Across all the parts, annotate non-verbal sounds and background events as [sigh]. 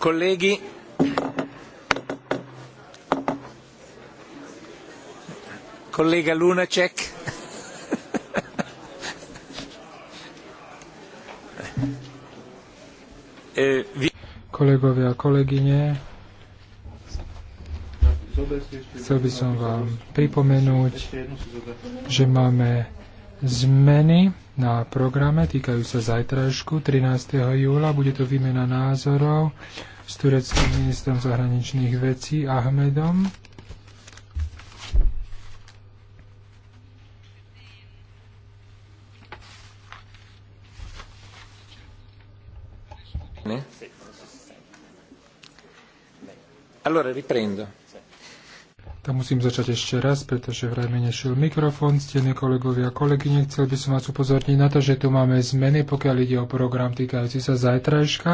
Colleghi, collega Lunacek. [laughs] E, Kolegovia a kolegyne, chcel by som vám pripomenúť, že máme zmeny na programe, týkajú sa zajtrajšku, 13. júla. Bude to výmena názorov s tureckým ministrom zahraničných vecí Ahmedom. Allora riprendo. Ja musím začať ešte raz, pretože vraj mi nešiel mikrofón, stení kolegovia a kolegyne. Chcel by som vás upozorniť na to, že tu máme zmeny, pokiaľ ide o program týkajúci sa zajtrajška,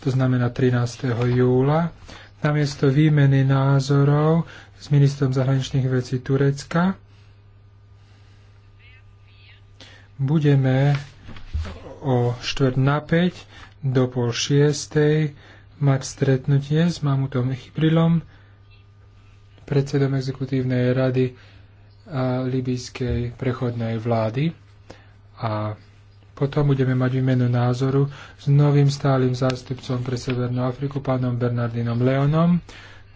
to znamená 13. júla. Namiesto výmeny názorov s ministrom zahraničných vecí Turecka budeme o štvrt na 5 do pol šiestej mať stretnutie s mamutom Chybrilom, predsedom exekutívnej rady libijskej prechodnej vlády a potom budeme mať výmenu názoru s novým stálym zástupcom pre Severnú Afriku, pánom Bernardinom Leonom.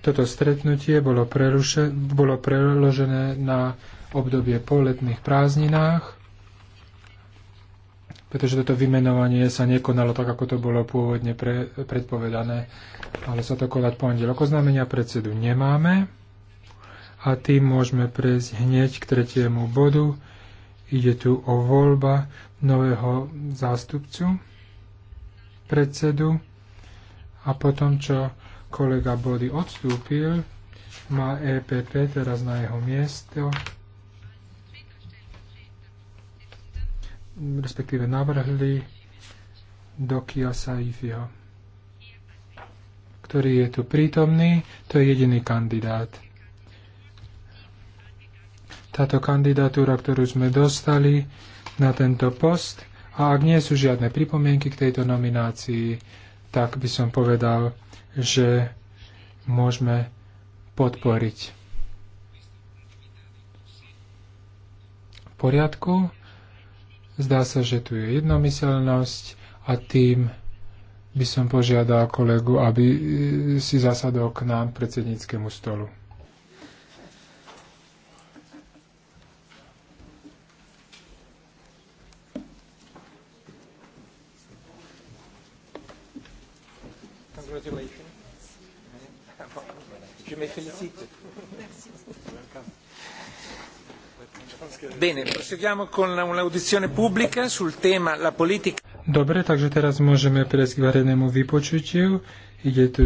Toto stretnutie bolo, preruše, bolo preložené na obdobie po letných prázdninách, pretože toto vymenovanie sa nekonalo tak, ako to bolo pôvodne pre, predpovedané, ale sa to konať pondelok. Oznámenia predsedu nemáme a tým môžeme prejsť hneď k tretiemu bodu. Ide tu o voľba nového zástupcu, predsedu a potom, čo kolega Body odstúpil, má EPP teraz na jeho miesto, respektíve navrhli do Saifiho, ktorý je tu prítomný, to je jediný kandidát táto kandidatúra, ktorú sme dostali na tento post. A ak nie sú žiadne pripomienky k tejto nominácii, tak by som povedal, že môžeme podporiť. V poriadku. Zdá sa, že tu je jednomyselnosť a tým by som požiadal kolegu, aby e, si zasadol k nám predsedníckému stolu. me felicite. Bene, proseguiamo con un'audizione pubblica sul tema la politica. Dobre, takže teraz môžeme prejsť k verejnému vypočutiu. Ide tu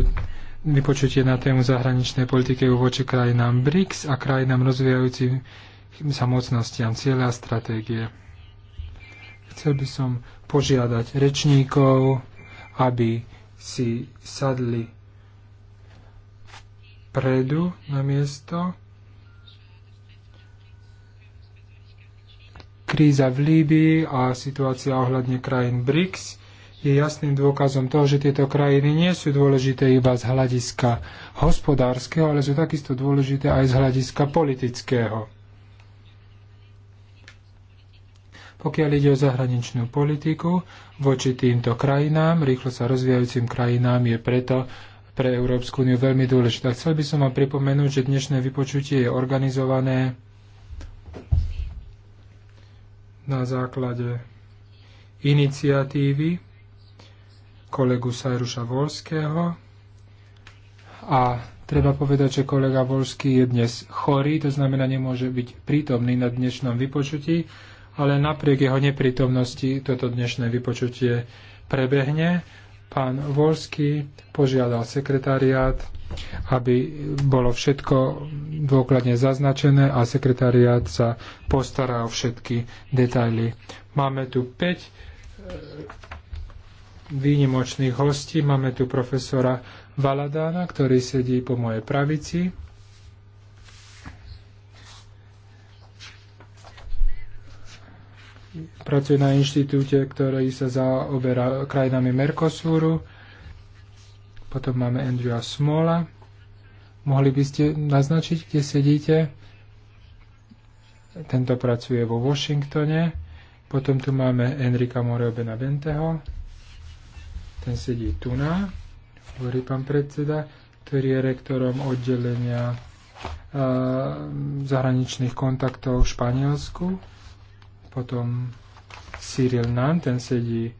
vypočutie na tému zahraničnej politiky voči krajinám BRICS a krajinám rozvíjajúcim sa mocnostiam, cieľe a stratégie. Chcel by som požiadať rečníkov, aby si sadli vpredu na miesto. Kríza v Líbii a situácia ohľadne krajín BRICS je jasným dôkazom toho, že tieto krajiny nie sú dôležité iba z hľadiska hospodárskeho, ale sú takisto dôležité aj z hľadiska politického. Pokiaľ ide o zahraničnú politiku, voči týmto krajinám, rýchlo sa rozvíjajúcim krajinám je preto pre Európsku úniu veľmi dôležitá. Chcel by som vám pripomenúť, že dnešné vypočutie je organizované na základe iniciatívy kolegu Sajruša Volského a treba povedať, že kolega Volský je dnes chorý, to znamená nemôže byť prítomný na dnešnom vypočutí, ale napriek jeho neprítomnosti toto dnešné vypočutie prebehne Pán Volsky požiadal sekretariát, aby bolo všetko dôkladne zaznačené a sekretariát sa postará o všetky detaily. Máme tu 5 e, výnimočných hostí. Máme tu profesora Valadána, ktorý sedí po mojej pravici. pracuje na inštitúte, ktorý sa zaoberá krajinami Mercosuru. Potom máme Andrewa Smola. Mohli by ste naznačiť, kde sedíte? Tento pracuje vo Washingtone. Potom tu máme Enrika Moreo Benaventeho. Ten sedí tu na, hovorí pán predseda, ktorý je rektorom oddelenia eh, zahraničných kontaktov v Španielsku potom Cyril Nan, ten sedí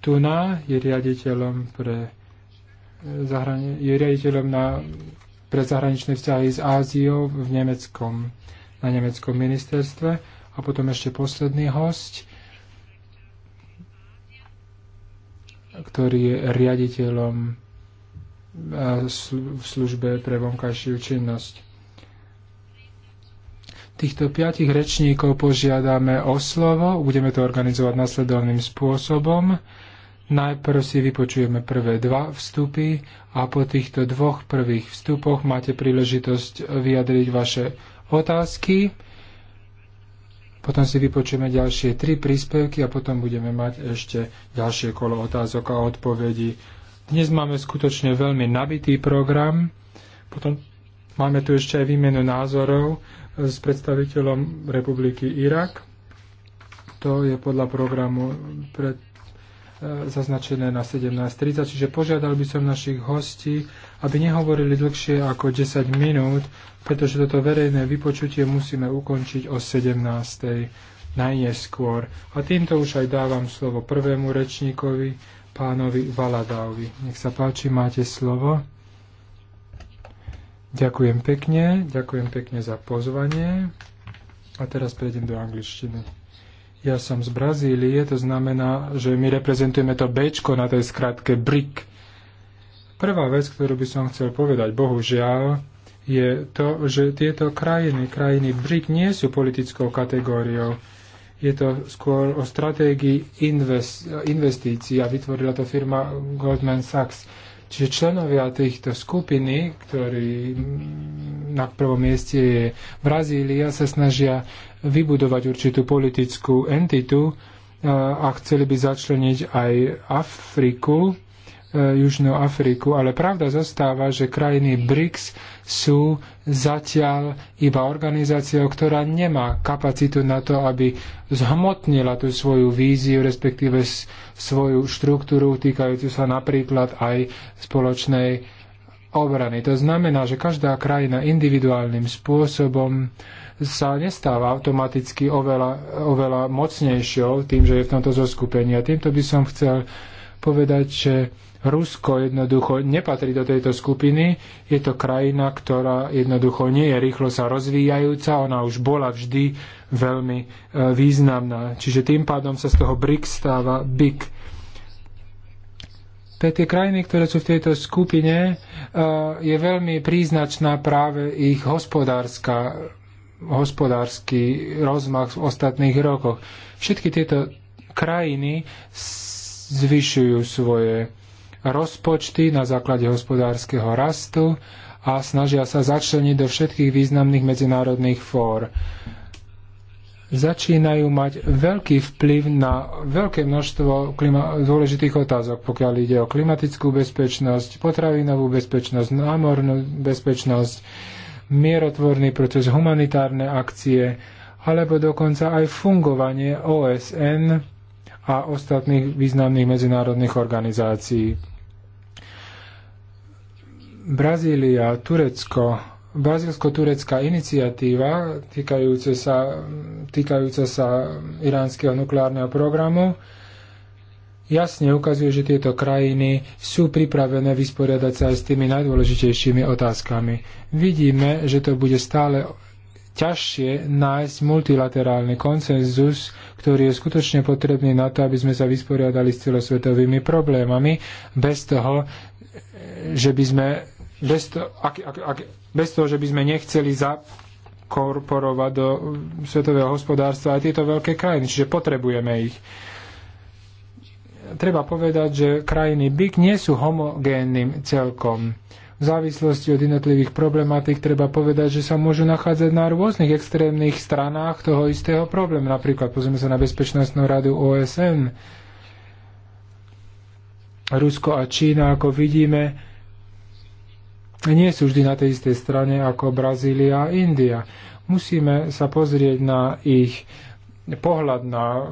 tu na, je riaditeľom pre eh, zahrani- je riaditeľom na, pre zahraničné vzťahy s Áziou v Nemeckom, na Nemeckom ministerstve. A potom ešte posledný host, ktorý je riaditeľom eh, v službe pre vonkajšiu činnosť. Týchto piatich rečníkov požiadame o slovo, budeme to organizovať nasledovným spôsobom. Najprv si vypočujeme prvé dva vstupy a po týchto dvoch prvých vstupoch máte príležitosť vyjadriť vaše otázky. Potom si vypočujeme ďalšie tri príspevky a potom budeme mať ešte ďalšie kolo otázok a odpovedí. Dnes máme skutočne veľmi nabitý program. Potom máme tu ešte aj výmenu názorov s predstaviteľom republiky Irak. To je podľa programu pred, e, zaznačené na 17.30, čiže požiadal by som našich hostí, aby nehovorili dlhšie ako 10 minút, pretože toto verejné vypočutie musíme ukončiť o 17.00 najneskôr. A týmto už aj dávam slovo prvému rečníkovi, pánovi Valadávi. Nech sa páči, máte slovo. Ďakujem pekne, ďakujem pekne za pozvanie. A teraz prejdem do angličtiny. Ja som z Brazílie, to znamená, že my reprezentujeme to B na tej skratke BRIC. Prvá vec, ktorú by som chcel povedať, bohužiaľ, je to, že tieto krajiny, krajiny BRIC nie sú politickou kategóriou. Je to skôr o stratégii invest, investícií a vytvorila to firma Goldman Sachs. Čiže členovia týchto skupiny, ktorí na prvom mieste je Brazília, sa snažia vybudovať určitú politickú entitu a chceli by začleniť aj Afriku, e, Južnú Afriku, ale pravda zostáva, že krajiny BRICS sú zatiaľ iba organizáciou, ktorá nemá kapacitu na to, aby zhmotnila tú svoju víziu, respektíve svoju štruktúru týkajúcu sa napríklad aj spoločnej obrany. To znamená, že každá krajina individuálnym spôsobom sa nestáva automaticky oveľa, oveľa mocnejšou tým, že je v tomto zoskupení. A týmto by som chcel povedať, že Rusko jednoducho nepatrí do tejto skupiny. Je to krajina, ktorá jednoducho nie je rýchlo sa rozvíjajúca. Ona už bola vždy veľmi e, významná. Čiže tým pádom sa z toho BRIC stáva BIC. Pre tie krajiny, ktoré sú v tejto skupine, e, je veľmi príznačná práve ich hospodárska hospodársky rozmach v ostatných rokoch. Všetky tieto krajiny zvyšujú svoje rozpočty na základe hospodárskeho rastu a snažia sa začleniť do všetkých významných medzinárodných fór. Začínajú mať veľký vplyv na veľké množstvo klima- dôležitých otázok, pokiaľ ide o klimatickú bezpečnosť, potravinovú bezpečnosť, námornú bezpečnosť, mierotvorný proces, humanitárne akcie, alebo dokonca aj fungovanie OSN a ostatných významných medzinárodných organizácií. Brazília, Turecko, brazílsko-turecká iniciatíva týkajúce sa, týkajúca sa iránskeho nukleárneho programu jasne ukazuje, že tieto krajiny sú pripravené vysporiadať sa aj s tými najdôležitejšími otázkami. Vidíme, že to bude stále ťažšie nájsť multilaterálny konsenzus, ktorý je skutočne potrebný na to, aby sme sa vysporiadali s celosvetovými problémami, bez toho, že by sme bez, to, ak, ak, ak, bez toho, že by sme nechceli zakorporovať do svetového hospodárstva aj tieto veľké krajiny, čiže potrebujeme ich. Treba povedať, že krajiny BIC nie sú homogénnym celkom. V závislosti od jednotlivých problematík treba povedať, že sa môžu nachádzať na rôznych extrémnych stranách toho istého problému. Napríklad pozrieme sa na Bezpečnostnú radu OSN. Rusko a Čína, ako vidíme, nie sú vždy na tej istej strane ako Brazília a India. Musíme sa pozrieť na ich pohľad na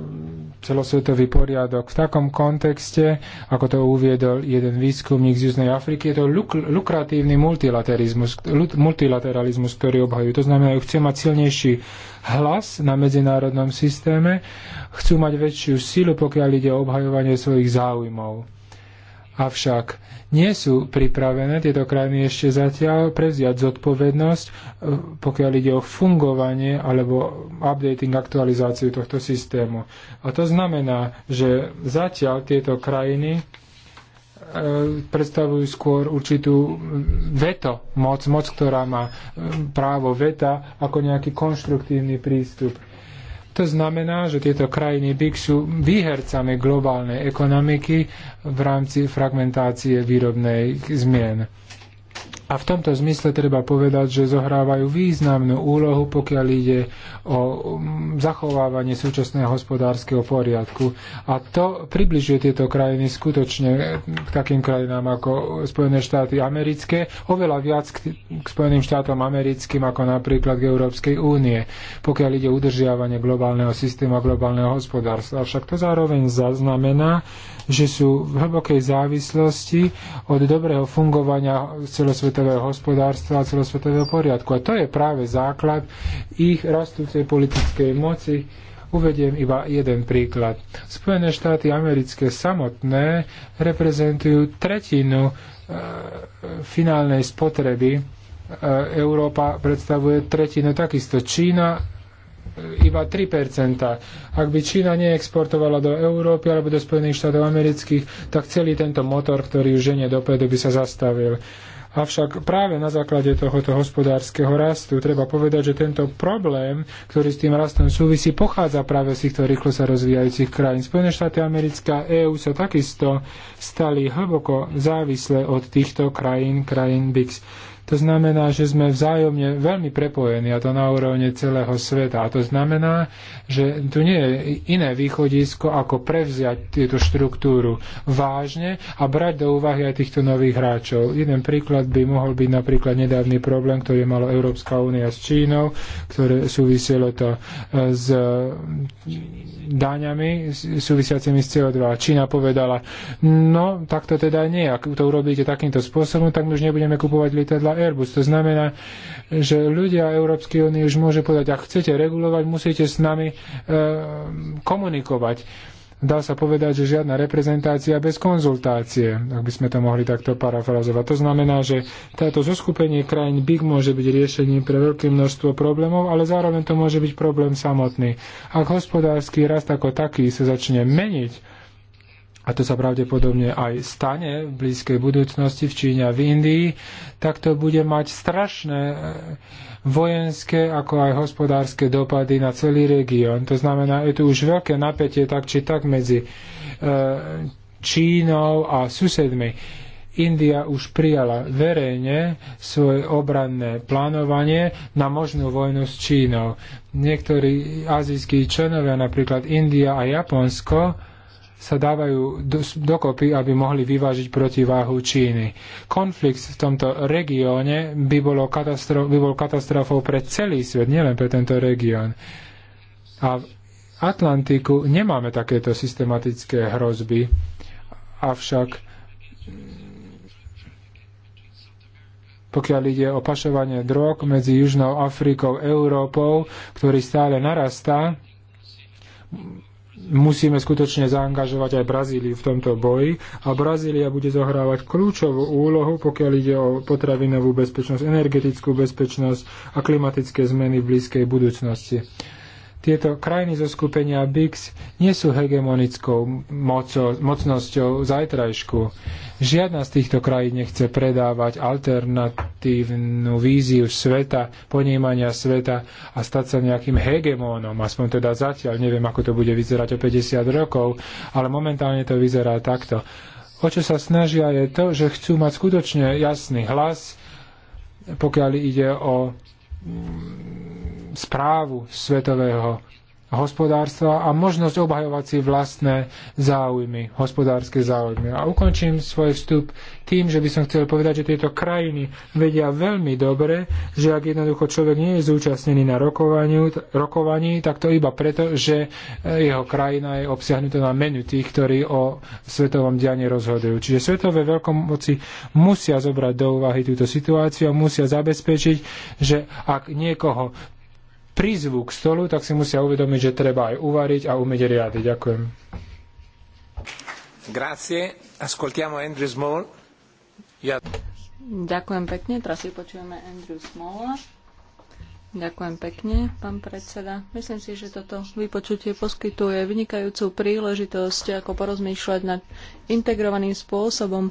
celosvetový poriadok v takom kontexte, ako to uviedol jeden výskumník z Južnej Afriky, je to luk- lukratívny multilateralizmus, multilateralizmus, ktorý obhajujú. To znamená, že chcú mať silnejší hlas na medzinárodnom systéme, chcú mať väčšiu silu, pokiaľ ide o obhajovanie svojich záujmov. Avšak nie sú pripravené tieto krajiny ešte zatiaľ prevziať zodpovednosť, e, pokiaľ ide o fungovanie alebo updating, aktualizáciu tohto systému. A to znamená, že zatiaľ tieto krajiny e, predstavujú skôr určitú veto, moc, moc, ktorá má e, právo veta ako nejaký konštruktívny prístup. To znamená, že tieto krajiny BIC sú výhercami globálnej ekonomiky v rámci fragmentácie výrobnej zmien. A v tomto zmysle treba povedať, že zohrávajú významnú úlohu, pokiaľ ide o um, zachovávanie súčasného hospodárskeho poriadku. A to približuje tieto krajiny skutočne k takým krajinám ako Spojené štáty americké, oveľa viac k, Spojeným štátom americkým ako napríklad k Európskej únie, pokiaľ ide o udržiavanie globálneho systému a globálneho hospodárstva. Avšak to zároveň zaznamená, že sú v hlbokej závislosti od dobrého fungovania celosvetového svetového hospodárstva a celosvetového poriadku. A to je práve základ ich rastúcej politickej moci. Uvediem iba jeden príklad. Spojené štáty americké samotné reprezentujú tretinu e, finálnej spotreby. E, Európa predstavuje tretinu takisto. Čína e, iba 3%. Ak by Čína neexportovala do Európy alebo do Spojených štátov amerických, tak celý tento motor, ktorý už ženie dopredu, by sa zastavil. Avšak práve na základe tohoto hospodárskeho rastu treba povedať, že tento problém, ktorý s tým rastom súvisí, pochádza práve z týchto rýchlo sa rozvíjajúcich krajín. Spojené štáty americká EÚ sa takisto stali hlboko závislé od týchto krajín, krajín BICS. To znamená, že sme vzájomne veľmi prepojení a to na úrovne celého sveta. A to znamená, že tu nie je iné východisko, ako prevziať túto štruktúru vážne a brať do úvahy aj týchto nových hráčov. Jeden príklad by mohol byť napríklad nedávny problém, ktorý mala Európska únia s Čínou, ktoré súviselo to e, s daňami súvisiacimi s CO2. Čína povedala, no tak to teda nie, ak to urobíte takýmto spôsobom, tak my už nebudeme kupovať lietadla za Airbus. To znamená, že ľudia Európskej únie už môže povedať, ak chcete regulovať, musíte s nami e, komunikovať. Dá sa povedať, že žiadna reprezentácia bez konzultácie, ak by sme to mohli takto parafrazovať. To znamená, že táto zoskupenie krajín BIG môže byť riešením pre veľké množstvo problémov, ale zároveň to môže byť problém samotný. Ak hospodársky rast ako taký sa začne meniť, a to sa pravdepodobne aj stane v blízkej budúcnosti v Číne a v Indii, tak to bude mať strašné e, vojenské ako aj hospodárske dopady na celý región. To znamená, je tu už veľké napätie tak či tak medzi e, Čínou a susedmi. India už prijala verejne svoje obranné plánovanie na možnú vojnu s Čínou. Niektorí azijskí členovia, napríklad India a Japonsko, sa dávajú dokopy, aby mohli vyvážiť protiváhu Číny. Konflikt v tomto regióne by, bolo katastrof, by bol katastrofou pre celý svet, nielen pre tento región. A v Atlantiku nemáme takéto systematické hrozby, avšak pokiaľ ide o pašovanie drog medzi Južnou Afrikou a Európou, ktorý stále narastá, musíme skutočne zaangažovať aj Brazíliu v tomto boji a Brazília bude zohrávať kľúčovú úlohu, pokiaľ ide o potravinovú bezpečnosť, energetickú bezpečnosť a klimatické zmeny v blízkej budúcnosti. Tieto krajiny zo skupenia BRICS nie sú hegemonickou moco, mocnosťou zajtrajšku. Žiadna z týchto krajín nechce predávať alternatívnu víziu sveta, ponímania sveta a stať sa nejakým hegemónom. Aspoň teda zatiaľ neviem, ako to bude vyzerať o 50 rokov, ale momentálne to vyzerá takto. O čo sa snažia je to, že chcú mať skutočne jasný hlas, pokiaľ ide o správu svetového hospodárstva a možnosť obhajovať si vlastné záujmy, hospodárske záujmy. A ukončím svoj vstup tým, že by som chcel povedať, že tieto krajiny vedia veľmi dobre, že ak jednoducho človek nie je zúčastnený na rokovaní, tak to iba preto, že e, jeho krajina je obsiahnutá na menu tých, ktorí o svetovom diane rozhodujú. Čiže svetové veľkomoci musia zobrať do úvahy túto situáciu a musia zabezpečiť, že ak niekoho prizvu k stolu, tak si musia uvedomiť, že treba aj uvariť a umieť riady. Ďakujem. Grazie. Ascoltiamo Andrew Small. Ja... Ďakujem pekne. Teraz si počujeme Andrew Small. Ďakujem pekne, pán predseda. Myslím si, že toto vypočutie poskytuje vynikajúcu príležitosť, ako porozmýšľať nad integrovaným spôsobom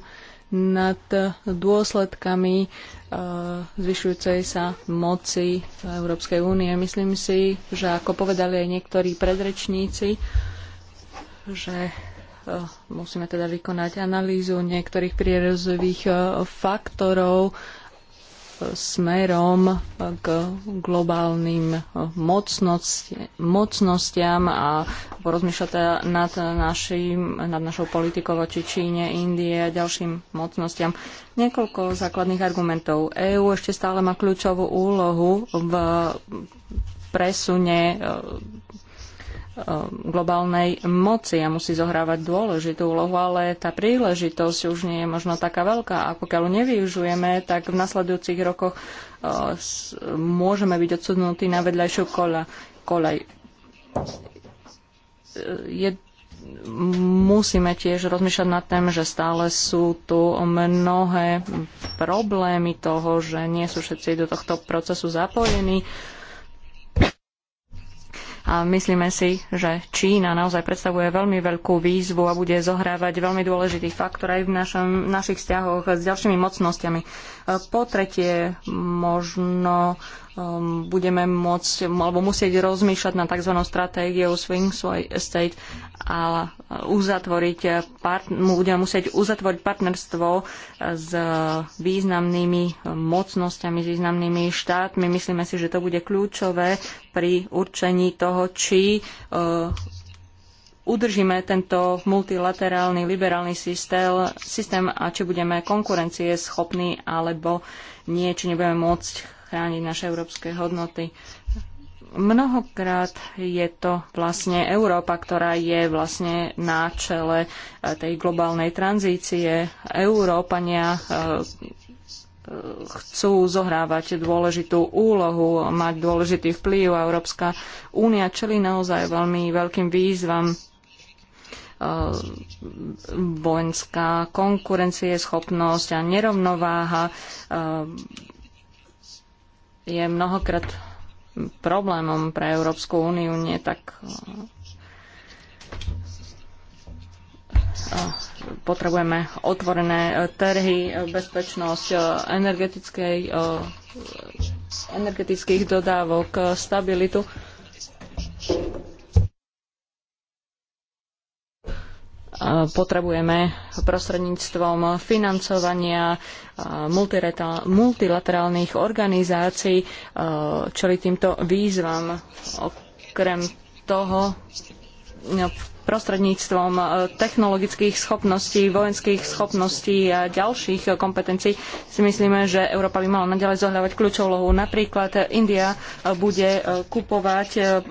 nad dôsledkami Eh, zvyšujúcej sa moci Európskej únie. Myslím si, že ako povedali aj niektorí predrečníci, že eh, musíme teda vykonať analýzu niektorých prierezových eh, faktorov, smerom k globálnym mocnostiam a porozmýšľa teda nad, našim, nad našou politikou voči Číne, Indie a ďalším mocnostiam. Niekoľko základných argumentov. EÚ ešte stále má kľúčovú úlohu v presune Eh, globálnej moci a musí zohrávať dôležitú úlohu, ale tá príležitosť už nie je možno taká veľká a pokiaľ ju nevyužujeme, tak v nasledujúcich rokoch eh, môžeme byť odsudnutí na vedľajšiu kola, kolej. Eh, je, musíme tiež rozmýšľať nad tým, že stále sú tu mnohé problémy toho, že nie sú všetci do tohto procesu zapojení. Uh, a myslíme si, že Čína naozaj predstavuje veľmi veľkú výzvu a bude zohrávať veľmi dôležitý faktor aj v našom, našich vzťahoch s ďalšími mocnosťami. E, po tretie, možno Um, budeme môcť alebo musieť rozmýšľať na tzv. stratégiou Swing State a uh, uzatvoriť, uh, budeme musieť uzatvoriť partnerstvo uh, s významnými mocnosťami, s významnými štátmi. Myslíme si, že to bude kľúčové pri určení toho, či udržíme tento multilaterálny liberálny systém, systém a či budeme konkurencie schopní alebo nie, či nebudeme môcť chrániť naše európske hodnoty. Mnohokrát je to vlastne Európa, ktorá je vlastne na čele e, tej globálnej tranzície. Európania e, e, chcú zohrávať dôležitú úlohu, mať dôležitý vplyv a Európska únia čeli naozaj veľmi veľkým výzvam vojenská schopnosť a nerovnováha je mnohokrát problémom pre Európsku úniu, nie tak eh, potrebujeme otvorené eh, trhy, eh, bezpečnosť energetickej, energetických dodávok, stabilitu. potrebujeme prostredníctvom financovania multilaterálnych organizácií čeliť týmto výzvam. Okrem toho no, prostredníctvom e, technologických schopností, vojenských schopností a ďalších kompetencií si myslíme, že Európa by mala naďalej zohľavať kľúčovú lohu. Napríklad India e, bude e, kupovať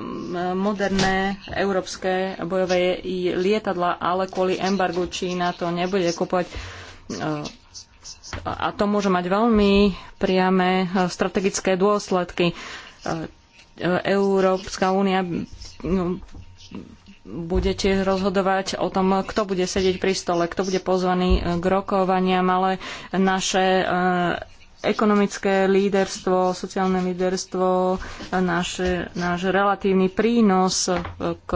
moderné európske bojové lietadla, ale kvôli embargu Čína to nebude kupovať. A to môže mať veľmi priame strategické dôsledky. Európska únia budete rozhodovať o tom, kto bude sedieť pri stole, kto bude pozvaný e, k rokovaniam, ale naše e, ekonomické líderstvo, sociálne líderstvo, e, náš, náš relatívny prínos k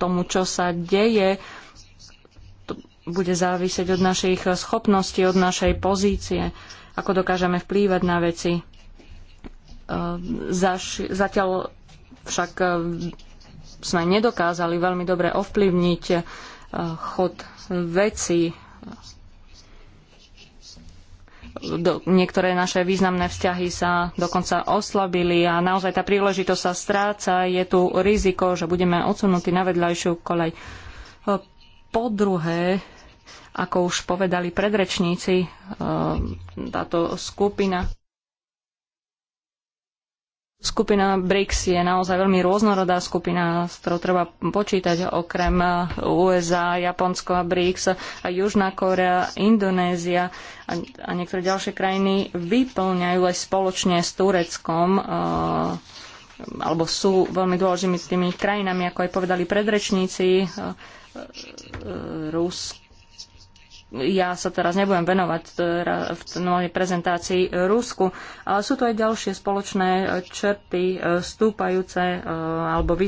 tomu, čo sa deje, bude závisieť od našich schopností, od našej pozície, ako dokážeme vplývať na veci. Zaš, zatiaľ však sme nedokázali veľmi dobre ovplyvniť eh, chod veci. Do, niektoré naše významné vzťahy sa dokonca oslabili a naozaj tá príležitosť sa stráca. Je tu riziko, že budeme odsunutí na vedľajšiu kolej. Eh, po druhé, ako už povedali predrečníci, eh, táto skupina Skupina BRICS je naozaj veľmi rôznorodá skupina, s ktorou treba počítať okrem USA, Japonsko a BRICS a Južná Korea, Indonézia a, a niektoré ďalšie krajiny vyplňajú aj spoločne s Tureckom e, alebo sú veľmi dôležitými tými krajinami, ako aj povedali predrečníci, e, e Rusko ja sa teraz nebudem venovať e, v no, mojej prezentácii e, Rusku, ale sú to aj ďalšie spoločné e, črty stúpajúce alebo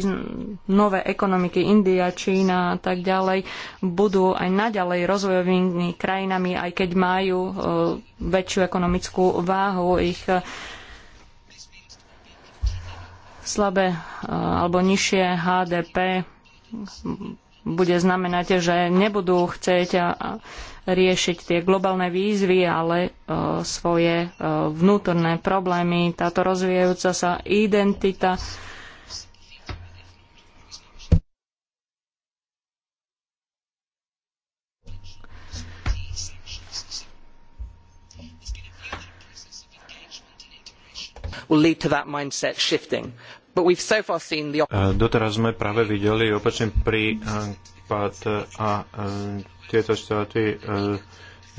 nové ekonomiky India, Čína a tak ďalej budú aj naďalej rozvojovými krajinami, aj keď majú väčšiu ekonomickú váhu ich slabé alebo nižšie HDP bude znamenať, že nebudú chcieť riešiť tie globálne výzvy, ale e, svoje e, vnútorné problémy, táto rozvíjajúca sa identita will lead to that mindset shifting. Doteraz sme práve videli opačný prípad a tieto štáty e,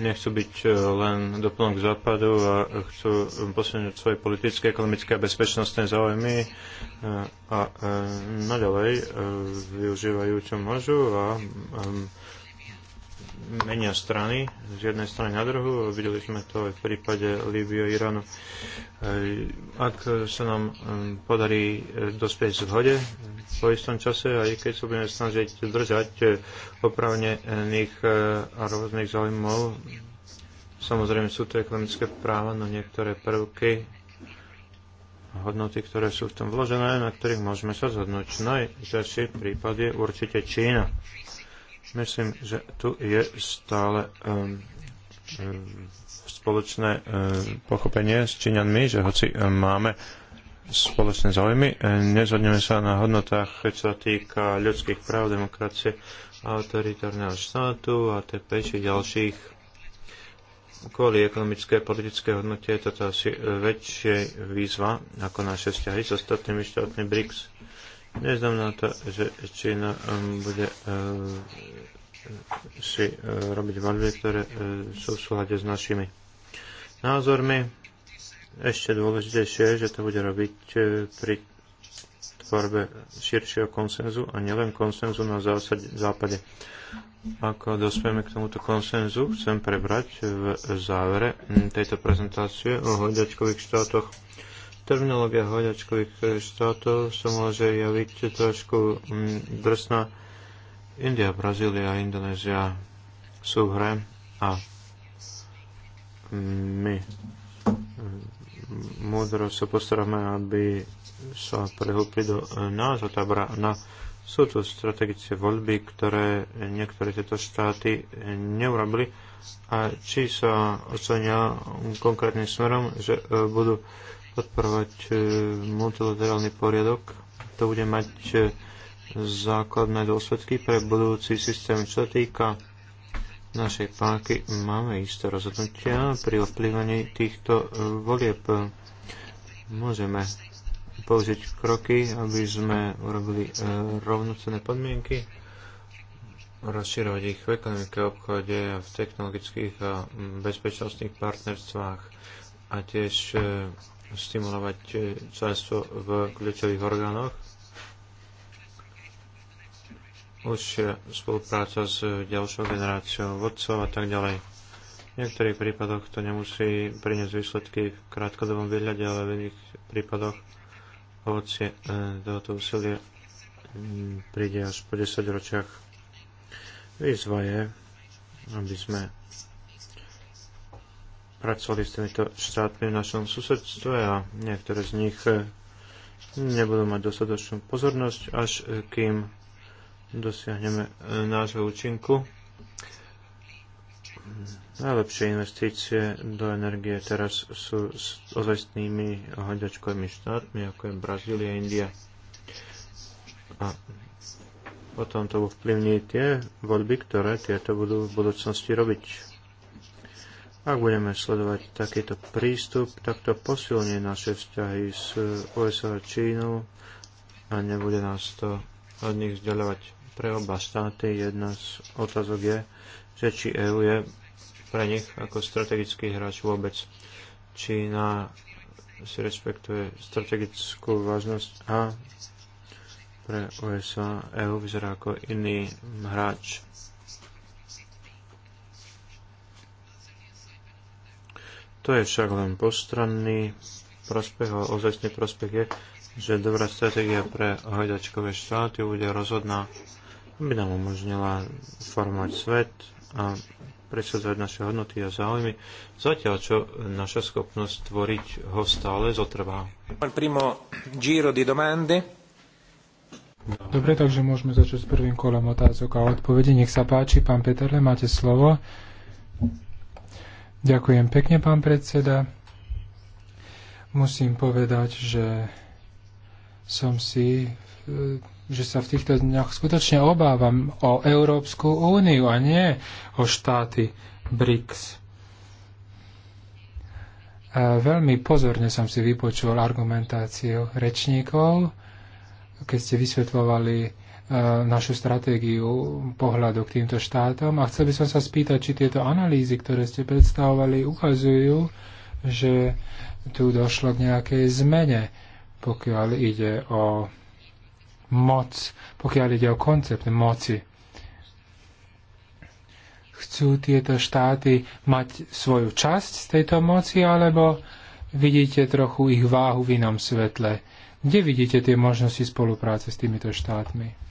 nechcú byť e, len doplnok západu a chcú posunúť svoje politické, ekonomické a bezpečnostné záujmy e, a naďalej využívajú čo môžu a menia strany z jednej strany na druhu. Videli sme to aj v prípade Líbio a Iránu. Ak sa nám um, podarí e, dospieť zhode po istom čase, aj keď sa budeme snažiť držať e, opravnených e, a rôznych záujmov, samozrejme sú to ekonomické práva, no niektoré prvky hodnoty, ktoré sú v tom vložené, na ktorých môžeme sa zhodnúť. Najťažší prípad je určite Čína. Myslím, že tu je stále um, um spoločné um, pochopenie s Číňanmi, že hoci um, máme spoločné záujmy, nezhodneme sa na hodnotách, čo sa týka ľudských práv, demokracie, autoritárneho štátu, a ATP či ďalších. Kvôli ekonomické a politické hodnote je toto asi väčšia výzva ako naše vzťahy s so ostatnými štátmi BRICS. Neznamená to, že Čína um, bude um, si uh, robiť voľby, ktoré uh, sú v súhľade s našimi názormi. Ešte dôležitejšie je, že to bude robiť uh, pri tvorbe širšieho konsenzu a nielen konsenzu na zásade, západe. Ako dospieme k tomuto konsenzu, chcem prebrať v závere hm, tejto prezentácie o hľadačkových štátoch terminológia hľadačkových eh, štátov sa môže javiť trošku mm, drsná. India, Brazília a Indonézia sú v hre a my mm, múdro sa postaráme, aby sa prehúpli do eh, nás a No, sú tu strategické voľby, ktoré niektoré tieto štáty eh, neurobili a či sa ocenia konkrétnym smerom, že budú podporovať e, multilaterálny poriadok. To bude mať e, základné dôsledky pre budúci systém. Čo týka našej páky, máme isté rozhodnutia pri odplývaní týchto e, volieb. Môžeme použiť kroky, aby sme urobili rovnocené podmienky rozširovať ich v ekonomike, obchode, v technologických a bezpečnostných partnerstvách a tiež stimulovať e, členstvo v kľúčových orgánoch. Už e, spolupráca s ďalšou generáciou vodcov a tak ďalej. V niektorých prípadoch to nemusí priniesť výsledky v krátkodobom výhľade, ale v iných prípadoch ovocie e, tohoto úsilie príde až po 10 ročiach. Výzva je, aby sme pracovali s týmito štátmi v našom susedstve a niektoré z nich eh, nebudú mať dostatočnú pozornosť, až eh, kým dosiahneme eh, nášho účinku. Najlepšie investície do energie teraz sú s ozajstnými hľadačkovými štátmi, ako je Brazília, India. A potom to vplyvní tie voľby, ktoré tieto budú v budúcnosti robiť. Ak budeme sledovať takýto prístup, tak to posilní naše vzťahy s USA a Čínou a nebude nás to od nich vzdialovať pre oba štáty. Jedna z otázok je, že či EU je pre nich ako strategický hráč vôbec. Čína si respektuje strategickú vážnosť a pre USA EU vyzerá ako iný hráč To je však len postranný prospech, ale ozajstný prospech je, že dobrá stratégia pre hojdačkové štáty bude rozhodná, aby nám umožnila formovať svet a presadzovať naše hodnoty a záujmy, zatiaľ čo naša schopnosť tvoriť ho stále zotrvá. Dobre, takže môžeme začať s prvým kolom otázok a odpovedí. Nech sa páči, pán Peterle, máte slovo. Ďakujem pekne, pán predseda. Musím povedať, že som si, e, že sa v týchto dňoch skutočne obávam o Európsku úniu a nie o štáty BRICS. E, veľmi pozorne som si vypočul argumentáciu rečníkov, keď ste vysvetlovali. E, našu stratégiu pohľadu k týmto štátom. A chcel by som sa spýtať, či tieto analýzy, ktoré ste predstavovali, ukazujú, že tu došlo k nejakej zmene, pokiaľ ide o moc, pokiaľ ide o koncept moci chcú tieto štáty mať svoju časť z tejto moci, alebo vidíte trochu ich váhu v inom svetle? Kde vidíte tie možnosti spolupráce s týmito štátmi?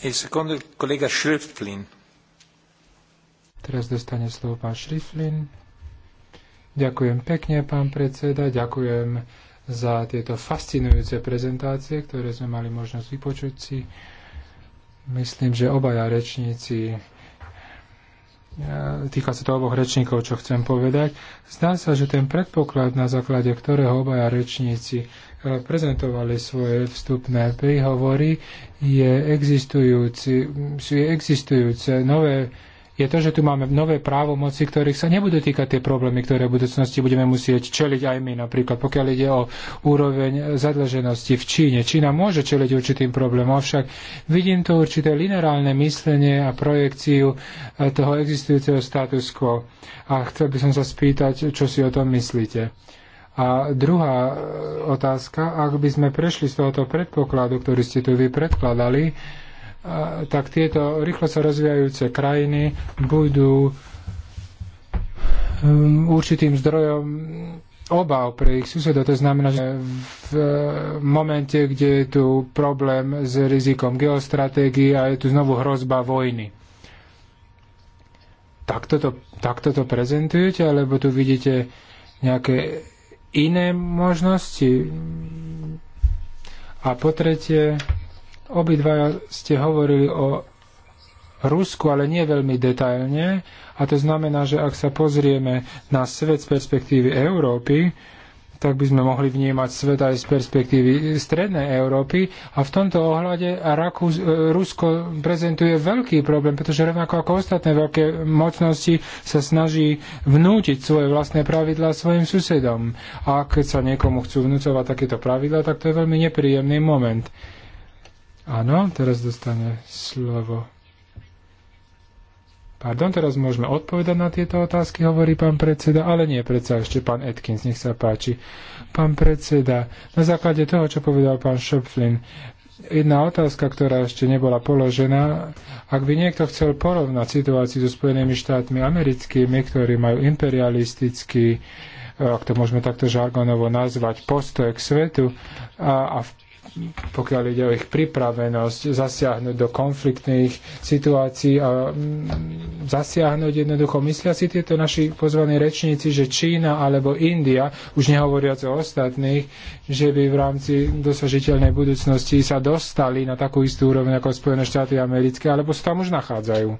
E, Teraz dostane slovo pán Šriflin. Ďakujem pekne, pán predseda. Ďakujem za tieto fascinujúce prezentácie, ktoré sme mali možnosť vypočuť si. Myslím, že obaja rečníci E, týka sa to oboch rečníkov, čo chcem povedať. Zdá sa, že ten predpoklad, na základe ktorého obaja rečníci e, prezentovali svoje vstupné príhovory, je existujúci, sú existujúce nové je to, že tu máme nové právomoci, ktorých sa nebudú týkať tie problémy, ktoré v budúcnosti budeme musieť čeliť aj my. Napríklad pokiaľ ide o úroveň zadlženosti v Číne. Čína môže čeliť určitým problémom, avšak vidím to určité lineárne myslenie a projekciu e, toho existujúceho status quo. A chcel by som sa spýtať, čo si o tom myslíte. A druhá e, otázka, ak by sme prešli z tohoto predpokladu, ktorý ste tu vy predkladali, tak tieto rýchlo sa rozvíjajúce krajiny budú um, určitým zdrojom obav pre ich susedov. To znamená, že v momente, kde je tu problém s rizikom geostratégie a je tu znovu hrozba vojny. Takto to, takto to prezentujete, alebo tu vidíte nejaké iné možnosti? A po tretie, Obidvaja ste hovorili o Rusku, ale nie veľmi detailne. A to znamená, že ak sa pozrieme na svet z perspektívy Európy, tak by sme mohli vnímať svet aj z perspektívy Strednej Európy. A v tomto ohľade Rakús, e, Rusko prezentuje veľký problém, pretože rovnako ako ostatné veľké mocnosti sa snaží vnútiť svoje vlastné pravidlá svojim susedom. A keď sa niekomu chcú vnúcovať takéto pravidlá, tak to je veľmi nepríjemný moment. Áno, teraz dostane slovo. Pardon, teraz môžeme odpovedať na tieto otázky, hovorí pán predseda, ale nie predsa ešte pán Atkins, nech sa páči. Pán predseda, na základe toho, čo povedal pán Šopflin, jedna otázka, ktorá ešte nebola položená. Ak by niekto chcel porovnať situáciu so Spojenými štátmi americkými, ktorí majú imperialistický, ak to môžeme takto žargonovo nazvať, postoj k svetu a, a v pokiaľ ide o ich pripravenosť zasiahnuť do konfliktných situácií a mm, zasiahnuť jednoducho. Myslia si tieto naši pozvaní rečníci, že Čína alebo India, už nehovoriac o ostatných, že by v rámci dosažiteľnej budúcnosti sa dostali na takú istú úroveň ako Spojené štáty americké, alebo sa tam už nachádzajú.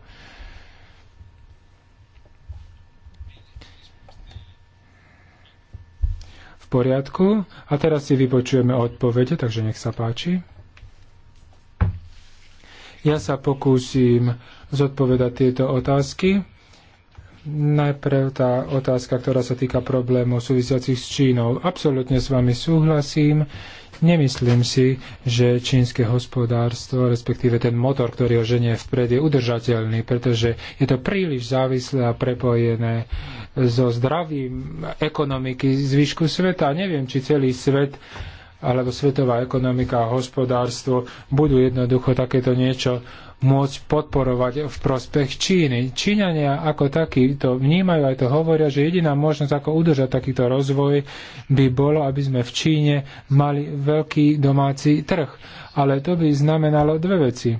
poriadku. A teraz si vypočujeme odpovede, takže nech sa páči. Ja sa pokúsim zodpovedať tieto otázky. Najprv tá otázka, ktorá sa týka problémov súvisiacich s Čínou. Absolutne s vami súhlasím. Nemyslím si, že čínske hospodárstvo, respektíve ten motor, ktorý ho ženie vpred, je udržateľný, pretože je to príliš závislé a prepojené so zdravím ekonomiky zvyšku sveta. Neviem, či celý svet alebo svetová ekonomika a hospodárstvo budú jednoducho takéto niečo môcť podporovať v prospech Číny. Číňania ako takí to vnímajú, aj to hovoria, že jediná možnosť, ako udržať takýto rozvoj, by bolo, aby sme v Číne mali veľký domáci trh. Ale to by znamenalo dve veci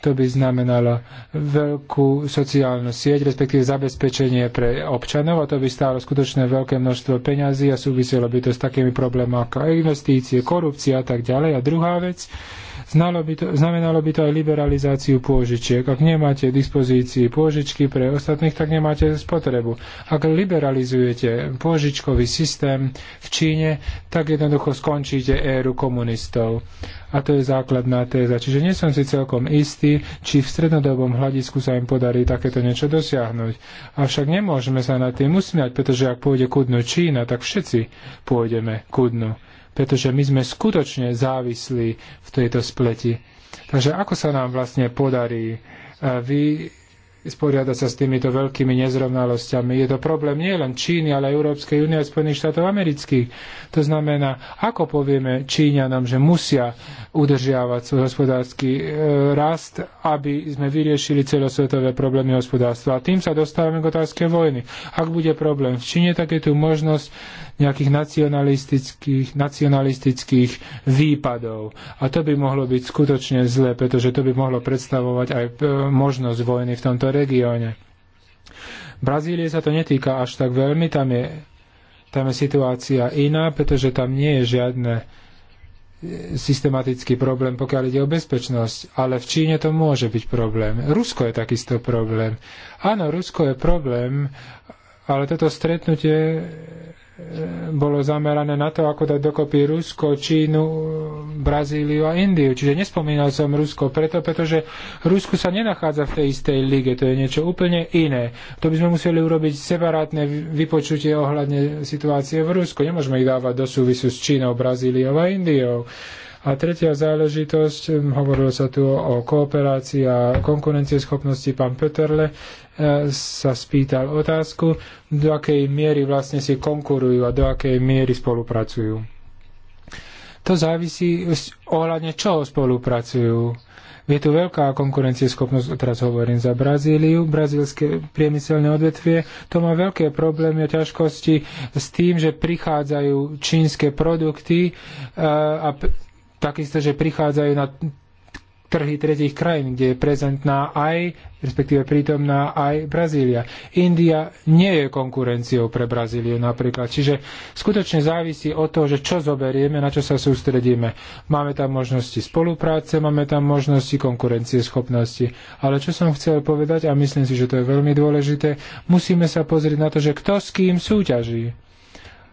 to by znamenalo veľkú sociálnu sieť, respektíve zabezpečenie pre občanov a to by stálo skutočne veľké množstvo peňazí a súviselo by to s takými problémami ako investície, korupcia a tak ďalej. A druhá vec, by to, znamenalo by to aj liberalizáciu pôžičiek. Ak nemáte v dispozícii pôžičky pre ostatných, tak nemáte spotrebu. Ak liberalizujete pôžičkový systém v Číne, tak jednoducho skončíte éru komunistov. A to je základná téza. Čiže nie som si celkom istý, či v strednodobom hľadisku sa im podarí takéto niečo dosiahnuť. Avšak nemôžeme sa nad tým usmiať, pretože ak pôjde kudnú Čína, tak všetci pôjdeme kudnú. dnu pretože my sme skutočne závislí v tejto spleti. Takže ako sa nám vlastne podarí e, vy sporiadať sa s týmito veľkými nezrovnalosťami. Je to problém nie len Číny, ale Európskej únie a Spojených štátov amerických. To znamená, ako povieme Číňanom, že musia udržiavať svoj hospodársky e, rast, aby sme vyriešili celosvetové problémy hospodárstva. A tým sa dostávame k otázke vojny. Ak bude problém v Číne, tak je tu možnosť nejakých nacionalistických, nacionalistických výpadov. A to by mohlo byť skutočne zlé, pretože to by mohlo predstavovať aj e, možnosť vojny v tomto regióne. Brazílie sa to netýka až tak veľmi, tam je, tam je situácia iná, pretože tam nie je žiadne e, systematický problém, pokiaľ ide o bezpečnosť, ale v Číne to môže byť problém. Rusko je takisto problém. Áno, Rusko je problém, ale toto stretnutie bolo zamerané na to, ako dať dokopy Rusko, Čínu, Brazíliu a Indiu. Čiže nespomínal som Rusko preto, pretože Rusko sa nenachádza v tej istej lige, to je niečo úplne iné. To by sme museli urobiť separátne vypočutie ohľadne situácie v Rusku. Nemôžeme ich dávať do súvisu s Čínou, Brazíliou a Indiou. A tretia záležitosť, hm, hovorilo sa tu o kooperácii a konkurencieschopnosti. Pán Peterle eh, sa spýtal otázku, do akej miery vlastne si konkurujú a do akej miery spolupracujú. To závisí ohľadne čoho spolupracujú. Je tu veľká konkurencieschopnosť, teraz hovorím za Brazíliu, brazílske priemyselné odvetvie, to má veľké problémy a ťažkosti s tým, že prichádzajú čínske produkty eh, a takisto, že prichádzajú na trhy tretich krajín, kde je prezentná aj, respektíve prítomná aj Brazília. India nie je konkurenciou pre Brazíliu napríklad, čiže skutočne závisí od toho, že čo zoberieme, na čo sa sústredíme. Máme tam možnosti spolupráce, máme tam možnosti konkurencie schopnosti. Ale čo som chcel povedať, a myslím si, že to je veľmi dôležité, musíme sa pozrieť na to, že kto s kým súťaží.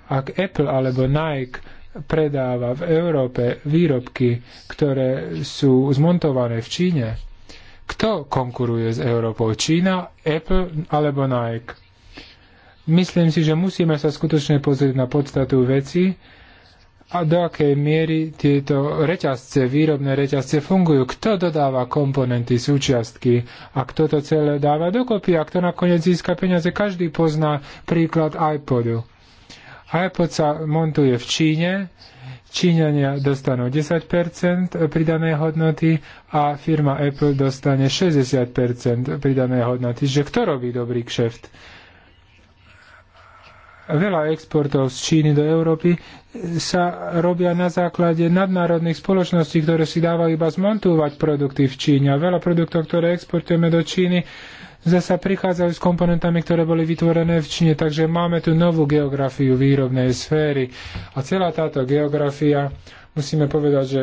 Ak Apple alebo Nike predáva v Európe výrobky, ktoré sú zmontované v Číne, kto konkuruje s Európou? Čína, Apple alebo Nike? Myslím si, že musíme sa skutočne pozrieť na podstatu veci a do akej miery tieto reťazce, výrobné reťazce fungujú. Kto dodáva komponenty, súčiastky a kto to celé dáva dokopy a kto nakoniec získa peniaze. Každý pozná príklad iPodu iPod sa montuje v Číne, Číňania dostanú 10% pridanej hodnoty a firma Apple dostane 60% pridanej hodnoty. Že kto robí dobrý kšeft? Veľa exportov z Číny do Európy sa robia na základe nadnárodných spoločností, ktoré si dávajú iba zmontovať produkty v Číne. A veľa produktov, ktoré exportujeme do Číny, zasa prichádzajú s komponentami, ktoré boli vytvorené v Číne. Takže máme tu novú geografiu výrobnej sféry. A celá táto geografia, musíme povedať, že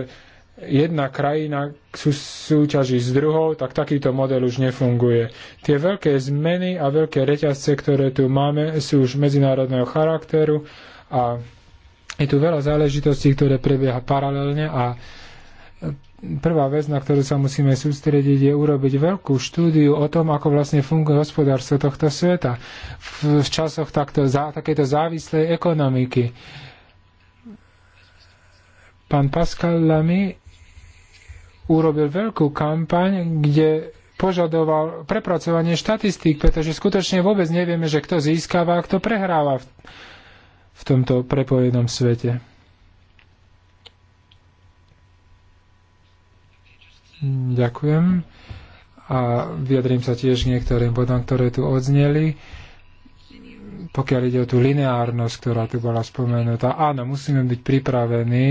jedna krajina sú, súťaží s druhou, tak takýto model už nefunguje. Tie veľké zmeny a veľké reťazce, ktoré tu máme, sú už medzinárodného charakteru a je tu veľa záležitostí, ktoré prebieha paralelne a prvá vec, na ktorú sa musíme sústrediť, je urobiť veľkú štúdiu o tom, ako vlastne funguje hospodárstvo tohto sveta v, v časoch takto, za, takéto závislej ekonomiky. Pán Pascal Lamy urobil veľkú kampaň, kde požadoval prepracovanie štatistík, pretože skutočne vôbec nevieme, že kto získava a kto prehráva v, v tomto prepojenom svete. Mm, ďakujem. A vyjadrím sa tiež niektorým bodom, ktoré tu odzneli. Pokiaľ ide o tú lineárnosť, ktorá tu bola spomenutá, áno, musíme byť pripravení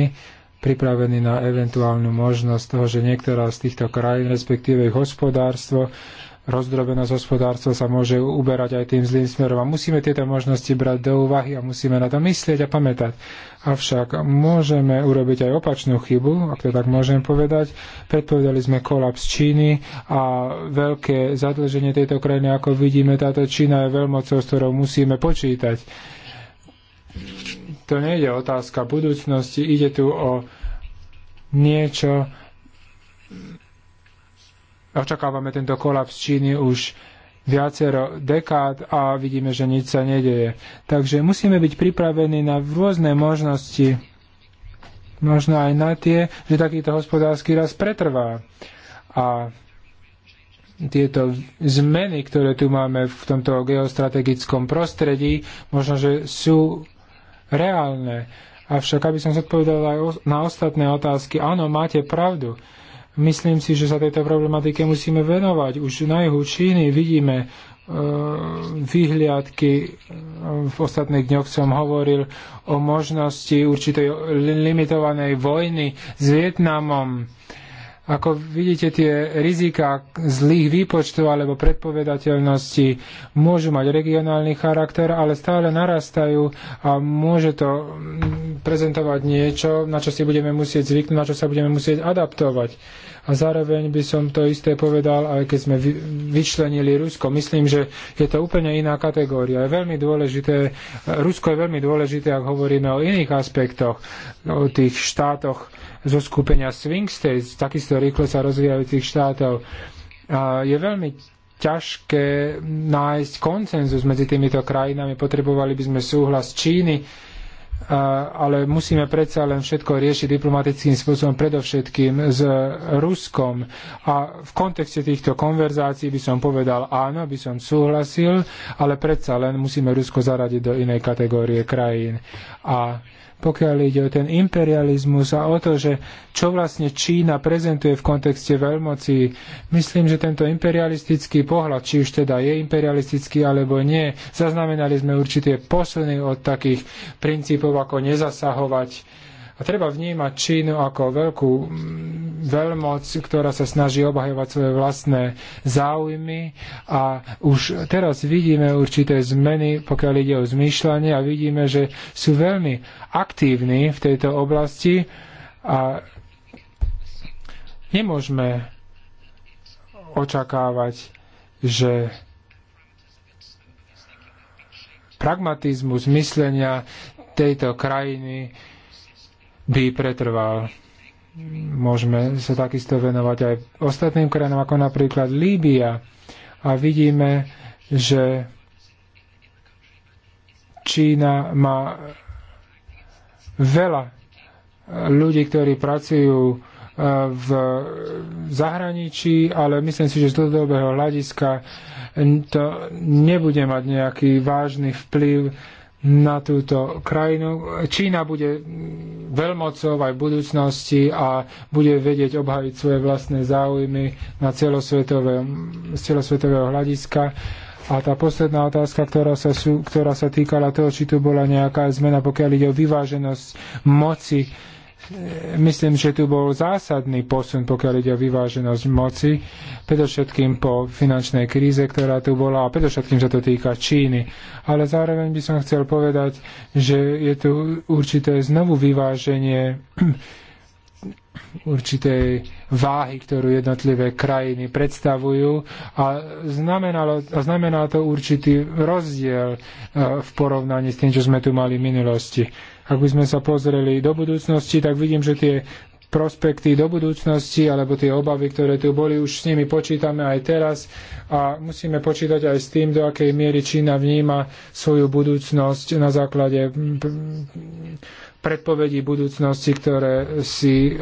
pripravení na eventuálnu možnosť toho, že niektorá z týchto krajín, respektíve ich hospodárstvo, rozdrobenosť hospodárstva sa môže uberať aj tým zlým smerom. A musíme tieto možnosti brať do úvahy a musíme na to myslieť a pamätať. Avšak môžeme urobiť aj opačnú chybu, ak to tak môžem povedať. Predpovedali sme kolaps Číny a veľké zadlženie tejto krajiny, ako vidíme, táto Čína je veľmocou, s ktorou musíme počítať. To nejde otázka budúcnosti, ide tu o niečo, očakávame tento kolaps Číny už viacero dekád a vidíme, že nič sa nedeje. Takže musíme byť pripravení na rôzne možnosti, možno aj na tie, že takýto hospodársky rast pretrvá. A tieto zmeny, ktoré tu máme v tomto geostrategickom prostredí, možno, že sú reálne. Avšak, aby som zodpovedal aj na ostatné otázky, áno, máte pravdu. Myslím si, že sa tejto problematike musíme venovať. Už na juhu Číny vidíme e, výhliadky. E, v ostatných dňoch som hovoril o možnosti určitej limitovanej vojny s Vietnamom. Ako vidíte, tie rizika zlých výpočtov alebo predpovedateľnosti môžu mať regionálny charakter, ale stále narastajú a môže to mm, prezentovať niečo, na čo si budeme musieť zvyknúť, na čo sa budeme musieť adaptovať. A zároveň by som to isté povedal, aj keď sme vyčlenili Rusko. Myslím, že je to úplne iná kategória. Je veľmi dôležité, Rusko je veľmi dôležité, ak hovoríme o iných aspektoch, o tých štátoch, zo skupenia Swing States, takisto rýchle sa rozvíjajúcich štátov. je veľmi ťažké nájsť koncenzus medzi týmito krajinami. Potrebovali by sme súhlas Číny, ale musíme predsa len všetko riešiť diplomatickým spôsobom, predovšetkým s Ruskom. A v kontexte týchto konverzácií by som povedal áno, by som súhlasil, ale predsa len musíme Rusko zaradiť do inej kategórie krajín. A pokiaľ ide o ten imperializmus a o to, že čo vlastne Čína prezentuje v kontexte veľmoci. Myslím, že tento imperialistický pohľad, či už teda je imperialistický alebo nie, zaznamenali sme určité posuny od takých princípov ako nezasahovať a treba vnímať Čínu ako veľkú veľmoc, ktorá sa snaží obhajovať svoje vlastné záujmy a už teraz vidíme určité zmeny, pokiaľ ide o zmýšľanie a vidíme, že sú veľmi aktívni v tejto oblasti a nemôžeme očakávať, že pragmatizmus myslenia tejto krajiny by pretrval. Môžeme sa takisto venovať aj ostatným krajinám, ako napríklad Líbia. A vidíme, že Čína má veľa ľudí, ktorí pracujú e, v zahraničí, ale myslím si, že z dlhodobého hľadiska to nebude mať nejaký vážny vplyv na túto krajinu. Čína bude veľmocou aj v budúcnosti a bude vedieť obhajiť svoje vlastné záujmy na celosvetového, celosvetového hľadiska. A tá posledná otázka, ktorá sa, sú, ktorá sa týkala toho, či tu bola nejaká zmena, pokiaľ ide o vyváženosť moci myslím, že tu bol zásadný posun, pokiaľ ide o vyváženosť moci, predovšetkým po finančnej kríze, ktorá tu bola a predovšetkým sa to týka Číny. Ale zároveň by som chcel povedať, že je tu určité znovu vyváženie [clears throat] určitej váhy, ktorú jednotlivé krajiny predstavujú a, znamenalo, a znamená to určitý rozdiel eh, v porovnaní s tým, čo sme tu mali v minulosti. Ak by sme sa pozreli do budúcnosti, tak vidím, že tie prospekty do budúcnosti, alebo tie obavy, ktoré tu boli, už s nimi počítame aj teraz a musíme počítať aj s tým, do akej miery Čína vníma svoju budúcnosť na základe predpovedí budúcnosti, ktoré si e,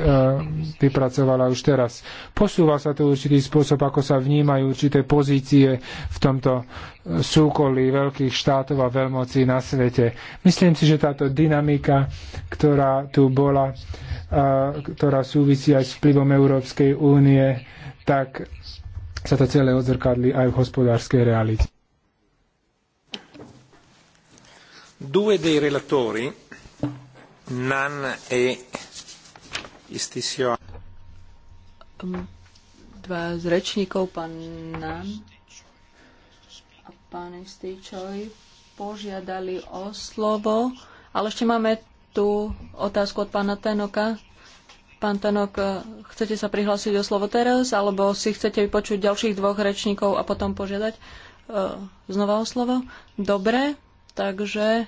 vypracovala už teraz. Posúva sa to určitý spôsob, ako sa vnímajú určité pozície v tomto súkolí veľkých štátov a veľmocí na svete. Myslím si, že táto dynamika, ktorá tu bola, e, ktorá súvisí aj s vplyvom Európskej únie, tak sa to celé odzrkadli aj v hospodárskej realite. Due dei relatori None e istisio. Dva z rečníkov, pán Nan a pán Istýčoj, požiadali o slovo, ale ešte máme tu otázku od pána Tenoka. Pán Tenok, chcete sa prihlásiť o slovo teraz, alebo si chcete vypočuť ďalších dvoch rečníkov a potom požiadať e, znova o slovo? Dobre, takže e,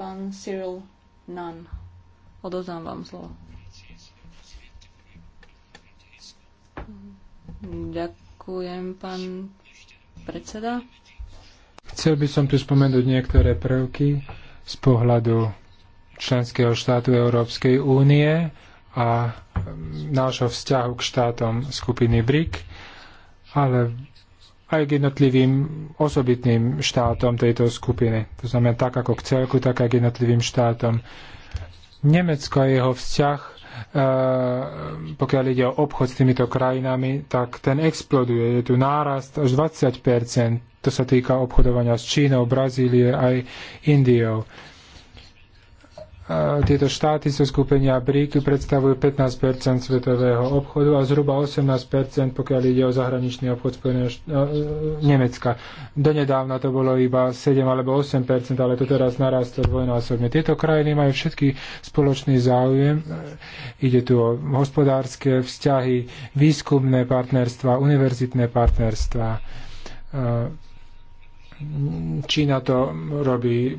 pán Cyril Nan. Odozdám vám slovo. Ďakujem, pán predseda. Chcel by som tu spomenúť niektoré prvky z pohľadu členského štátu Európskej únie a mm, nášho vzťahu k štátom skupiny BRIC, ale aj k jednotlivým osobitným štátom tejto skupiny. To znamená tak ako k celku, tak aj k jednotlivým štátom. Nemecko a jeho vzťah, e, pokiaľ ide o obchod s týmito krajinami, tak ten exploduje. Je tu nárast až 20 To sa týka obchodovania s Čínou, Brazílie aj Indiou tieto štáty zo skupenia BRIC predstavujú 15 svetového obchodu a zhruba 18 pokiaľ ide o zahraničný obchod Spojeného št- e, e, Nemecka. Donedávna to bolo iba 7 alebo 8 ale to teraz narastlo dvojnásobne. Tieto krajiny majú všetky spoločný záujem. Ide tu o hospodárske vzťahy, výskumné partnerstva, univerzitné partnerstva e, Čína to robí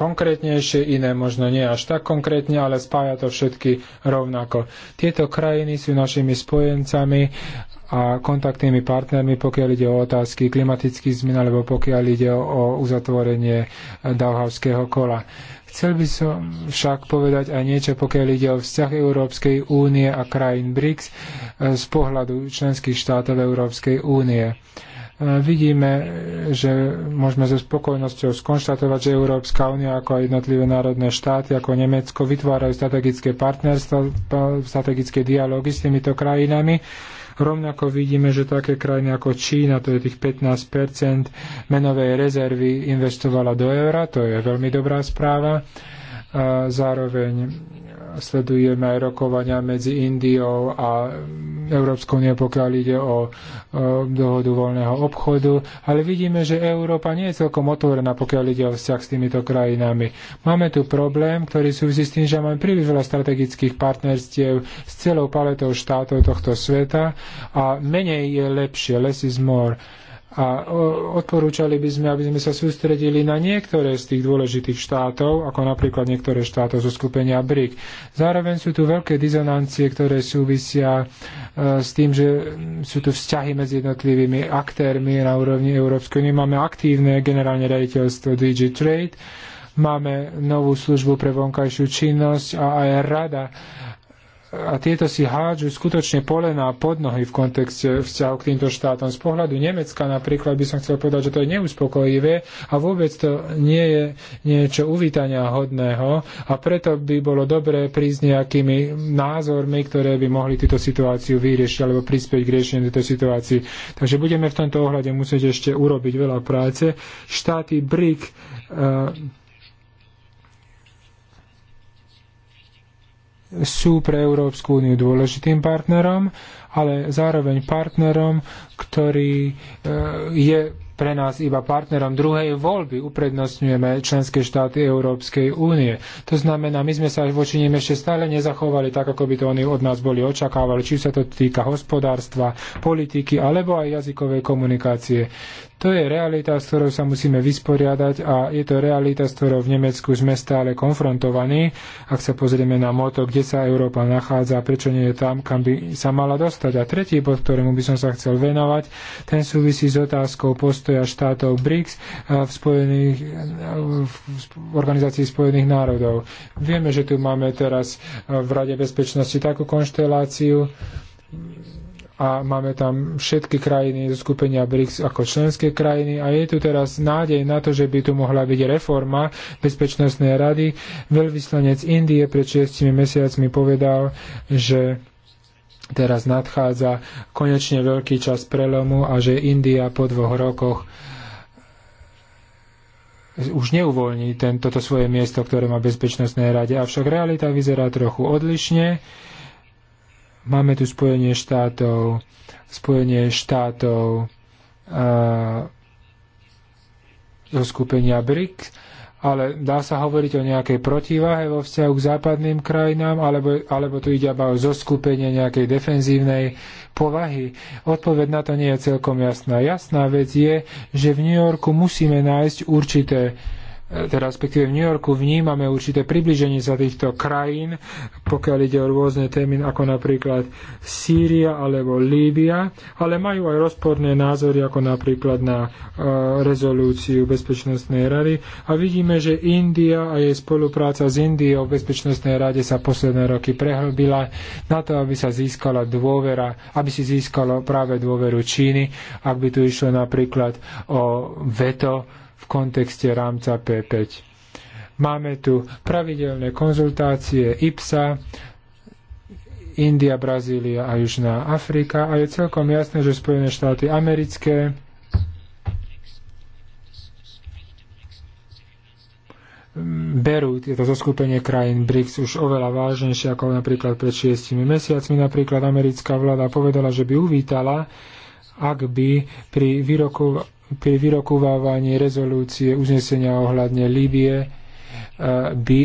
konkrétnejšie, iné možno nie až tak konkrétne, ale spája to všetky rovnako. Tieto krajiny sú našimi spojencami a kontaktnými partnermi, pokiaľ ide o otázky klimatických zmien, alebo pokiaľ ide o uzatvorenie Dauhavského kola. Chcel by som však povedať aj niečo, pokiaľ ide o vzťah Európskej únie a krajín BRICS eh, z pohľadu členských štátov Európskej únie. Vidíme, že môžeme so spokojnosťou skonštatovať, že Európska únia ako aj jednotlivé národné štáty, ako Nemecko, vytvárajú strategické partnerstva, strategické dialógy s týmito krajinami. Rovnako vidíme, že také krajiny ako Čína, to je tých 15 menovej rezervy investovala do eura, to je veľmi dobrá správa. A. Zároveň sledujeme aj rokovania medzi Indiou a Európskou uniou, pokiaľ ide o dohodu voľného obchodu, ale vidíme, že Európa nie je celkom otvorená, pokiaľ ide o vzťah s týmito krajinami. Máme tu problém, ktorý súvisí s tým, že máme príliš veľa strategických partnerstiev s celou paletou štátov tohto sveta a menej je lepšie, less is more a odporúčali by sme, aby sme sa sústredili na niektoré z tých dôležitých štátov, ako napríklad niektoré štátov zo skupenia BRIC. Zároveň sú tu veľké dizonancie, ktoré súvisia e, s tým, že sú tu vzťahy medzi jednotlivými aktérmi na úrovni Európskej únie. Máme aktívne generálne raditeľstvo DG Trade, máme novú službu pre vonkajšiu činnosť a aj rada a tieto si hádžu skutočne polená pod nohy v kontexte vzťahu k týmto štátom. Z pohľadu Nemecka napríklad by som chcel povedať, že to je neuspokojivé a vôbec to nie je niečo uvítania hodného a preto by bolo dobré prísť nejakými názormi, ktoré by mohli túto situáciu vyriešiť alebo prispieť k riešeniu tejto situácii. Takže budeme v tomto ohľade musieť ešte urobiť veľa práce. Štáty BRIC uh, eh, sú pre Európsku úniu dôležitým partnerom, ale zároveň partnerom, ktorý e, je pre nás iba partnerom druhej voľby uprednostňujeme členské štáty Európskej únie. To znamená, my sme sa voči nim ešte stále nezachovali tak, ako by to oni od nás boli očakávali, či sa to týka hospodárstva, politiky alebo aj jazykovej komunikácie. To je realita, s ktorou sa musíme vysporiadať a je to realita, s ktorou v Nemecku sme stále konfrontovaní. Ak sa pozrieme na moto, kde sa Európa nachádza, prečo nie je tam, kam by sa mala dostať. A tretí bod, ktorému by som sa chcel venovať, ten súvisí s otázkou postoja štátov BRICS v, spojených, v Organizácii spojených národov. Vieme, že tu máme teraz v Rade bezpečnosti takú konšteláciu, a máme tam všetky krajiny zo skupenia BRICS ako členské krajiny a je tu teraz nádej na to, že by tu mohla byť reforma Bezpečnostnej rady. Veľvyslanec Indie pred šiestimi mesiacmi povedal, že teraz nadchádza konečne veľký čas prelomu a že India po dvoch rokoch už neuvoľní toto svoje miesto, ktoré má Bezpečnostnej rade. Avšak realita vyzerá trochu odlišne. Máme tu Spojenie štátov, Spojenie štátov zo skupenia BRIC, ale dá sa hovoriť o nejakej protiváhe vo vzťahu k západným krajinám, alebo, alebo tu ide iba o zoskupenie nejakej defenzívnej povahy. Odpoveď na to nie je celkom jasná. Jasná vec je, že v New Yorku musíme nájsť určité teda respektíve v New Yorku vnímame určité približenie sa týchto krajín, pokiaľ ide o rôzne témy, ako napríklad Sýria alebo Líbia, ale majú aj rozporné názory, ako napríklad na e, rezolúciu Bezpečnostnej rady. A vidíme, že India a jej spolupráca s Indiou v Bezpečnostnej rade sa posledné roky prehlbila na to, aby sa získala dôvera, aby si získalo práve dôveru Číny, ak by tu išlo napríklad o veto v kontexte rámca P5. Máme tu pravidelné konzultácie IPSA, India, Brazília a Južná Afrika a je celkom jasné, že Spojené štáty americké berú tieto zoskupenie krajín BRICS už oveľa vážnejšie ako napríklad pred šiestimi mesiacmi. Napríklad americká vláda povedala, že by uvítala, ak by pri výroku pri vyrokovávaní rezolúcie uznesenia ohľadne Líbie eh, by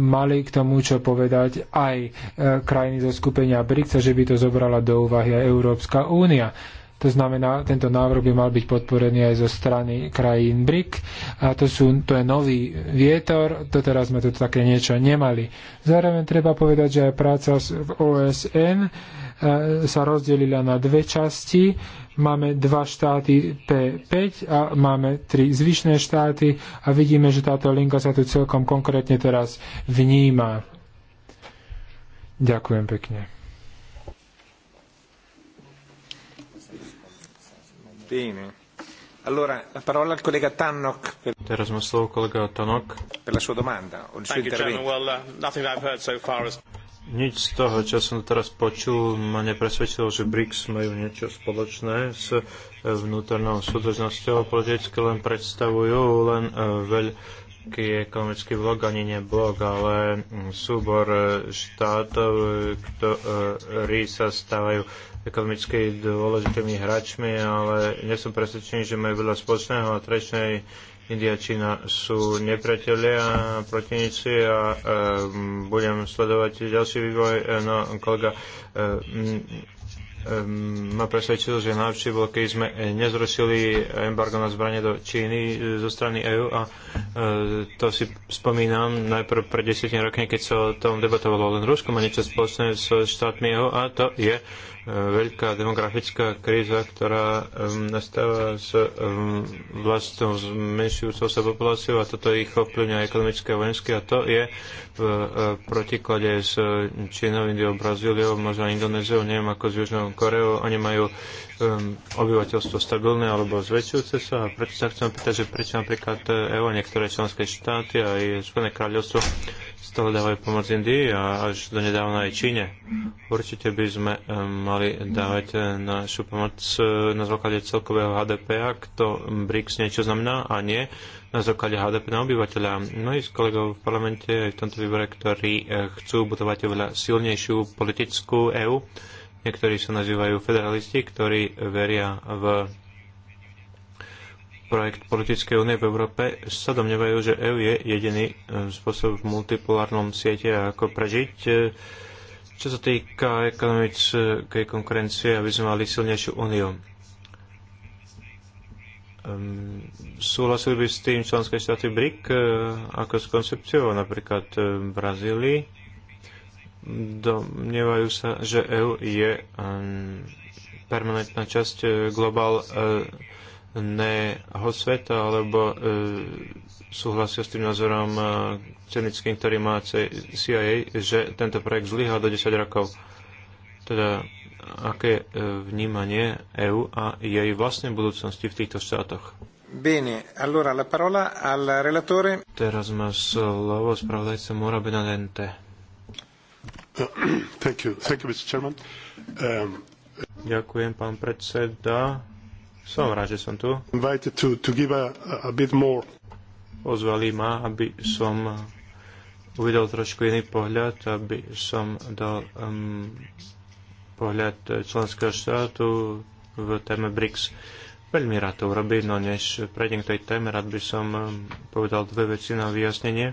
mali k tomu, čo povedať aj eh, krajiny zo skupenia BRICS, že by to zobrala do úvahy aj Európska únia to znamená, tento návrh by mal byť podporený aj zo strany krajín BRIC a to, sú, to je nový vietor, to teraz sme tu také niečo nemali. Zároveň treba povedať, že aj práca v OSN e, sa rozdelila na dve časti. Máme dva štáty P5 a máme tri zvyšné štáty a vidíme, že táto linka sa tu celkom konkrétne teraz vníma. Ďakujem pekne. Bene. Allora, la parola al collega Tannock. Per... Teraz má slovo kolega Tannock. Per la sua domanda, o il suo intervento. Well, uh, I've heard so far is... Nič z toho, čo som teraz počul, ma nepresvedčilo, že BRICS majú niečo spoločné s e, vnútornou súdržnosťou. Politicky len predstavujú len uh, veľ je ekonomický blok, ani nie blok, ale súbor štátov, ktorí sa stávajú ekonomicky dôležitými hračmi, ale nie som presvedčený, že majú veľa spoločného a trečnej India a Čína sú nepriatelia a protivníci a e, budem sledovať ďalší vývoj. E, no, kolega, e, ma presvedčil, že najlepšie bolo, keď sme eh, nezrušili embargo na zbranie do Číny eh, zo strany EÚ a eh, to si spomínam najprv pred desiatimi rokmi, keď sa o tom debatovalo len Rusko, a niečo spoločné so štátmi EÚ a to je veľká demografická kríza, ktorá nastáva s vlastnou zmenšujúcou sa populáciou a toto ich ovplyvňuje ekonomické a vojenské a to je v e, protiklade s Čínou, Indiou, Brazíliou, možno Indonéziou, neviem ako s Južnou Koreou. Oni majú um, obyvateľstvo stabilné alebo zväčšujúce sa a preto sa chcem pýtať, že prečo napríklad EU a niektoré členské štáty a aj Spojené kráľovstvo prestalo dávajú pomoc Indii a až do nedávna aj Číne. Určite by sme eh, mali dávať eh, našu pomoc eh, na základe celkového HDP, ak to BRICS niečo znamená a nie na základe HDP na obyvateľa. Mnohí z kolegov v parlamente aj v tomto výbore, ktorí chcú budovať oveľa silnejšiu politickú EÚ, niektorí sa nazývajú federalisti, ktorí veria v projekt politickej únie v Európe, sa domnievajú, že EÚ je jediný e, spôsob v multipolárnom siete, ako prežiť. E, čo sa týka ekonomickej konkurencie, aby sme mali silnejšiu úniu. Ehm, súhlasili by s tým členské štáty BRIC e, ako s koncepciou napríklad v Brazílii. Domnievajú sa, že EÚ je ehm, permanentná časť globál neho sveta, alebo e, súhlasia s tým názorom e, cenickým, ktorý má CIA, že tento projekt zlyhal do 10 rokov. Teda aké e, vnímanie EÚ a jej vlastnej budúcnosti v týchto štátoch. Bene, allora la parola al relatore. Teraz má slovo spravodajca Mora Benadente. Thank you. Thank you, Mr. Chairman. Um... Ďakujem, pán predseda. Som rád, že som tu. To, to give a, a bit more. Pozvali ma, aby som eh, uvidel trošku iný pohľad, aby som dal um, pohľad členského štátu v téme BRICS. Veľmi rád to urobím, no než prejdem k tej téme, rád by som povedal dve veci na vyjasnenie.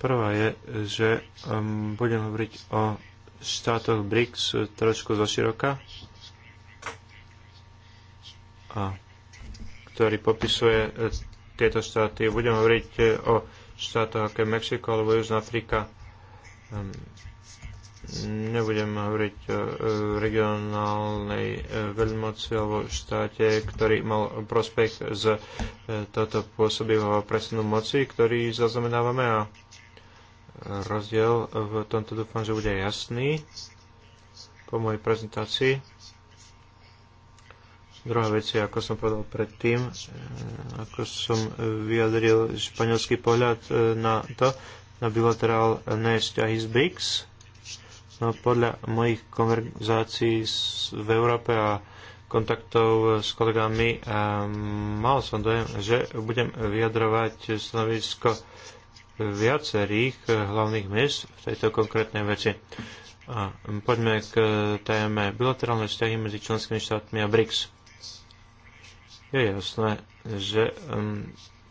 Prvá je, že um, budem hovoriť o štátoch BRICS trošku zoširoka. široka ktorý popisuje e, tieto štáty. Budem hovoriť e, o štátoch ako je Mexiko alebo Južná Afrika. Ehm, nebudem hovoriť o e, regionálnej veľmoci alebo štáte, ktorý mal prospech z tohto pôsobivého presunu moci, ktorý zaznamenávame a rozdiel v tomto dúfam, že bude jasný po mojej prezentácii Druhá vec je, ako som povedal predtým, e, ako som vyjadril španielský pohľad e, na to, na bilaterálne vzťahy z BRICS. No, podľa mojich konverzácií v Európe a kontaktov s kolegami e, mal som dojem, že budem vyjadrovať stanovisko viacerých hlavných miest v tejto konkrétnej veci. A poďme k téme bilaterálne vzťahy medzi členskými štátmi a BRICS je jasné, že um,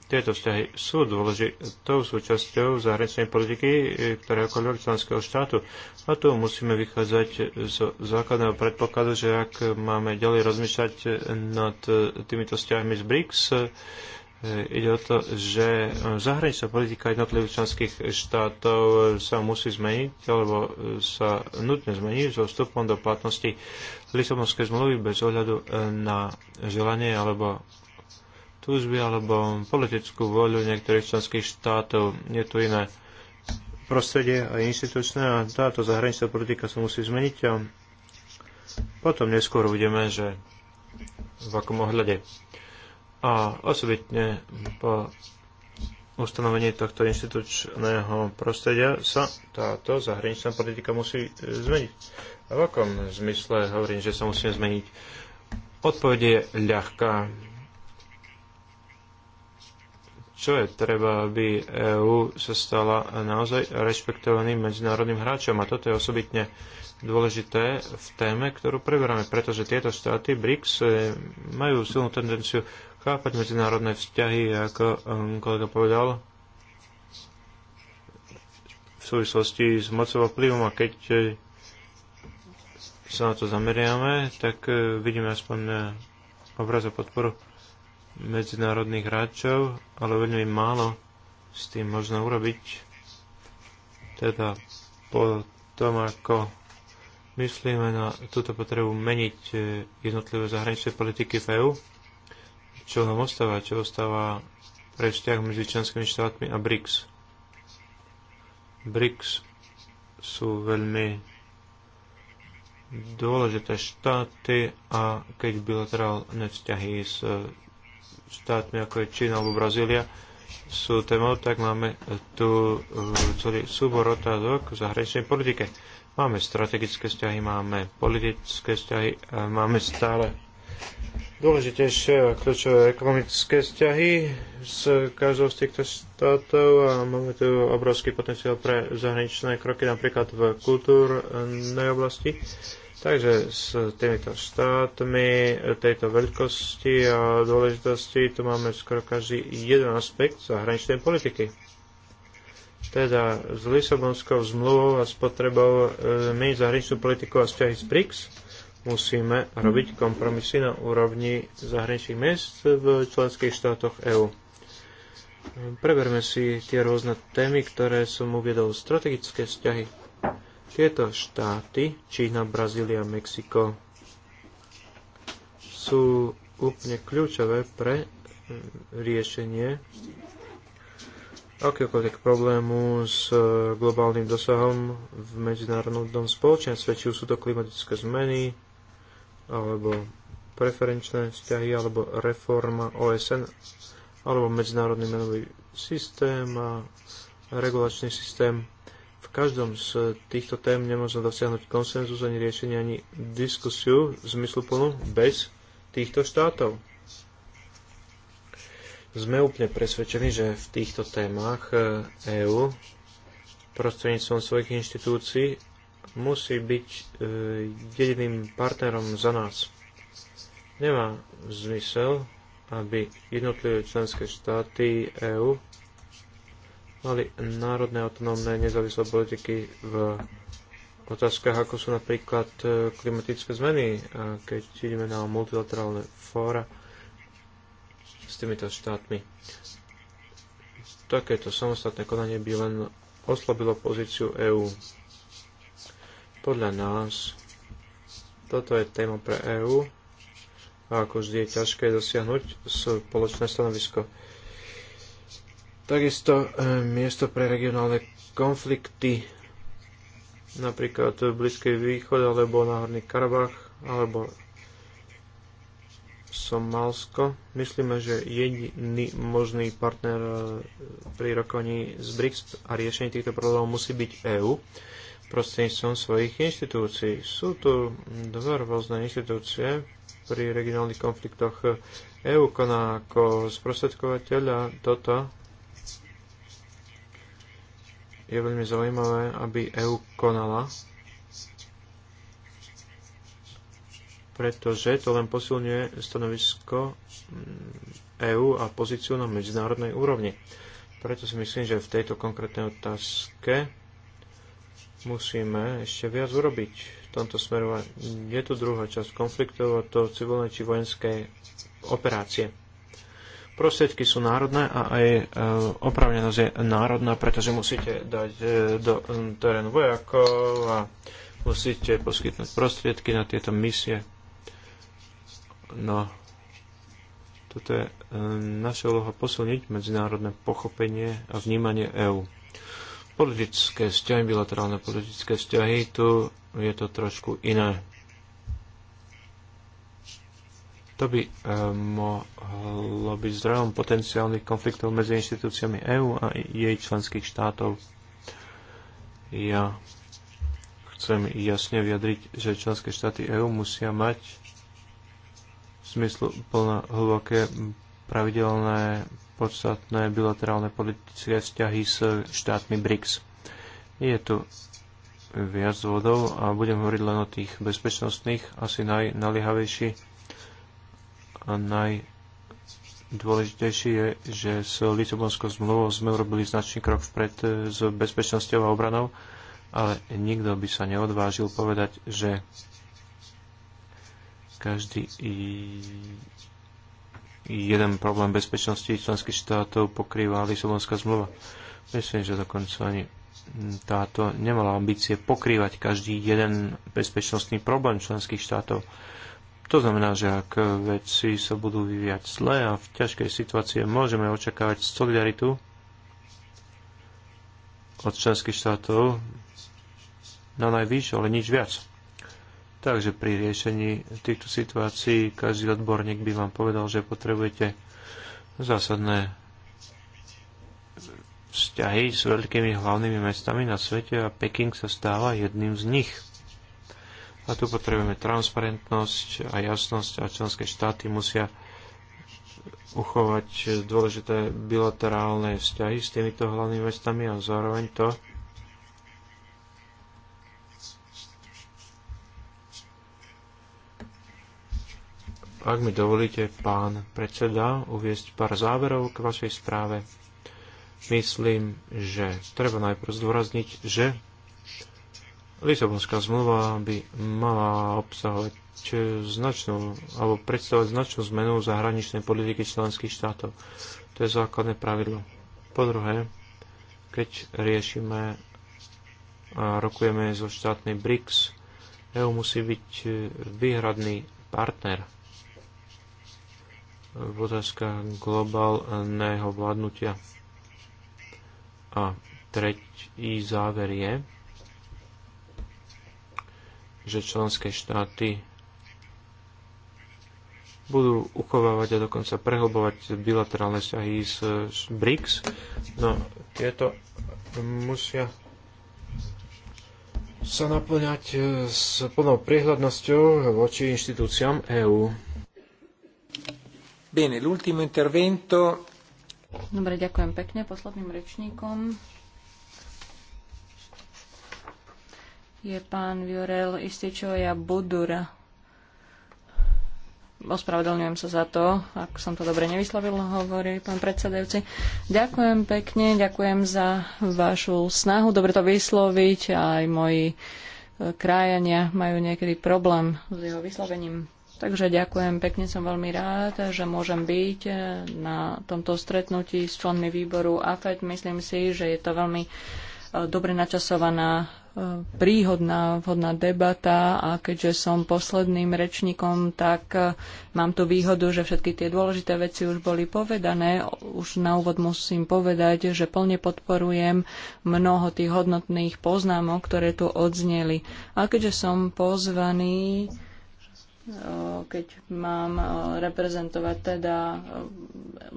tieto vzťahy sú dôležitou súčasťou zahraničnej politiky e, ktoréhokoľvek členského štátu. A tu musíme vychádzať z základného predpokladu, že ak máme ďalej rozmýšľať nad týmito vzťahmi z BRICS, e, Ide o to, že zahraničná politika jednotlivých členských štátov sa musí zmeniť, alebo sa nutne zmení so vstupom do platnosti Lisabonské zmluvy bez ohľadu e, na želanie alebo túžby alebo politickú voľu niektorých členských štátov. Je tu iné prostredie a institučné a táto zahraničná politika sa musí zmeniť a potom neskôr uvidíme, že v akom ohľade. A osobitne po Ustanovenie tohto inštitučného prostredia sa táto zahraničná politika musí e, zmeniť. A v akom zmysle hovorím, že sa musíme zmeniť? Odpoveď je ľahká. Čo je treba, aby EÚ sa stala naozaj rešpektovaným medzinárodným hráčom? A toto je osobitne dôležité v téme, ktorú preberáme, pretože tieto štáty BRICS e, majú silnú tendenciu chápať medzinárodné vzťahy, ako um, kolega povedal, v súvislosti s mocou a vplyvom a keď eh, sa na to zameriame, tak eh, vidíme aspoň eh, obraz a podporu medzinárodných hráčov, ale veľmi málo s tým možno urobiť. Teda po tom, ako myslíme na túto potrebu meniť jednotlivé zahraničné politiky v EU, čo nám ostáva, čo ostáva pre vzťah medzi členskými štátmi a BRICS. BRICS sú veľmi dôležité štáty a keď bilaterálne vzťahy s štátmi ako je Čína alebo Brazília sú témou, tak máme tu e, celý súbor otázok v zahraničnej politike. Máme strategické vzťahy, máme politické vzťahy, e, máme stále dôležitejšie a eh, kľúčové ekonomické vzťahy s každou z týchto štátov a máme tu obrovský potenciál pre zahraničné kroky napríklad v kultúrnej oblasti. Takže s týmito štátmi tejto veľkosti a dôležitosti tu máme skoro každý jeden aspekt zahraničnej politiky. Teda s Lisabonskou zmluvou a spotrebou e, eh, meniť zahraničnú politiku a vzťahy S BRICS musíme robiť kompromisy na úrovni zahraničných miest v členských štátoch EÚ. Preberme si tie rôzne témy, ktoré som uviedol. Strategické vzťahy. Tieto štáty, Čína, Brazília, Mexiko, sú úplne kľúčové pre mm, riešenie akéhokoľvek problému s e, globálnym dosahom v medzinárodnom spoločenstve, či sú to klimatické zmeny, alebo preferenčné vzťahy, alebo reforma OSN, alebo medzinárodný menový systém a regulačný systém. V každom z týchto tém nemôžeme dosiahnuť konsenzus ani riešenie, ani diskusiu zmysluplnú bez týchto štátov. Sme úplne presvedčení, že v týchto témach EÚ eh, e prostredníctvom svojich inštitúcií musí byť e, jediným partnerom za nás. Nemá zmysel, aby jednotlivé členské štáty EÚ mali národné autonómne nezávislé politiky v otázkach, ako sú napríklad e, klimatické zmeny, a keď ideme na multilaterálne fóra s týmito štátmi. Takéto samostatné konanie by len oslabilo pozíciu EÚ. Podľa nás toto je téma pre EÚ a ako vždy je ťažké dosiahnuť spoločné stanovisko. Takisto e, miesto pre regionálne konflikty, napríklad v Blízkej východ, alebo na Horný Karabach, alebo Somálsko. Myslíme, že jediný možný partner e, pri rokovaní z BRICS a riešení týchto problémov musí byť EÚ prostredníctvom svojich inštitúcií. Sú tu dve rôzne inštitúcie pri regionálnych konfliktoch. EU koná ako sprostredkovateľ a toto je veľmi zaujímavé, aby EU konala, pretože to len posilňuje stanovisko mm, EU a pozíciu na medzinárodnej úrovni. Preto si myslím, že v tejto konkrétnej otázke musíme ešte viac urobiť v tomto smeru. Je tu druhá časť konfliktov, a to civilné či vojenské operácie. Prostriedky sú národné a aj e, opravnenosť je národná, pretože musíte dať e, do terénu vojakov a musíte poskytnúť prostriedky na tieto misie. No, toto je e, naša úloha posilniť medzinárodné pochopenie a vnímanie EÚ politické vzťahy, bilaterálne politické vzťahy, tu je to trošku iné. To by eh, mohlo byť zdrojom potenciálnych konfliktov medzi inštitúciami EÚ a jej členských štátov. Ja chcem jasne vyjadriť, že členské štáty EÚ musia mať v smyslu plno hlboké pravidelné podstatné bilaterálne politické vzťahy s štátmi BRICS. Je tu viac vodov a budem hovoriť len o tých bezpečnostných, asi najnaliehavejší a najdôležitejší je, že s Lisabonskou zmluvou sme urobili značný krok vpred s bezpečnosťou a obranou, ale nikto by sa neodvážil povedať, že každý jeden problém bezpečnosti členských štátov pokrýva Lisabonská zmluva. Myslím, že dokonca ani táto nemala ambície pokrývať každý jeden bezpečnostný problém členských štátov. To znamená, že ak veci sa budú vyvíjať zle a v ťažkej situácii môžeme očakávať solidaritu od členských štátov na najvyššie, ale nič viac. Takže pri riešení týchto situácií každý odborník by vám povedal, že potrebujete zásadné vzťahy s veľkými hlavnými mestami na svete a Peking sa stáva jedným z nich. A tu potrebujeme transparentnosť a jasnosť a členské štáty musia uchovať dôležité bilaterálne vzťahy s týmito hlavnými mestami a zároveň to Ak mi dovolíte, pán predseda, uviesť pár záverov k vašej správe. Myslím, že treba najprv zdôrazniť, že Lisabonská zmluva by mala obsahovať značnú, alebo predstavovať značnú zmenu zahraničnej politiky členských štátov. To je základné pravidlo. Po druhé, keď riešime a rokujeme so štátmi BRICS, EU musí byť výhradný partner v otázkach globálneho vládnutia. A tretí záver je, že členské štáty budú uchovávať a dokonca prehlbovať bilaterálne vzťahy s, s BRICS. No tieto musia sa naplňať s plnou priehľadnosťou voči inštitúciám EÚ. Bene, l'ultimo intervento. Dobre, ďakujem pekne posledným rečníkom. Je pán Viorel Ističoja Budura. Ospravedlňujem sa za to, ak som to dobre nevyslovil, hovorí pán predsedajúci. Ďakujem pekne, ďakujem za vašu snahu dobre to vysloviť. Aj moji e, krajania majú niekedy problém s jeho vyslovením. Takže ďakujem pekne, som veľmi rád, že môžem byť eh, na tomto stretnutí s členmi výboru AFED. Myslím si, že je to veľmi eh, dobre načasovaná eh, príhodná, vhodná debata a keďže som posledným rečníkom, tak mám tu výhodu, že všetky tie dôležité veci už boli povedané. Už na úvod musím povedať, že plne podporujem mnoho tých hodnotných poznámok, ktoré tu odzneli. A keďže som pozvaný keď mám reprezentovať teda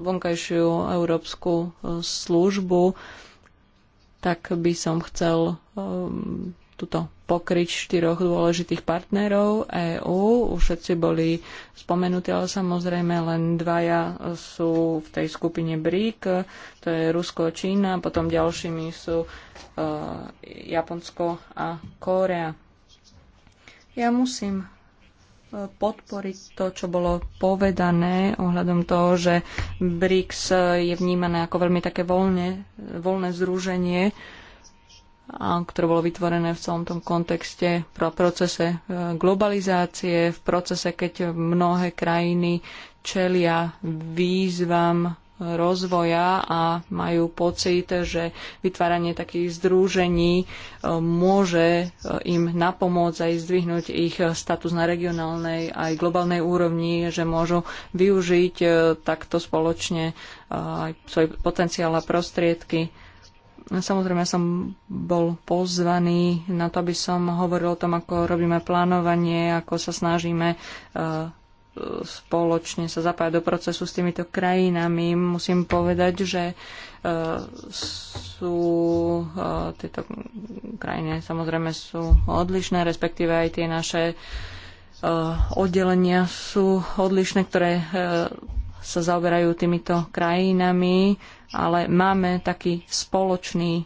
vonkajšiu európsku službu, tak by som chcel tuto pokryť štyroch dôležitých partnerov EÚ. Už všetci boli spomenutí, ale samozrejme len dvaja sú v tej skupine BRIC, to je Rusko, a Čína, potom ďalšími sú uh, Japonsko a Kórea. Ja musím podporiť to, čo bolo povedané ohľadom toho, že BRICS je vnímané ako veľmi také voľne, voľné združenie, ktoré bolo vytvorené v celom tom kontexte pro procese e, globalizácie, v procese, keď mnohé krajiny čelia výzvam rozvoja a majú pocit, že vytváranie takých združení e, môže e, im napomôcť aj zdvihnúť ich status na regionálnej aj globálnej úrovni, že môžu využiť e, takto spoločne aj svoj potenciál a prostriedky. Samozrejme, som bol pozvaný na to, aby som hovoril o tom, ako robíme plánovanie, ako sa snažíme spoločne sa zapájať do procesu s týmito krajinami. Musím povedať, že e, sú e, tieto krajiny samozrejme sú odlišné, respektíve aj tie naše e, oddelenia sú odlišné, ktoré sa zaoberajú týmito krajinami, ale máme taký spoločný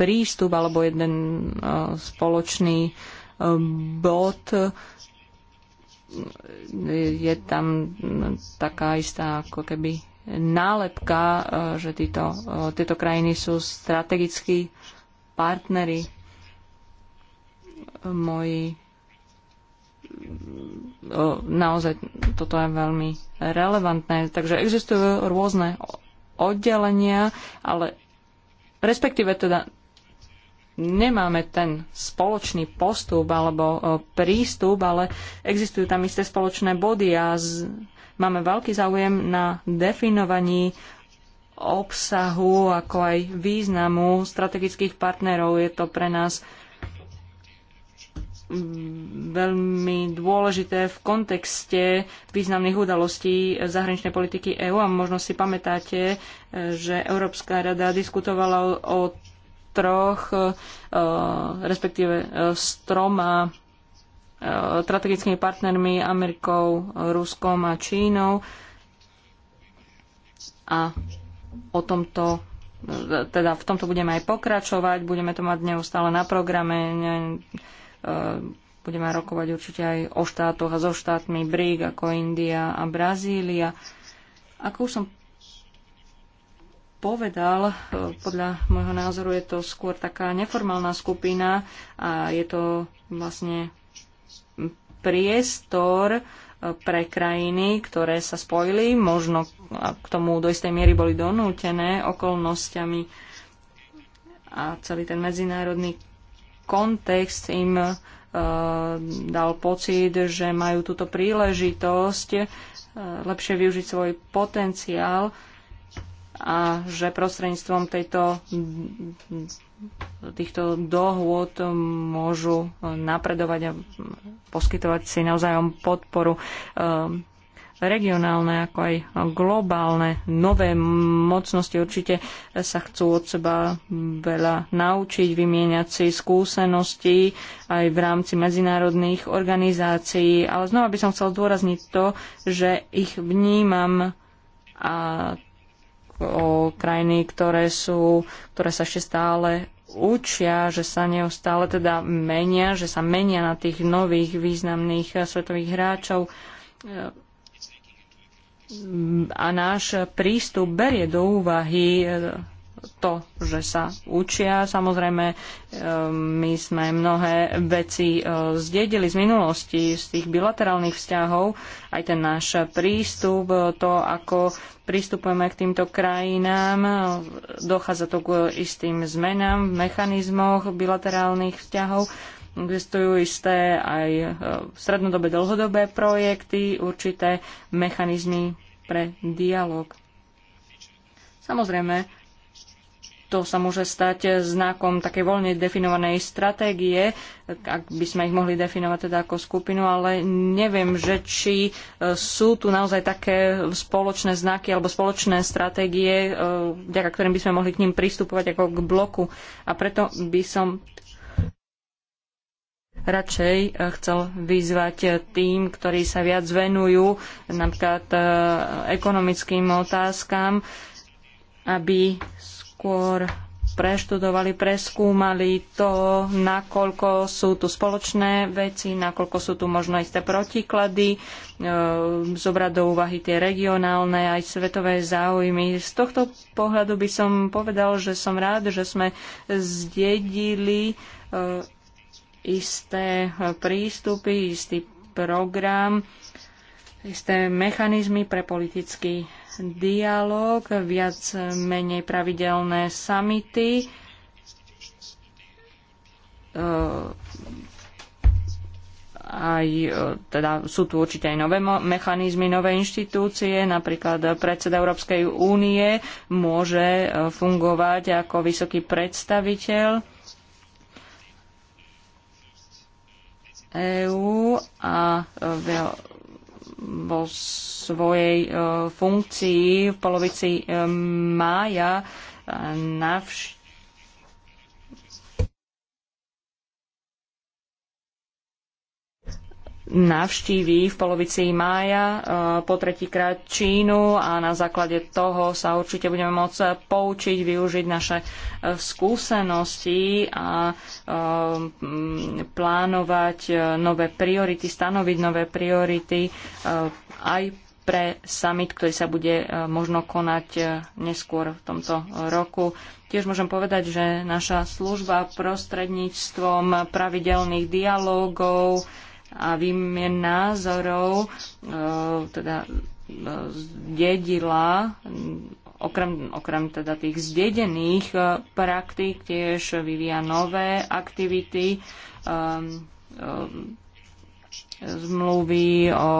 prístup alebo jeden spoločný bod, je tam taká istá ako keby nálepka, e, že títo, e, tieto krajiny sú strategickí partnery moji e, naozaj toto je veľmi relevantné. Takže existujú rôzne oddelenia, ale respektíve teda nemáme ten spoločný postup alebo e, prístup, ale existujú tam isté spoločné body a z, máme veľký záujem na definovaní obsahu, ako aj významu strategických partnerov. Je to pre nás veľmi dôležité v kontexte významných udalostí zahraničnej politiky EÚ a možno si pamätáte, e, že Európska rada diskutovala o, troch, e, respektíve e, s troma e, strategickými partnermi Amerikou, Ruskom a Čínou. A o tomto teda v tomto budeme aj pokračovať, budeme to mať neustále na programe, budeme rokovať určite aj o štátoch a so štátmi BRIC, ako India a Brazília. Ako už som povedal, e, podľa môjho názoru je to skôr taká neformálna skupina a je to vlastne priestor e, pre krajiny, ktoré sa spojili, možno k tomu do istej miery boli donútené okolnosťami a celý ten medzinárodný kontext im e, dal pocit, že majú túto príležitosť lepšie využiť svoj potenciál a že prostredníctvom tejto, týchto dohôd môžu napredovať a poskytovať si navzájom podporu ehm, regionálne ako aj globálne nové mocnosti určite sa chcú od seba veľa naučiť, vymieňať si skúsenosti aj v rámci medzinárodných organizácií. Ale znova by som chcel zdôrazniť to, že ich vnímam a o krajiny, ktoré, sú, ktoré sa ešte stále učia, že sa neustále teda menia, že sa menia na tých nových významných svetových hráčov ehm, a náš prístup berie do úvahy ehm, to, že sa učia. Samozrejme, e, my sme mnohé veci e, zdedili z minulosti, z tých bilaterálnych vzťahov, aj ten náš prístup, e, to, ako pristupujeme k týmto krajinám, dochádza to k istým zmenám v mechanizmoch bilaterálnych vzťahov. Existujú isté aj strednodobé, dlhodobé projekty, určité mechanizmy pre dialog. Samozrejme, to sa môže stať znakom takej voľne definovanej stratégie, ak by sme ich mohli definovať teda ako skupinu, ale neviem, že či e, sú tu naozaj také spoločné znaky alebo spoločné stratégie, e, vďaka ktorým by sme mohli k ním pristupovať ako k bloku. A preto by som radšej e, chcel vyzvať tým, ktorí sa viac venujú napríklad ekonomickým otázkam, aby skôr preštudovali, preskúmali to, nakoľko sú tu spoločné veci, nakoľko sú tu možno isté protiklady, e, zobrať do úvahy tie regionálne aj svetové záujmy. Z tohto pohľadu by som povedal, že som rád, že sme zdedili e, isté prístupy, istý program, isté mechanizmy pre politický dialog, viac menej pravidelné samity, e, aj, e, teda sú tu určite aj nové mechanizmy, nové inštitúcie, napríklad predseda Európskej únie môže e, fungovať ako vysoký predstaviteľ EÚ a vo svojej e, funkcii v polovici e, mája navštívil navštíví v polovici mája e, po tretíkrát Čínu a na základe toho sa určite budeme môcť poučiť, využiť naše e, skúsenosti a e, plánovať nové priority, stanoviť nové priority aj pre summit, ktorý sa bude možno konať neskôr v tomto roku. Tiež môžem povedať, že naša služba prostredníctvom pravidelných dialógov a výmien názorov e, teda e, zdedila okrem, okrem teda tých zdedených e, praktík tiež vyvíja nové aktivity um, zmluvy o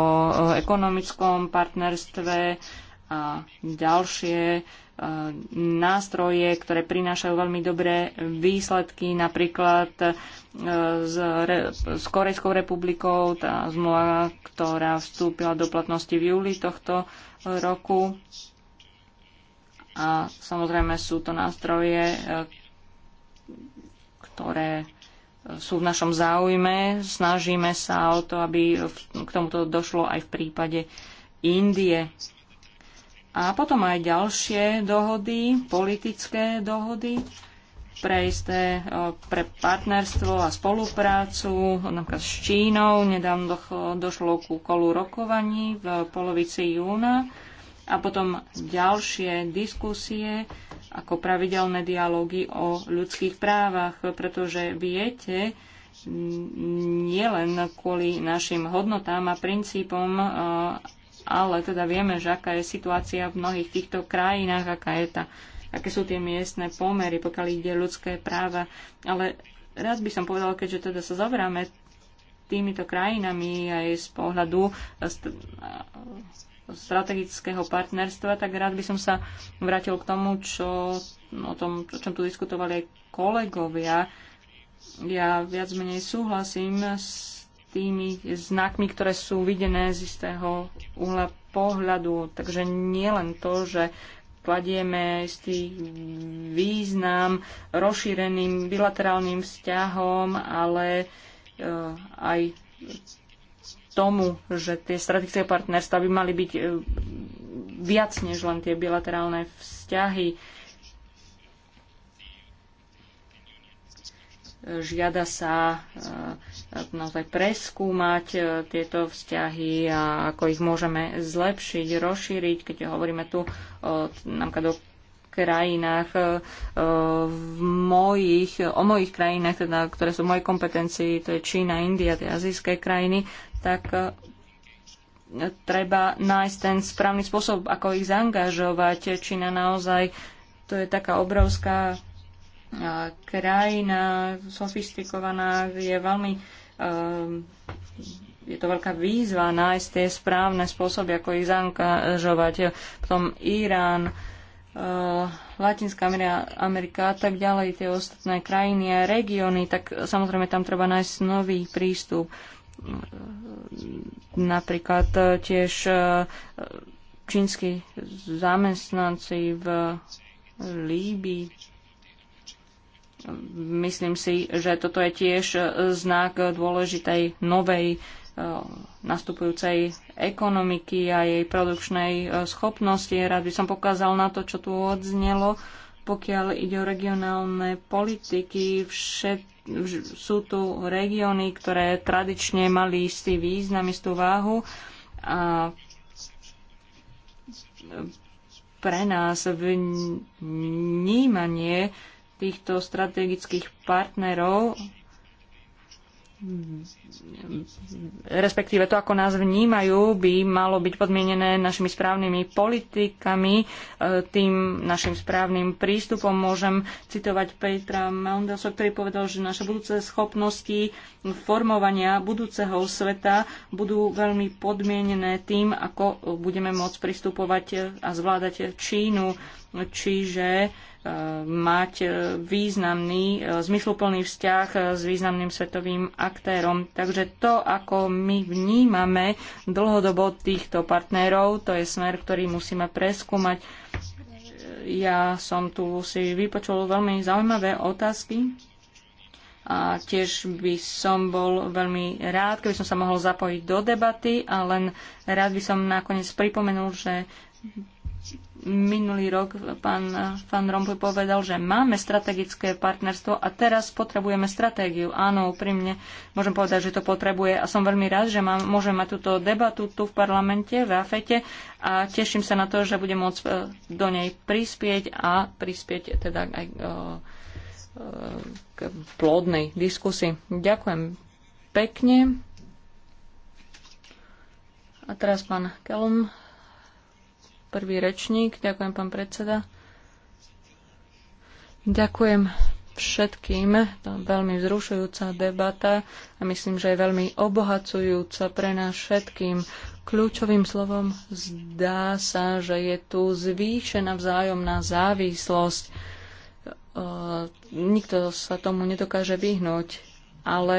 ekonomickom partnerstve ďalšie e, nástroje, ktoré prinášajú veľmi dobré výsledky, napríklad e, s, Re- s Korejskou republikou, tá zmluva, ktorá vstúpila do platnosti v júli tohto e, roku. A samozrejme sú to nástroje, ktoré sú v našom záujme. Snažíme sa o to, aby k tomuto došlo aj v prípade Indie a potom aj ďalšie dohody, politické dohody pre isté, e, pre partnerstvo a spoluprácu, napríklad s Čínou. Nedávno došlo ku kolu rokovaní v polovici júna a potom ďalšie diskusie ako pravidelné dialógy o ľudských právach, pretože viete, nielen kvôli našim hodnotám a princípom e, ale teda vieme, že aká je situácia v mnohých týchto krajinách, aká je tá, aké sú tie miestne pomery, pokiaľ ide ľudské práva. Ale raz by som povedala, keďže teda sa zoberáme týmito krajinami aj z pohľadu strategického partnerstva, tak rád by som sa vrátil k tomu, čo, o, tom, o čom tu diskutovali aj kolegovia. Ja viac menej súhlasím s tými znakmi, ktoré sú videné z istého uhla pohľadu. Takže nie len to, že kladieme istý význam rozšíreným bilaterálnym vzťahom, ale eh, aj tomu, že tie strategické partnerstva by mali byť eh, viac než len tie bilaterálne vzťahy žiada sa e, naozaj preskúmať e, tieto vzťahy a ako ich môžeme zlepšiť, rozšíriť, keď hovoríme tu o, napríklad o krajinách, e, v mojich, o mojich krajinách, teda, ktoré sú v mojej kompetencii, to je Čína, India, tie azijské krajiny, tak treba nájsť ten správny spôsob, ako ich zaangažovať. Čína naozaj, to je taká obrovská krajina sofistikovaná, je veľmi ehm, je to veľká výzva nájsť tie správne spôsoby, ako ich zaangažovať. Potom Irán, eh, Latinská Amerika a tak ďalej, tie ostatné krajiny a regióny, tak samozrejme tam treba nájsť nový prístup. Eh, napríklad eh, tiež čínsky zamestnanci v Líbii, Myslím si, že toto je tiež e, znak dôležitej novej e, nastupujúcej ekonomiky a jej produkčnej e, schopnosti. Rád by som pokázal na to, čo tu odznelo. Pokiaľ ide o regionálne politiky, všet, sú tu regióny, ktoré tradične mali istý význam, istú váhu a pre nás vnímanie týchto strategických partnerov, respektíve to, ako nás vnímajú, by malo byť podmienené našimi správnymi politikami, e, tým našim správnym prístupom. Môžem citovať Petra Maundelsa, ktorý povedal, že naše budúce schopnosti formovania budúceho sveta budú veľmi podmienené tým, ako budeme môcť pristupovať a zvládať Čínu. Čiže mať významný, zmysluplný vzťah s významným svetovým aktérom. Takže to, ako my vnímame dlhodobo týchto partnerov, to je smer, ktorý musíme preskúmať. Ja som tu si vypočul veľmi zaujímavé otázky a tiež by som bol veľmi rád, keby som sa mohol zapojiť do debaty a len rád by som nakoniec pripomenul, že minulý rok pán, pán Rompuy povedal, že máme strategické partnerstvo a teraz potrebujeme stratégiu. Áno, úprimne môžem povedať, že to potrebuje a som veľmi rád, že mám, môžem mať túto debatu tu v parlamente, v AFETE a teším sa na to, že budem môcť e, do nej prispieť a prispieť teda aj e, e, k plodnej diskusii. Ďakujem pekne. A teraz pán Kelm Prvý rečník. Ďakujem, pán predseda. Ďakujem všetkým. To veľmi vzrušujúca debata a myslím, že je veľmi obohacujúca pre nás všetkým. Kľúčovým slovom zdá sa, že je tu zvýšená vzájomná závislosť. E, nikto sa tomu nedokáže vyhnúť ale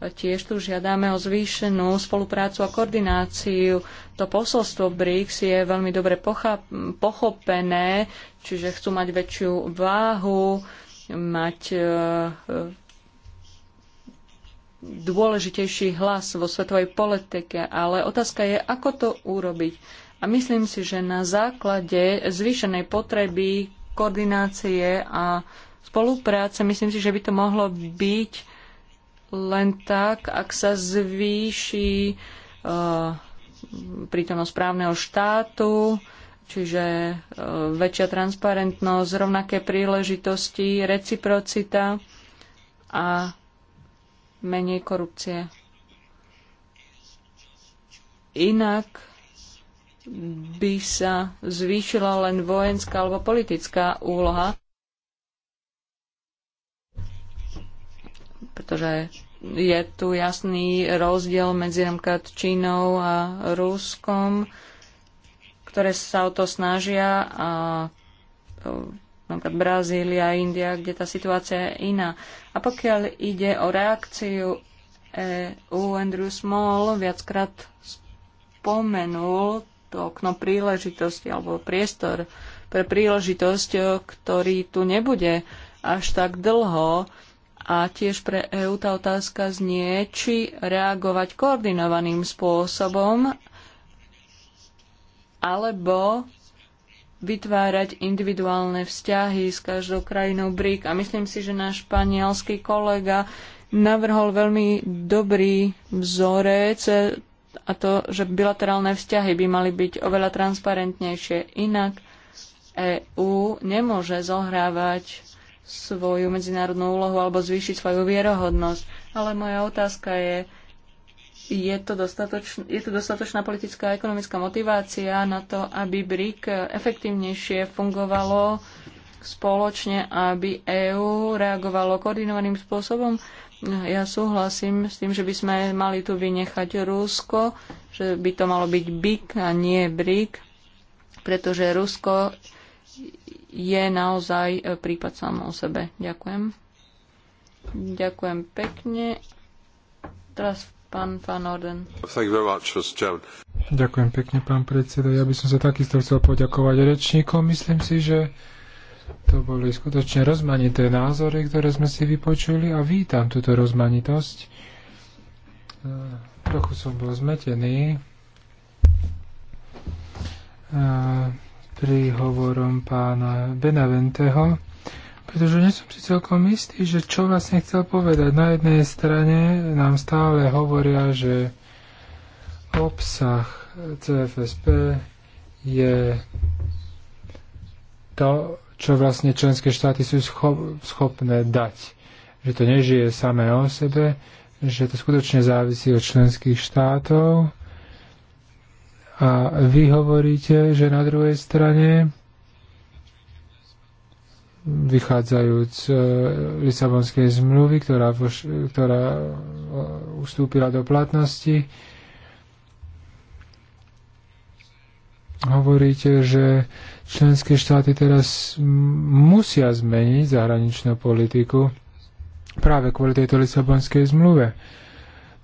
tiež tu žiadame o zvýšenú spoluprácu a koordináciu. To posolstvo BRICS je veľmi dobre pochopené, čiže chcú mať väčšiu váhu, mať e, e, dôležitejší hlas vo svetovej politike, ale otázka je, ako to urobiť. A myslím si, že na základe zvýšenej potreby koordinácie a spolupráce, myslím si, že by to mohlo byť len tak, ak sa zvýši uh, prítomnosť právneho štátu, čiže uh, väčšia transparentnosť, rovnaké príležitosti, reciprocita a menej korupcie. Inak by sa zvýšila len vojenská alebo politická úloha pretože je tu jasný rozdiel medzi napríklad Čínou a Ruskom, ktoré sa o to snažia a e, napríklad Brazília, India, kde tá situácia je iná. A pokiaľ ide o reakciu EU, Andrew Small viackrát spomenul to okno príležitosti alebo priestor pre príležitosť, ktorý tu nebude až tak dlho. A tiež pre EÚ tá otázka znie, či reagovať koordinovaným spôsobom alebo vytvárať individuálne vzťahy s každou krajinou BRIC. A myslím si, že náš španielský kolega navrhol veľmi dobrý vzorec a to, že bilaterálne vzťahy by mali byť oveľa transparentnejšie. Inak EÚ nemôže zohrávať svoju medzinárodnú úlohu alebo zvýšiť svoju vierohodnosť. Ale moja otázka je, je to, je to dostatočná politická a ekonomická motivácia na to, aby BRIC efektívnejšie fungovalo spoločne, aby EÚ reagovalo koordinovaným spôsobom. Ja súhlasím s tým, že by sme mali tu vynechať Rusko, že by to malo byť BIC a nie BRIC, pretože Rusko je naozaj e, prípad sám o sebe. Ďakujem. Ďakujem pekne. Teraz pán Van Orden. Ďakujem pekne, pán predseda. Ja by som sa takisto chcel poďakovať rečníkom. Myslím si, že to boli skutočne rozmanité názory, ktoré sme si vypočuli a vítam túto rozmanitosť. E, trochu som bol zmetený. E, príhovorom pána Benaventeho, pretože nie som si celkom istý, že čo vlastne chcel povedať. Na jednej strane nám stále hovoria, že obsah CFSP je to, čo vlastne členské štáty sú schopné dať. Že to nežije samé o sebe, že to skutočne závisí od členských štátov a vy hovoríte, že na druhej strane vychádzajúc z e, Lisabonskej zmluvy, ktorá, ktorá e, ustúpila do platnosti. Hovoríte, že členské štáty teraz musia zmeniť zahraničnú politiku práve kvôli tejto Lisabonskej zmluve.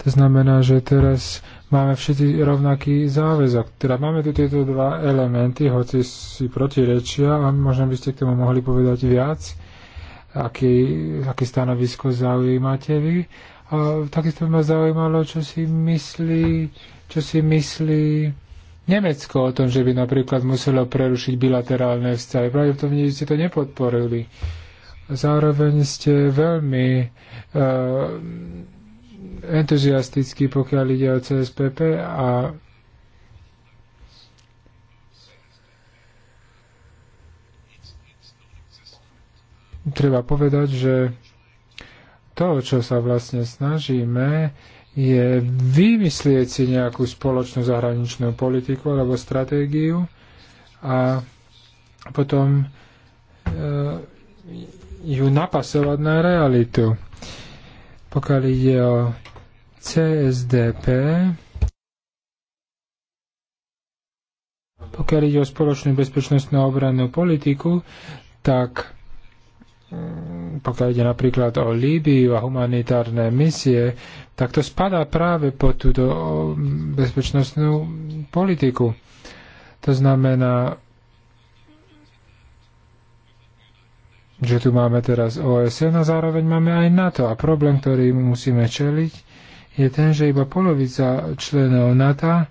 To znamená, že teraz máme všetci rovnaký záväzok. Teda máme tu tieto dva elementy, hoci si protirečia a možno by ste k tomu mohli povedať viac, aký, aké stanovisko zaujímate vy. A takisto by ma zaujímalo, čo si myslí, čo si myslí Nemecko o tom, že by napríklad muselo prerušiť bilaterálne vzťahy. v tom nie, ste to nepodporili. Zároveň ste veľmi uh, entuziastický, pokiaľ ide o CSPP a treba povedať, že to, čo sa vlastne snažíme, je vymyslieť si nejakú spoločnú zahraničnú politiku alebo stratégiu a potom e, ju napasovať na realitu. Pokiaľ ide o CSDP, pokiaľ ide o spoločnú bezpečnostnú a obrannú politiku, tak mm, pokiaľ ide napríklad o Líbiu a humanitárne misie, tak to spadá práve pod túto mm, bezpečnostnú politiku. To znamená, že tu máme teraz OSN a zároveň máme aj NATO. A problém, ktorý musíme čeliť, je ten, že iba polovica členov NATO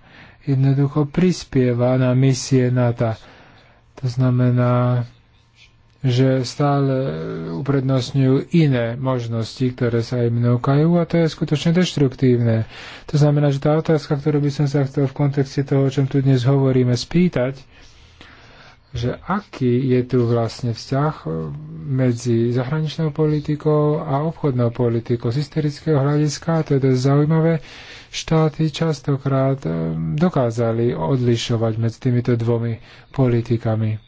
jednoducho prispieva na misie NATO. To znamená, že stále uprednostňujú iné možnosti, ktoré sa im núkajú a to je skutočne deštruktívne. To znamená, že tá otázka, ktorú by som sa chcel v kontexte toho, o čom tu dnes hovoríme, spýtať, že aký je tu vlastne vzťah e, medzi zahraničnou politikou a obchodnou politikou. Z historického hľadiska, to je dosť zaujímavé, štáty častokrát e, dokázali odlišovať medzi týmito dvomi politikami. E,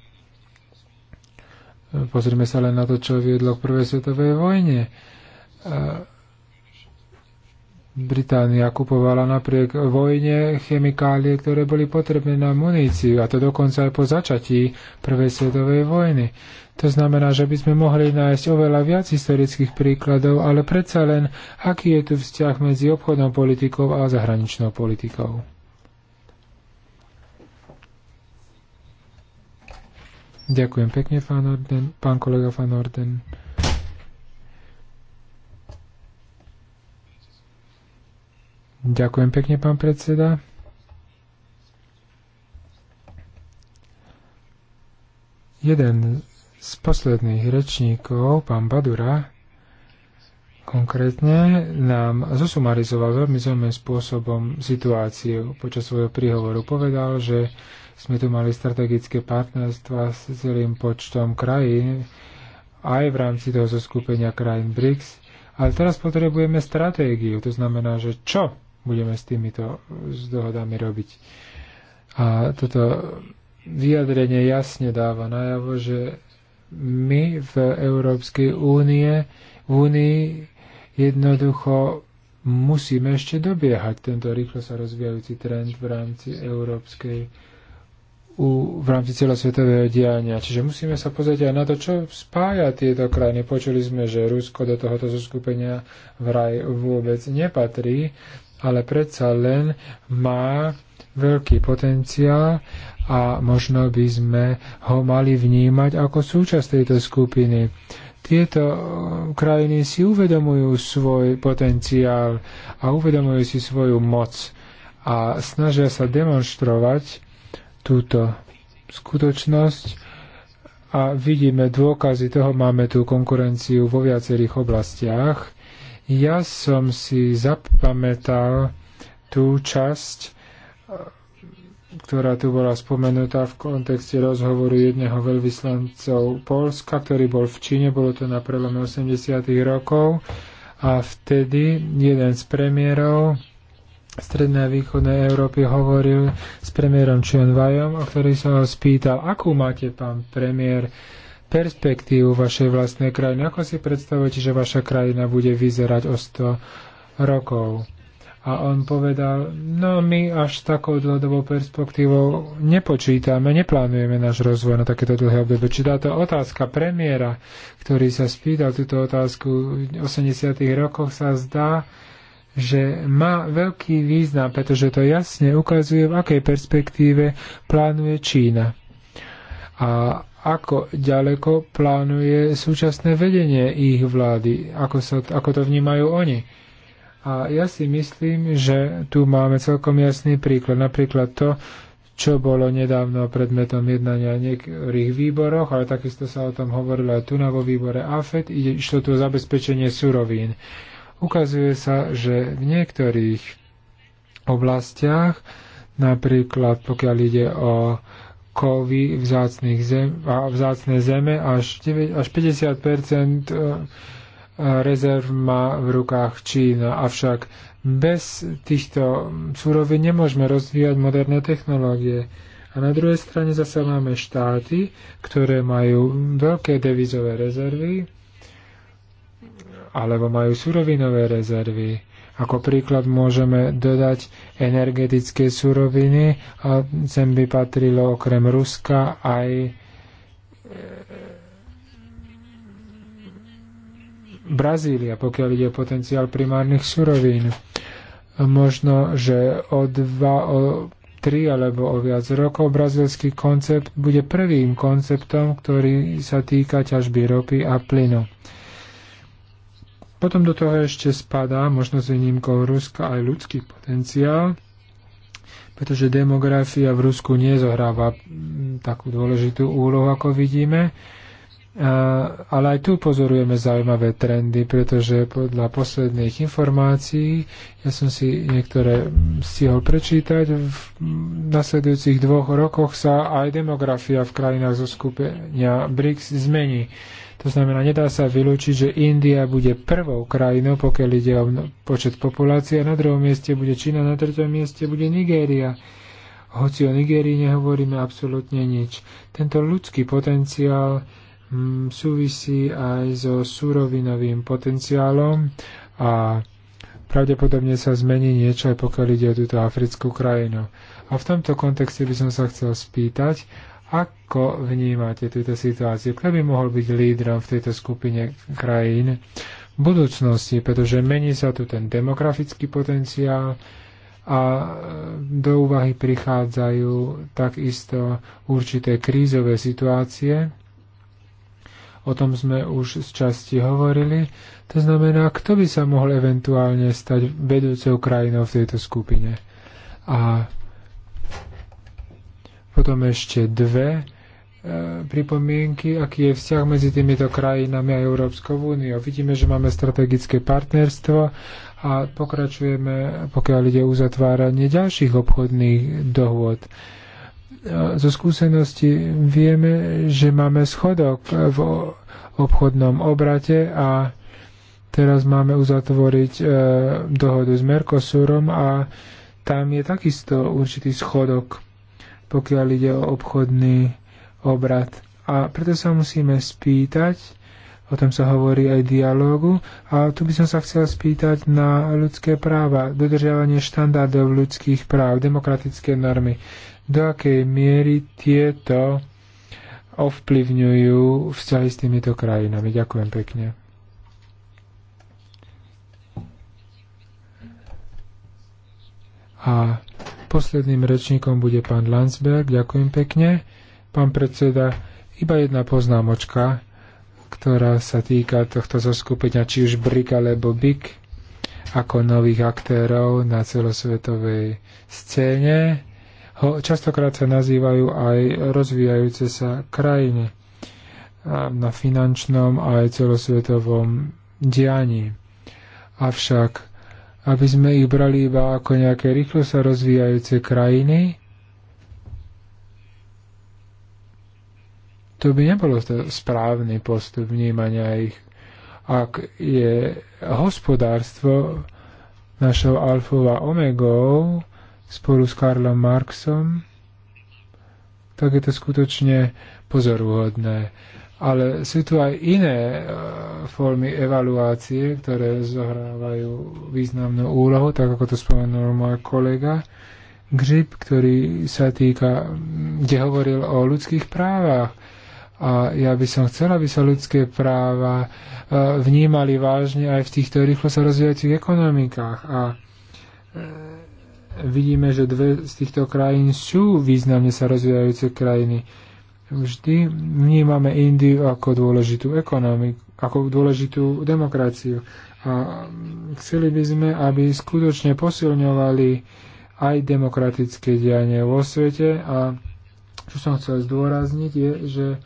pozrime sa len na to, čo viedlo k prvej svetovej vojne. Británia kupovala napriek vojne chemikálie, ktoré boli potrebné na muníciu, a to dokonca aj po začatí Prvej svetovej vojny. To znamená, že by sme mohli nájsť oveľa viac historických príkladov, ale predsa len, aký je tu vzťah medzi obchodnou politikou a zahraničnou politikou. Ďakujem pekne, pán, Orden, pán kolega Van Orden. Ďakujem pekne, pán predseda. Jeden z posledných rečníkov, pán Badura, konkrétne nám zosumarizoval veľmi zaujímavým spôsobom situáciu. Počas svojho príhovoru povedal, že sme tu mali strategické partnerstva s celým počtom krajín, aj v rámci toho zoskupenia krajín BRICS, ale teraz potrebujeme stratégiu, to znamená, že čo budeme s týmito s dohodami robiť. A toto vyjadrenie jasne dáva najavo, že my v Európskej únie, v únii jednoducho musíme ešte dobiehať tento rýchlo sa rozvíjajúci trend v rámci Európskej u, v rámci celosvetového diania. Čiže musíme sa pozrieť aj na to, čo spája tieto krajiny. Počuli sme, že Rusko do tohoto zoskupenia vraj vôbec nepatrí ale predsa len má veľký potenciál a možno by sme ho mali vnímať ako súčasť tejto skupiny. Tieto eh, krajiny si uvedomujú svoj potenciál a uvedomujú si svoju moc a snažia sa demonstrovať túto skutočnosť a vidíme dôkazy toho, máme tú konkurenciu vo viacerých oblastiach ja som si zapamätal tú časť, ktorá tu bola spomenutá v kontexte rozhovoru jedného veľvyslancov Polska, ktorý bol v Číne, bolo to na prelome 80. rokov a vtedy jeden z premiérov Strednej a východnej Európy hovoril s premiérom Čion Vajom, o ktorý sa ho spýtal, akú máte, pán premiér, perspektívu vašej vlastnej krajiny. Ako si predstavujete, že vaša krajina bude vyzerať o 100 rokov? A on povedal, no my až s takou dlhodobou perspektívou nepočítame, neplánujeme náš rozvoj na takéto dlhé obdobie. Či táto otázka premiéra, ktorý sa spýtal túto otázku v 80. rokoch, sa zdá, že má veľký význam, pretože to jasne ukazuje, v akej perspektíve plánuje Čína. A ako ďaleko plánuje súčasné vedenie ich vlády, ako, sa, ako to vnímajú oni. A ja si myslím, že tu máme celkom jasný príklad. Napríklad to, čo bolo nedávno predmetom jednania v niektorých výboroch, ale takisto sa o tom hovorilo aj tu na vo výbore AFED, ide, išlo tu o zabezpečenie surovín. Ukazuje sa, že v niektorých oblastiach, napríklad pokiaľ ide o kovy zem, a vzácne zeme, až, 9, až 50 e, e, rezerv má v rukách Čína. Avšak bez týchto súrovín nemôžeme rozvíjať moderné technológie. A na druhej strane zase máme štáty, ktoré majú veľké devizové rezervy alebo majú surovinové rezervy. Ako príklad môžeme dodať energetické suroviny a sem by patrilo okrem Ruska aj e, Brazília, pokiaľ ide o potenciál primárnych surovín. Možno, že o dva, o tri alebo o viac rokov brazilský koncept bude prvým konceptom, ktorý sa týka ťažby ropy a plynu. Potom do toho ešte spadá, možno s výnimkou Ruska, aj ľudský potenciál, pretože demografia v Rusku nezohráva takú dôležitú úlohu, ako vidíme. Ale aj tu pozorujeme zaujímavé trendy, pretože podľa posledných informácií, ja som si niektoré stihol prečítať, v nasledujúcich dvoch rokoch sa aj demografia v krajinách zo skupenia BRICS zmení. To znamená, nedá sa vylúčiť, že India bude prvou krajinou, pokiaľ ide o počet populácie, a na druhom mieste bude Čína, na treťom mieste bude Nigéria. Hoci o Nigérii nehovoríme absolútne nič. Tento ľudský potenciál mm, súvisí aj so súrovinovým potenciálom a pravdepodobne sa zmení niečo, aj pokiaľ ide o túto africkú krajinu. A v tomto kontexte by som sa chcel spýtať, ako vnímate túto situáciu? Kto by mohol byť lídrom v tejto skupine krajín v budúcnosti? Pretože mení sa tu ten demografický potenciál a do úvahy prichádzajú takisto určité krízové situácie. O tom sme už z časti hovorili. To znamená, kto by sa mohol eventuálne stať vedúcou krajinou v tejto skupine. A potom ešte dve e, pripomienky, aký je vzťah medzi týmito krajinami a Európskou úniou. Vidíme, že máme strategické partnerstvo a pokračujeme, pokiaľ ide o uzatváranie ďalších obchodných dohôd. E, zo skúsenosti vieme, že máme schodok v obchodnom obrate a teraz máme uzatvoriť e, dohodu s Mercosurom a tam je takisto určitý schodok pokiaľ ide o obchodný obrad. A preto sa musíme spýtať, o tom sa hovorí aj dialógu, a tu by som sa chcel spýtať na ľudské práva, dodržiavanie štandardov ľudských práv, demokratické normy. Do akej miery tieto ovplyvňujú vzťahy s týmito krajinami. Ďakujem pekne. A Posledným rečníkom bude pán Landsberg. Ďakujem pekne. Pán predseda, iba jedna poznámočka, ktorá sa týka tohto zoskupenia, či už BRIC alebo BIC, ako nových aktérov na celosvetovej scéne. Ho, častokrát sa nazývajú aj rozvíjajúce sa krajiny na finančnom aj celosvetovom dianí. Avšak aby sme ich brali iba ako nejaké rýchlo sa rozvíjajúce krajiny. To by nebolo to správny postup vnímania ich. Ak je hospodárstvo našou alfou a omegou spolu s Karlom Marxom, tak je to skutočne pozoruhodné. Ale sú tu aj iné e, formy evaluácie, ktoré zohrávajú významnú úlohu, tak ako to spomenul môj kolega Grip, ktorý sa týka, kde hovoril o ľudských právach. A ja by som chcel, aby sa ľudské práva e, vnímali vážne aj v týchto rýchlo sa rozvíjajúcich ekonomikách. A e, vidíme, že dve z týchto krajín sú významne sa rozvíjajúce krajiny vždy vnímame Indiu ako dôležitú ekonomiku, ako dôležitú demokraciu. A chceli by sme, aby skutočne posilňovali aj demokratické dianie vo svete. A čo som chcel zdôrazniť je, že e,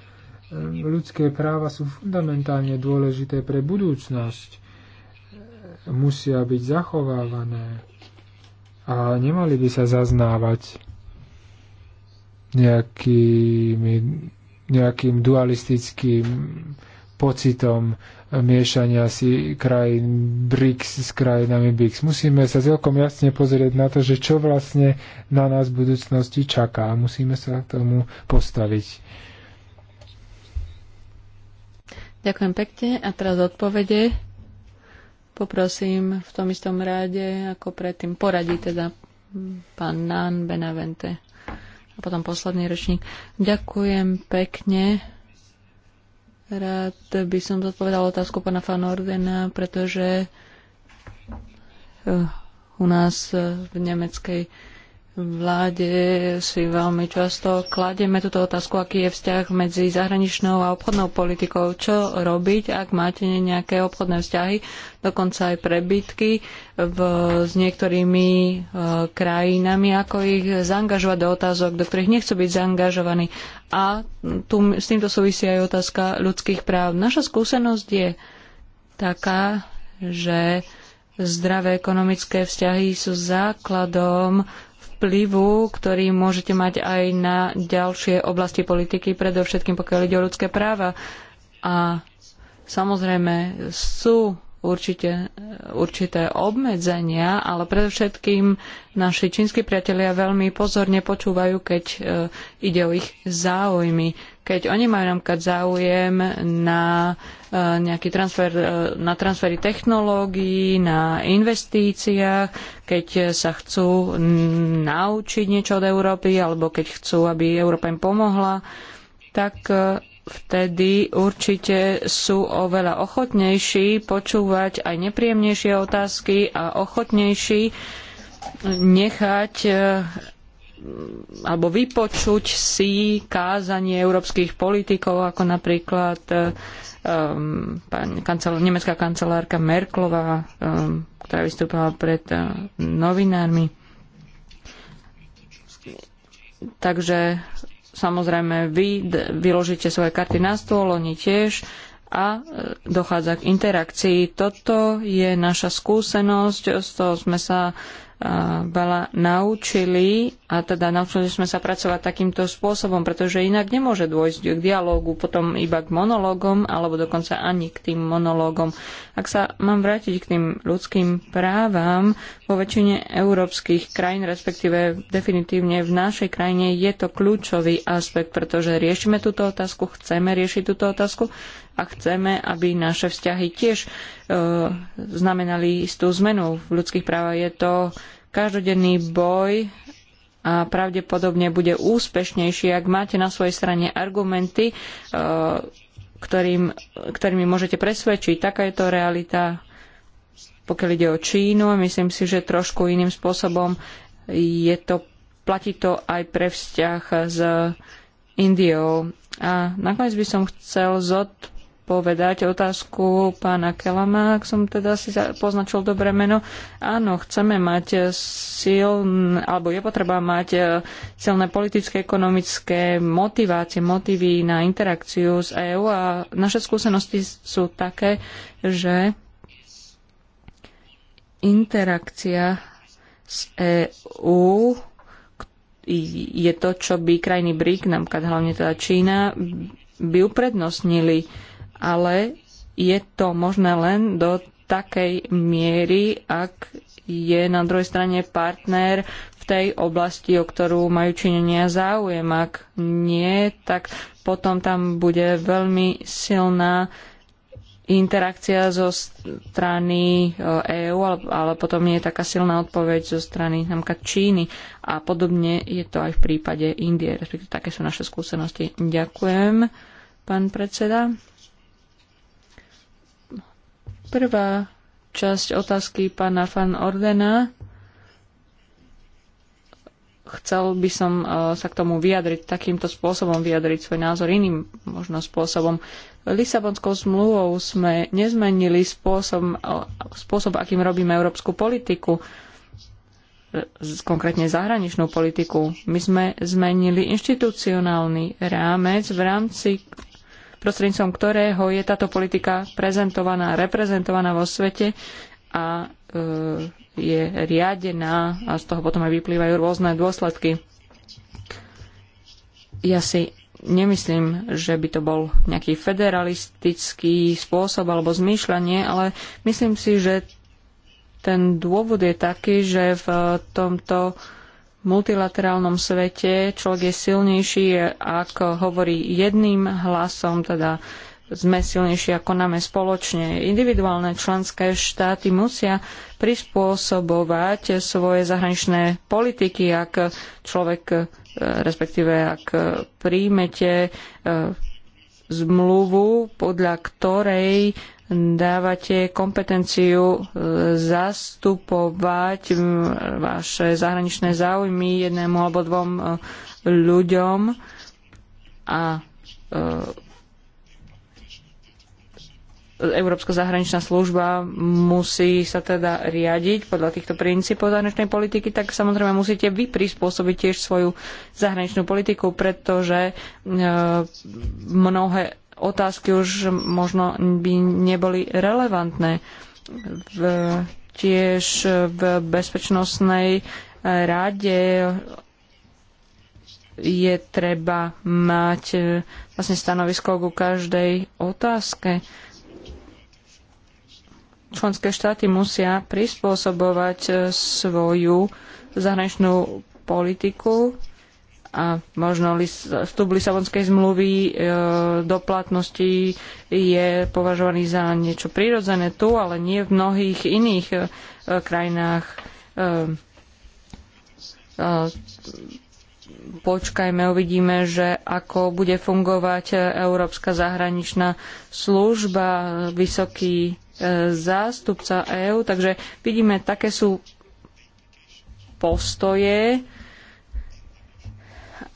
ľudské práva sú fundamentálne dôležité pre budúcnosť. E, musia byť zachovávané a nemali by sa zaznávať nejakými, nejakým dualistickým pocitom miešania si krajín BRICS s krajinami BRICS. Musíme sa celkom jasne pozrieť na to, že čo vlastne na nás v budúcnosti čaká. Musíme sa k tomu postaviť. Ďakujem pekne a teraz odpovede. Poprosím v tom istom ráde, ako predtým poradí teda pán Nan Benavente a potom posledný rečník. Ďakujem pekne. Rád by som zodpovedal otázku pana Fan Ordena, pretože eh, u nás eh, v nemeckej vláde si veľmi často kladieme túto otázku, aký je vzťah medzi zahraničnou a obchodnou politikou. Čo robiť, ak máte nejaké obchodné vzťahy, dokonca aj prebytky v, s niektorými e, krajinami, ako ich zaangažovať do otázok, do ktorých nechcú byť zaangažovaní. A tu, s týmto súvisí aj otázka ľudských práv. Naša skúsenosť je taká, že zdravé ekonomické vzťahy sú základom vplyvu, ktorý môžete mať aj na ďalšie oblasti politiky, predovšetkým pokiaľ ide o ľudské práva. A samozrejme sú určite, určité obmedzenia, ale predovšetkým naši čínsky priatelia veľmi pozorne počúvajú, keď e, ide o ich záujmy. Keď oni majú napríklad záujem na e, nejaký transfer, e, na transfery technológií, na investíciách, keď sa chcú naučiť niečo od Európy, alebo keď chcú, aby Európa im pomohla, tak e, vtedy určite sú oveľa ochotnejší počúvať aj nepríjemnejšie otázky a ochotnejší nechať alebo vypočuť si kázanie európskych politikov, ako napríklad um, pán kancel, nemecká kancelárka Merklová, um, ktorá vystúpila pred uh, novinármi. Takže samozrejme vy vyložíte svoje karty na stôl, oni tiež a eh, dochádza k interakcii. Toto je naša skúsenosť, z toho sme sa veľa naučili a teda naučili sme sa pracovať takýmto spôsobom, pretože inak nemôže dôjsť k dialógu, potom iba k monológom alebo dokonca ani k tým monológom. Ak sa mám vrátiť k tým ľudským právam, vo väčšine európskych krajín, respektíve definitívne v našej krajine je to kľúčový aspekt, pretože riešime túto otázku, chceme riešiť túto otázku a chceme, aby naše vzťahy tiež e, znamenali istú zmenu v ľudských právach. Je to každodenný boj a pravdepodobne bude úspešnejší, ak máte na svojej strane argumenty, e, ktorým, ktorými môžete presvedčiť. Taká je to realita, pokiaľ ide o Čínu. a Myslím si, že trošku iným spôsobom je to, platí to aj pre vzťah s Indiou. A nakoniec by som chcel zod zodpovedať otázku pána Kelama, ak som teda si poznačil dobré meno. Áno, chceme mať silné, alebo je potreba mať e, silné politické, ekonomické motivácie, motivy na interakciu s EÚ a naše skúsenosti sú také, že interakcia s EÚ je to, čo by krajiny BRIC, napríklad hlavne teda Čína, by uprednostnili ale je to možné len do takej miery, ak je na druhej strane partner v tej oblasti, o ktorú majú činenia záujem. Ak nie, tak potom tam bude veľmi silná interakcia zo strany EÚ, eh, e ale, ale potom nie je taká silná odpoveď zo strany napríklad Číny a podobne je to aj v prípade Indie, respektíve také sú naše skúsenosti. Ďakujem, pán predseda. Prvá časť otázky pána Fan Ordena. Chcel by som e, sa k tomu vyjadriť, takýmto spôsobom vyjadriť svoj názor iným možno spôsobom. Lisabonskou zmluvou sme nezmenili spôsob, e, spôsob akým robíme európsku politiku e, konkrétne zahraničnú politiku. My sme zmenili inštitucionálny rámec, v rámci prostredníctvom ktorého je táto politika prezentovaná, reprezentovaná vo svete a e, je riadená a z toho potom aj vyplývajú rôzne dôsledky. Ja si nemyslím, že by to bol nejaký federalistický spôsob alebo zmýšľanie, ale myslím si, že ten dôvod je taký, že v tomto multilaterálnom svete človek je silnejší, ak hovorí jedným hlasom, teda sme silnejší a konáme spoločne. Individuálne členské štáty musia prispôsobovať svoje zahraničné politiky, ak človek, e, respektíve ak príjmete e, zmluvu, podľa ktorej dávate kompetenciu e, zastupovať vaše zahraničné záujmy jednému alebo dvom e, ľuďom a e, Európska zahraničná služba musí sa teda riadiť podľa týchto princípov zahraničnej politiky, tak samozrejme musíte vy prispôsobiť tiež svoju zahraničnú politiku, pretože mnohé otázky už možno by neboli relevantné. V, tiež v bezpečnostnej rade je treba mať e, vlastne stanovisko ku každej otázke. Členské štáty musia prispôsobovať e, svoju zahraničnú politiku a možno vstup Lisabonskej zmluvy e, do platnosti je považovaný za niečo prirodzené tu, ale nie v mnohých iných e, krajinách. E, e počkajme, uvidíme, že ako bude fungovať e, Európska zahraničná služba, vysoký e, zástupca EÚ. Takže vidíme, také sú postoje,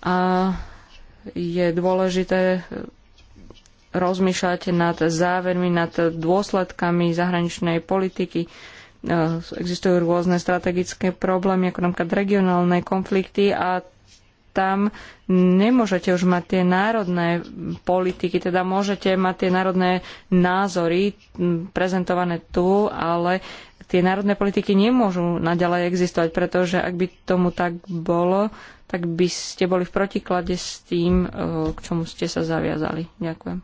a je dôležité rozmýšľať nad závermi, nad dôsledkami zahraničnej politiky. E, existujú rôzne strategické problémy, ako napríklad regionálne konflikty a tam nemôžete už mať tie národné politiky, teda môžete mať tie národné názory prezentované tu, ale tie národné politiky nemôžu naďalej existovať, pretože ak by tomu tak bolo, tak by ste boli v protiklade s tým, e, k čomu ste sa zaviazali. Ďakujem.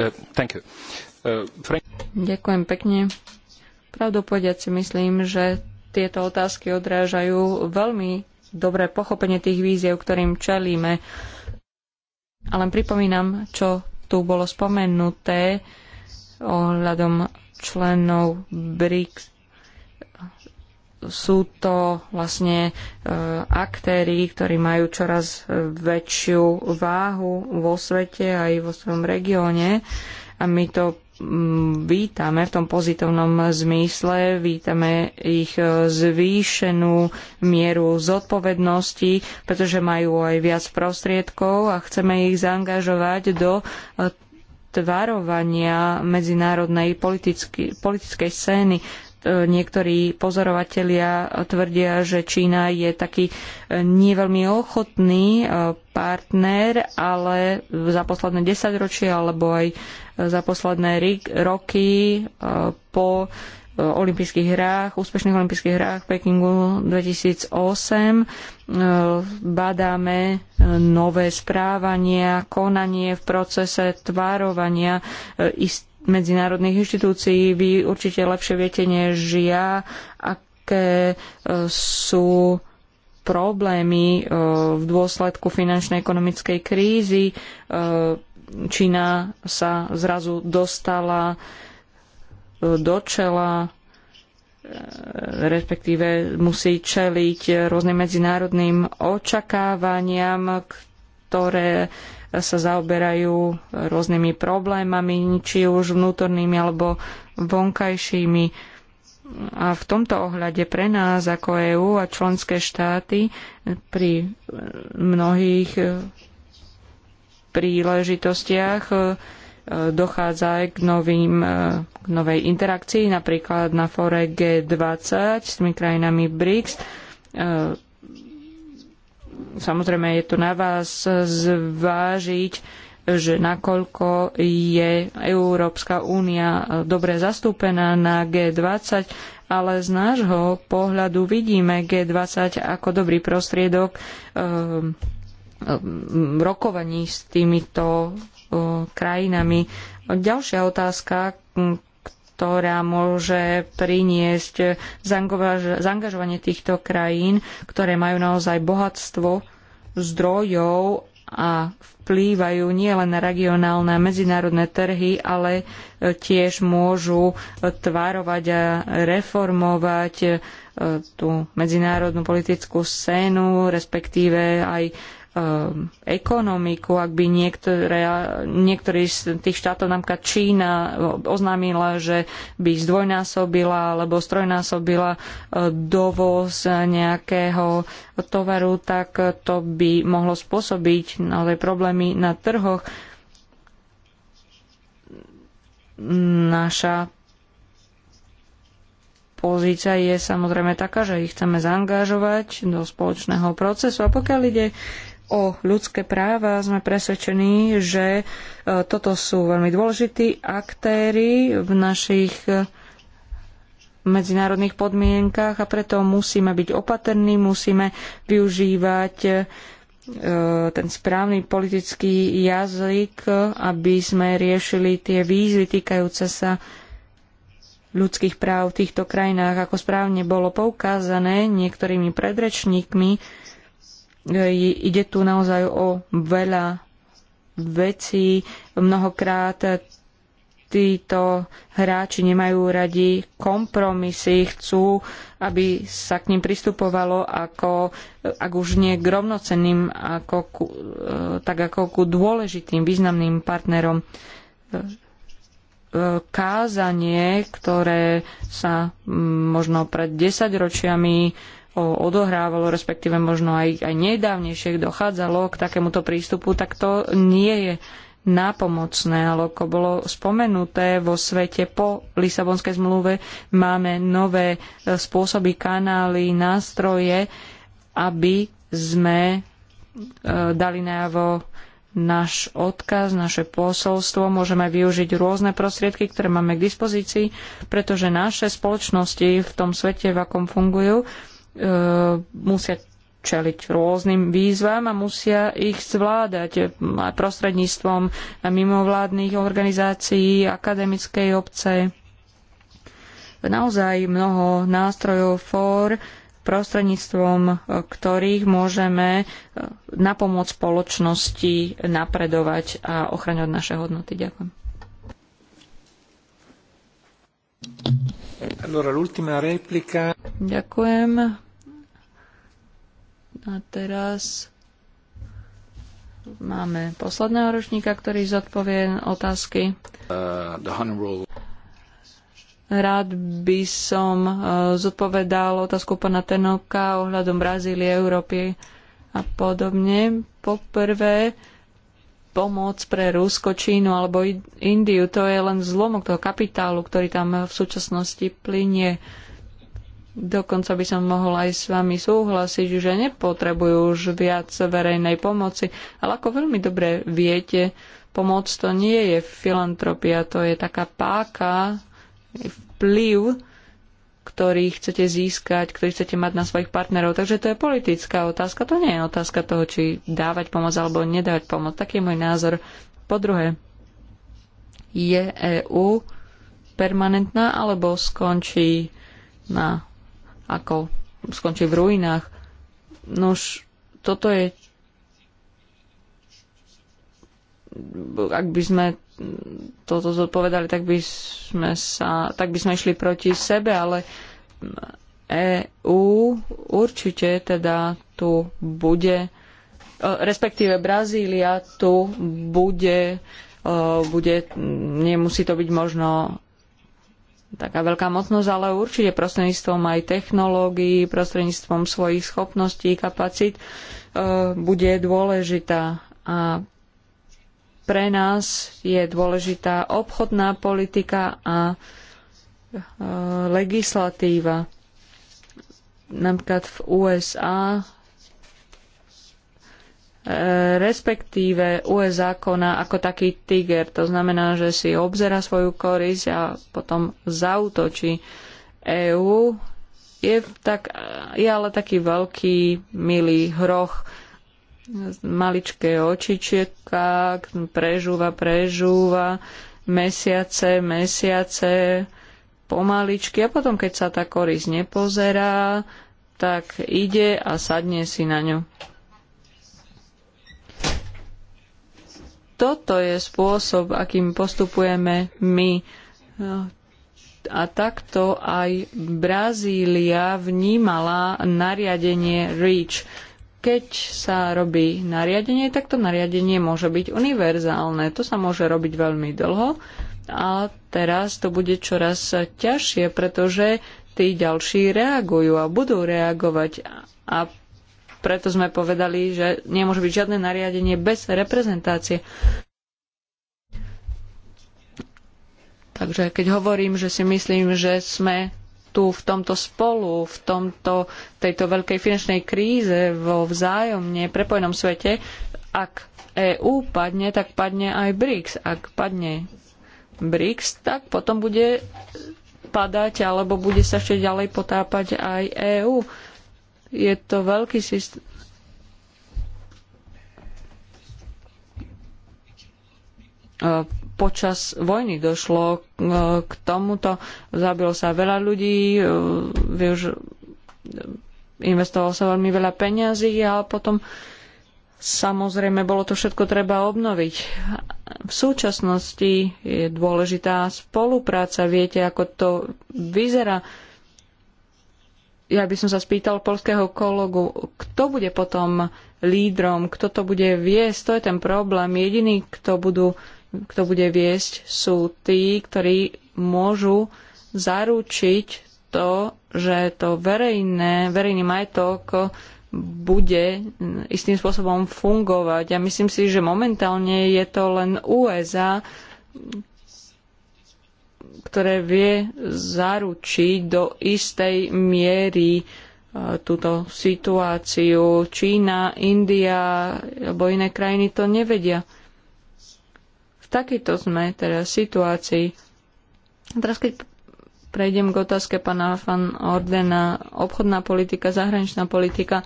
Uh, uh, Ďakujem pekne. Pravdu si myslím, že tieto otázky odrážajú veľmi dobré pochopenie tých víziev, ktorým čelíme. Ale pripomínam, čo tu bolo spomenuté ohľadom členov BRICS. Sú to vlastne e, aktéry, ktorí majú čoraz e, väčšiu váhu vo svete aj vo svojom regióne a my to vítame v tom pozitívnom zmysle, vítame ich zvýšenú mieru zodpovednosti, pretože majú aj viac prostriedkov a chceme ich zaangažovať do tvarovania medzinárodnej politicky, politickej scény. Niektorí pozorovatelia tvrdia, že Čína je taký neveľmi ochotný partner, ale za posledné desaťročie alebo aj za posledné roky e, po e, olympijských hrách, úspešných olympijských hrách v Pekingu 2008. E, badáme nové správania, konanie v procese tvárovania medzinárodných inštitúcií. Vy určite lepšie viete než ja, aké sú problémy v dôsledku finančnej ekonomickej krízy Čína sa zrazu dostala e, do čela e, respektíve musí čeliť rôznym medzinárodným očakávaniam, ktoré sa zaoberajú rôznymi problémami, či už vnútornými alebo vonkajšími. A v tomto ohľade pre nás ako EÚ a členské štáty pri mnohých príležitostiach e, e, dochádza aj k, novým, e, k novej interakcii, napríklad na fore G20 s tými krajinami BRICS. Samozrejme je to na vás zvážiť, že nakoľko je Európska únia dobre zastúpená na G20, ale z nášho pohľadu vidíme G20 ako dobrý prostriedok Um, rokovaní s týmito uh, krajinami. Ďalšia otázka, um, ktorá môže priniesť zaangažovanie týchto krajín, ktoré majú naozaj bohatstvo zdrojov a vplývajú nielen na regionálne a medzinárodné trhy, ale uh, tiež môžu tvárovať a reformovať uh, tú medzinárodnú politickú scénu, respektíve aj Um, ekonomiku, ak by niektoré, niektorý z tých štátov, napríklad Čína, oznámila, že by zdvojnásobila alebo strojnásobila uh, dovoz nejakého tovaru, tak to by mohlo spôsobiť naozaj problémy na trhoch. Naša pozícia je samozrejme taká, že ich chceme zaangažovať do spoločného procesu. A pokiaľ ide o ľudské práva sme presvedčení, že e, toto sú veľmi dôležití aktéry v našich e, medzinárodných podmienkach a preto musíme byť opatrní, musíme využívať e, ten správny politický jazyk, aby sme riešili tie výzvy týkajúce sa ľudských práv v týchto krajinách. Ako správne bolo poukázané niektorými predrečníkmi, Ide tu naozaj o veľa vecí. Mnohokrát títo hráči nemajú radi kompromisy, chcú, aby sa k ním pristupovalo ako, ak už nie k rovnocenným, ako ku, e, tak ako ku dôležitým, významným partnerom e, e, kázanie, ktoré sa možno pred desaťročiami ročiami odohrávalo, respektíve možno aj, aj nedávnejšie dochádzalo k takémuto prístupu, tak to nie je nápomocné, ale ako bolo spomenuté vo svete po Lisabonskej zmluve, máme nové e, spôsoby, kanály, nástroje, aby sme e, dali najavo náš odkaz, naše posolstvo. Môžeme využiť rôzne prostriedky, ktoré máme k dispozícii, pretože naše spoločnosti v tom svete, v akom fungujú, E, musia čeliť rôznym výzvam a musia ich zvládať aj prostredníctvom mimovládnych organizácií, akademickej obce. Naozaj mnoho nástrojov, fór, prostredníctvom ktorých môžeme e, napomôcť spoločnosti napredovať a ochraňovať naše hodnoty. Ďakujem. Ďakujem. A teraz máme posledného ročníka, ktorý zodpovie otázky. Uh, Rád by som uh, zodpovedal otázku pana Tenoka ohľadom Brazílie, Európy a podobne. Poprvé, pomoc pre Rusko, Čínu alebo Indiu. To je len zlomok toho kapitálu, ktorý tam v súčasnosti plinie. Dokonca by som mohol aj s vami súhlasiť, že nepotrebujú už viac verejnej pomoci. Ale ako veľmi dobre viete, pomoc to nie je filantropia, to je taká páka, vplyv, ktorých chcete získať, ktorých chcete mať na svojich partnerov. Takže to je politická otázka, to nie je otázka toho, či dávať pomoc alebo nedávať pomoc. Taký je môj názor. Po druhé, je EÚ permanentná alebo skončí na ako skončí v ruinách. už toto je ak by sme toto zodpovedali, tak by sme, sa, tak by sme išli proti sebe, ale EÚ určite teda tu bude, e, respektíve Brazília tu bude, e, bude, nemusí to byť možno taká veľká mocnosť, ale určite prostredníctvom aj technológií, prostredníctvom svojich schopností, kapacít e, bude dôležitá. A pre nás je dôležitá obchodná politika a Eh, legislatíva. Napríklad v USA eh, respektíve US zákona ako taký tiger. To znamená, že si obzera svoju korisť a potom zautočí. EÚ je, tak, je ale taký veľký, milý hroch, maličké očičieka, prežúva, prežúva, mesiace, mesiace, pomaličky a potom, keď sa tá korisť nepozerá, tak ide a sadne si na ňu. Toto je spôsob, akým postupujeme my. A takto aj Brazília vnímala nariadenie REACH keď sa robí nariadenie, tak to nariadenie môže byť univerzálne. To sa môže robiť veľmi dlho a teraz to bude čoraz ťažšie, pretože tí ďalší reagujú a budú reagovať a preto sme povedali, že nemôže byť žiadne nariadenie bez reprezentácie. Takže keď hovorím, že si myslím, že sme tu v tomto spolu, v tomto, tejto veľkej finančnej kríze vo vzájomne prepojenom svete, ak EÚ padne, tak padne aj BRICS. Ak padne BRICS, tak potom bude padať alebo bude sa ešte ďalej potápať aj EÚ. Je to veľký systém. E, počas vojny došlo e, k tomuto. Zabilo sa veľa ľudí, e, investovalo sa veľmi veľa peňazí a potom Samozrejme, bolo to všetko treba obnoviť. V súčasnosti je dôležitá spolupráca. Viete, ako to vyzerá. Ja by som sa spýtal polského kolegu, kto bude potom lídrom, kto to bude viesť, to je ten problém. Jediný, kto, budú, kto bude viesť, sú tí, ktorí môžu zaručiť to, že to verejné, verejný majetok bude istým spôsobom fungovať. A ja myslím si, že momentálne je to len USA, ktoré vie zaručiť do istej miery e, túto situáciu. Čína, India alebo iné krajiny to nevedia. V takejto sme teraz situácii. Teraz keď prejdem k otázke pána Van Ordena. Obchodná politika, zahraničná politika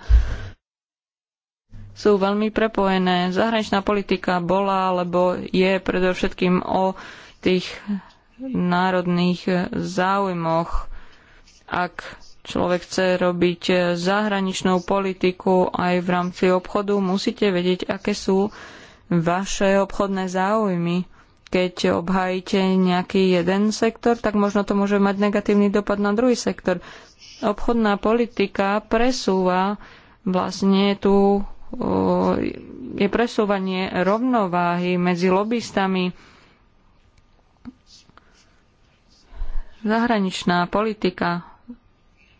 sú veľmi prepojené. Zahraničná politika bola alebo je predovšetkým o tých národných záujmoch. Ak človek chce robiť zahraničnú politiku aj v rámci obchodu, musíte vedieť, aké sú vaše obchodné záujmy keď obhájite nejaký jeden sektor, tak možno to môže mať negatívny dopad na druhý sektor. Obchodná politika presúva vlastne tu je presúvanie rovnováhy medzi lobbystami. Zahraničná politika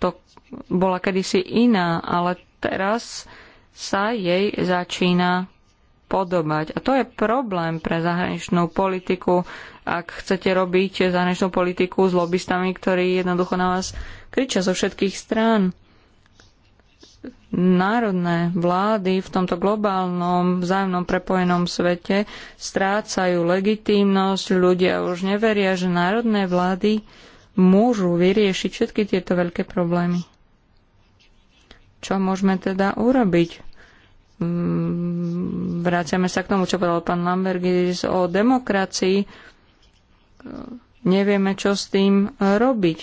to bola kedysi iná, ale teraz sa jej začína podobať. A to je problém pre zahraničnú politiku, ak chcete robiť zahraničnú politiku s lobbystami, ktorí jednoducho na vás kričia zo všetkých strán. Národné vlády v tomto globálnom vzájomnom prepojenom svete strácajú legitímnosť, ľudia už neveria, že národné vlády môžu vyriešiť všetky tieto veľké problémy. Čo môžeme teda urobiť? Mm, vraciame sa k tomu, čo povedal pán Lambergis o demokracii. Nevieme, čo s tým robiť.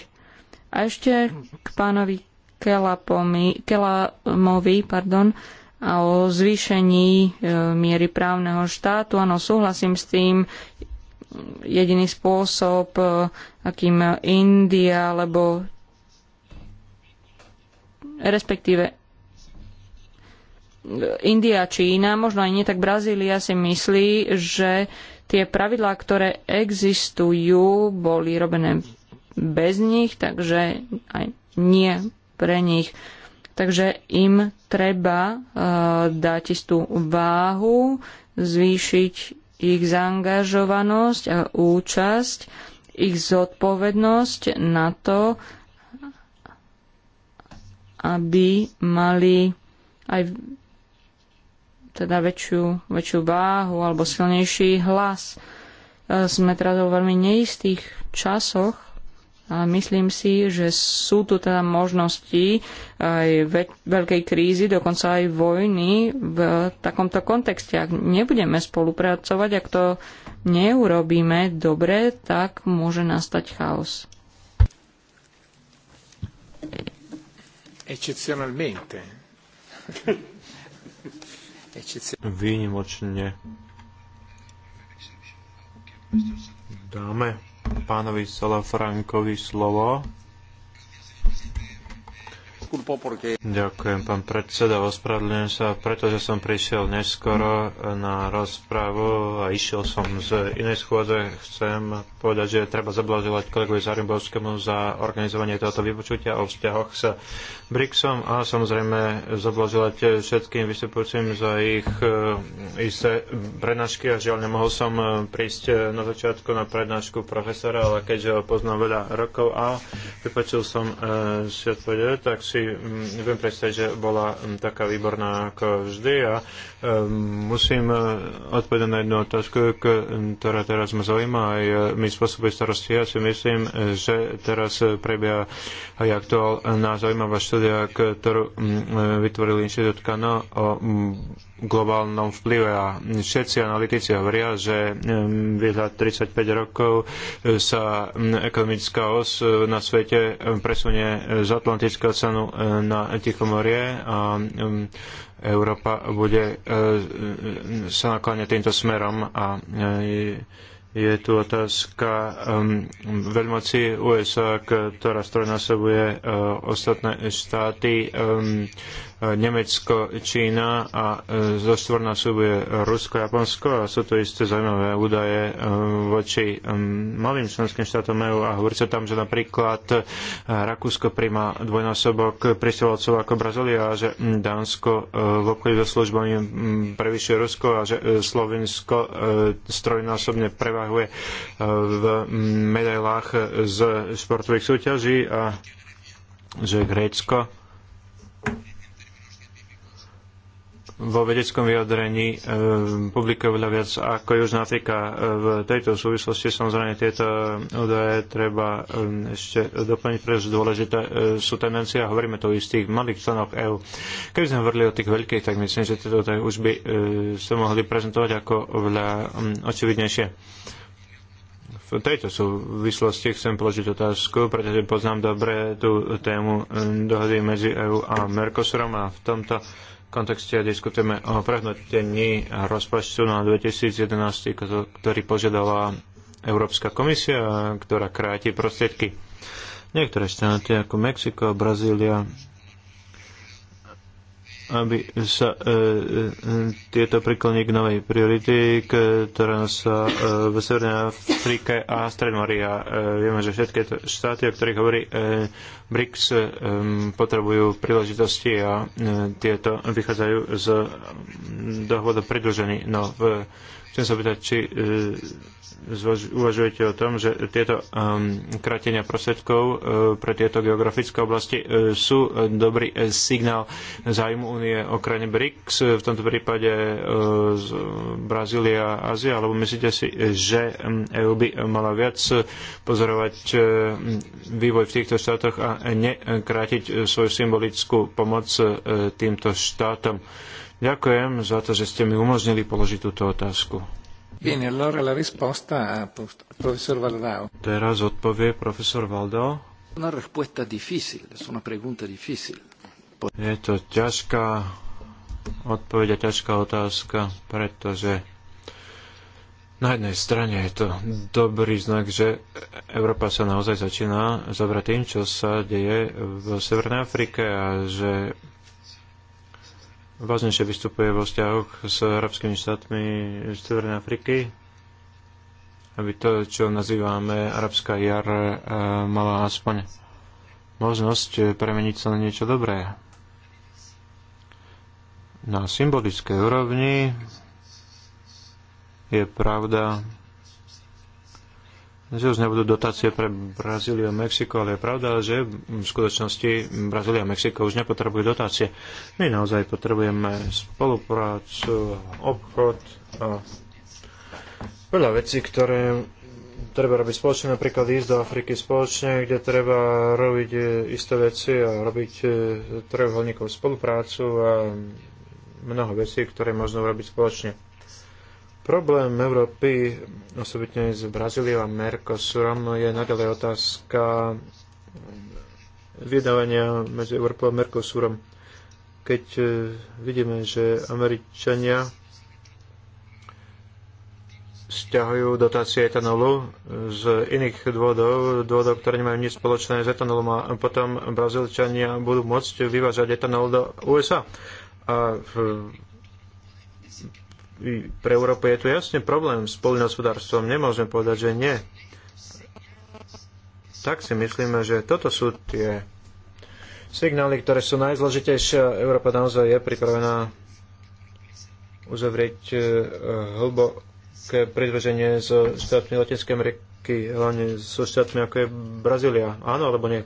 A ešte k pánovi Kelapomi, Kelamovi pardon, a o zvýšení e, miery právneho štátu. Áno, súhlasím s tým. Jediný spôsob, e, akým India alebo respektíve India, Čína, možno aj nie tak Brazília si myslí, že tie pravidlá, ktoré existujú, boli robené bez nich, takže aj nie pre nich. Takže im treba uh, dať istú váhu, zvýšiť ich zaangažovanosť a účasť, ich zodpovednosť na to, aby mali aj teda väčšiu, väčšiu váhu alebo silnejší hlas. E, sme teraz vo veľmi neistých časoch, ale myslím si, že sú tu teda možnosti aj veľkej krízy, dokonca aj vojny v takomto kontexte. Ak nebudeme spolupracovať, ak to neurobíme dobre, tak môže nastať chaos. Eccezionalmente. [laughs] Výnimočne dáme pánovi Salafrankovi slovo. Ďakujem, pán predseda. Ospravedlňujem sa, pretože som prišiel neskoro na rozprávu a išiel som z inej schôdze. Chcem povedať, že treba zablažovať kolegovi Zarimbovskému za organizovanie tohoto vypočutia o vzťahoch s BRICSom a samozrejme zablažovať všetkým vystupujúcim za ich e, isté prednášky a žiaľ nemohol som e, prísť e, na začiatku na prednášku profesora, ale keďže ho poznám veľa rokov a vypočul som si odpovede, tak si mm, viem predstaviť, že bola mm, taká výborná ako vždy a musím odpovedať na jednu otázku, ktorá teraz ma zaujíma aj my spôsobuje starosti. Ja si myslím, že teraz prebieha aj aktuálna zaujímavá štúdia, ktorú mm, vytvoril Inštitút Kano o mm, globálnom vplyve a všetci analytici hovoria, že za mm, 35 rokov sa ekonomická os na svete presunie z Atlantického oceánu e, na Tichomorie a Európa bude e, e, sa nakláňať týmto smerom a je tu otázka um, veľmoci USA, ktorá strojnásobuje uh, ostatné štáty. Um, Nemecko, Čína a e, zo štvornásobuje Rusko, Japonsko a sú to isté zaujímavé údaje e, voči e, malým členským štátom EÚ a hovorí sa tam, že napríklad Rakúsko príjma dvojnásobok prisťovalcov ako Brazília a že Dánsko v obchode so službami prevyšuje Rusko a že Slovensko strojnásobne prevahuje v medailách z športových súťaží a že Grécko vo vedeckom vyjadrení eh, publikuje viac ako Južná Afrika. Eh, v tejto súvislosti samozrejme tieto eh, údaje treba ešte doplniť, pretože dôležité sú tendencie a hovoríme tu o istých malých členoch EÚ. Keby sme hovorili o tých veľkých, tak myslím, že tieto údaje už by sa mohli prezentovať ako oveľa mm, očividnejšie. V tejto súvislosti chcem položiť otázku, pretože poznám dobre tú tému dohody medzi EÚ a Mercosurom a v tomto kontexte diskutujeme o prehnotení rozpočtu na 2011, ktorý požiadala Európska komisia, ktorá kráti prostriedky. Niektoré štáty ako Mexiko, Brazília aby sa e, e tieto priklonili k novej priority, ktorá sa e, v Severnej Afrike a Stredomorí. A e, vieme, že všetky to štáty, o ktorých hovorí e, BRICS, e, potrebujú príležitosti a e, tieto vychádzajú z dohodu o pridružení. No, e, Chcem sa pýtať, či e, uvažujete o tom, že tieto kratenia prostriedkov e, pre tieto geografické oblasti e, sú dobrý signál zájmu únie o krajine BRICS, v tomto prípade z Brazília a Ázia, alebo myslíte si, že EU by mala viac pozorovať vývoj v týchto štátoch a nekrátiť svoju symbolickú pomoc týmto štátom? Ďakujem za to, že ste mi umožnili položiť túto otázku. Bene, allora la risposta a professor Valdao. Teraz odpovie profesor Valdao. Una una pregunta Je to ťažká odpoveď a ťažká otázka, pretože na jednej strane je to dobrý znak, že Európa sa naozaj začína zabrať tým, čo sa deje v Severnej Afrike a že vážnejšie vystupuje vo vzťahoch s arabskými štátmi Severnej Afriky, aby to, čo nazývame arabská jar, e, mala aspoň možnosť premeniť sa na niečo dobré. Na symbolickej úrovni je pravda, že už nebudú dotácie pre Brazíliu a Mexiko, ale je pravda, že v skutočnosti Brazília a Mexiko už nepotrebujú dotácie. My naozaj potrebujeme spoluprácu, obchod a veľa vecí, ktoré treba robiť spoločne, napríklad ísť do Afriky spoločne, kde treba robiť e, isté veci a robiť e, trojuholníkov spoluprácu a mnoho vecí, ktoré možno robiť spoločne. Problém Európy, osobitne z Brazíliou a Mercosurom, je nadalej otázka vydávania medzi Európou a Mercosurom. Keď e, vidíme, že Američania stiahujú dotácie etanolu z iných dôvodov, dôvodov, ktoré nemajú nič spoločné s etanolom a potom Brazílčania budú môcť vyvážať etanol do USA. A v pre Európu je tu jasne problém s poľnohospodárstvom. Nemôžeme povedať, že nie. Tak si myslíme, že toto sú tie signály, ktoré sú najzložitejšie. Európa naozaj je pripravená uzavrieť eh, hlboké predveženie so štátmi Latinskej Ameriky, hlavne so štátmi ako je Brazília. Áno alebo nie?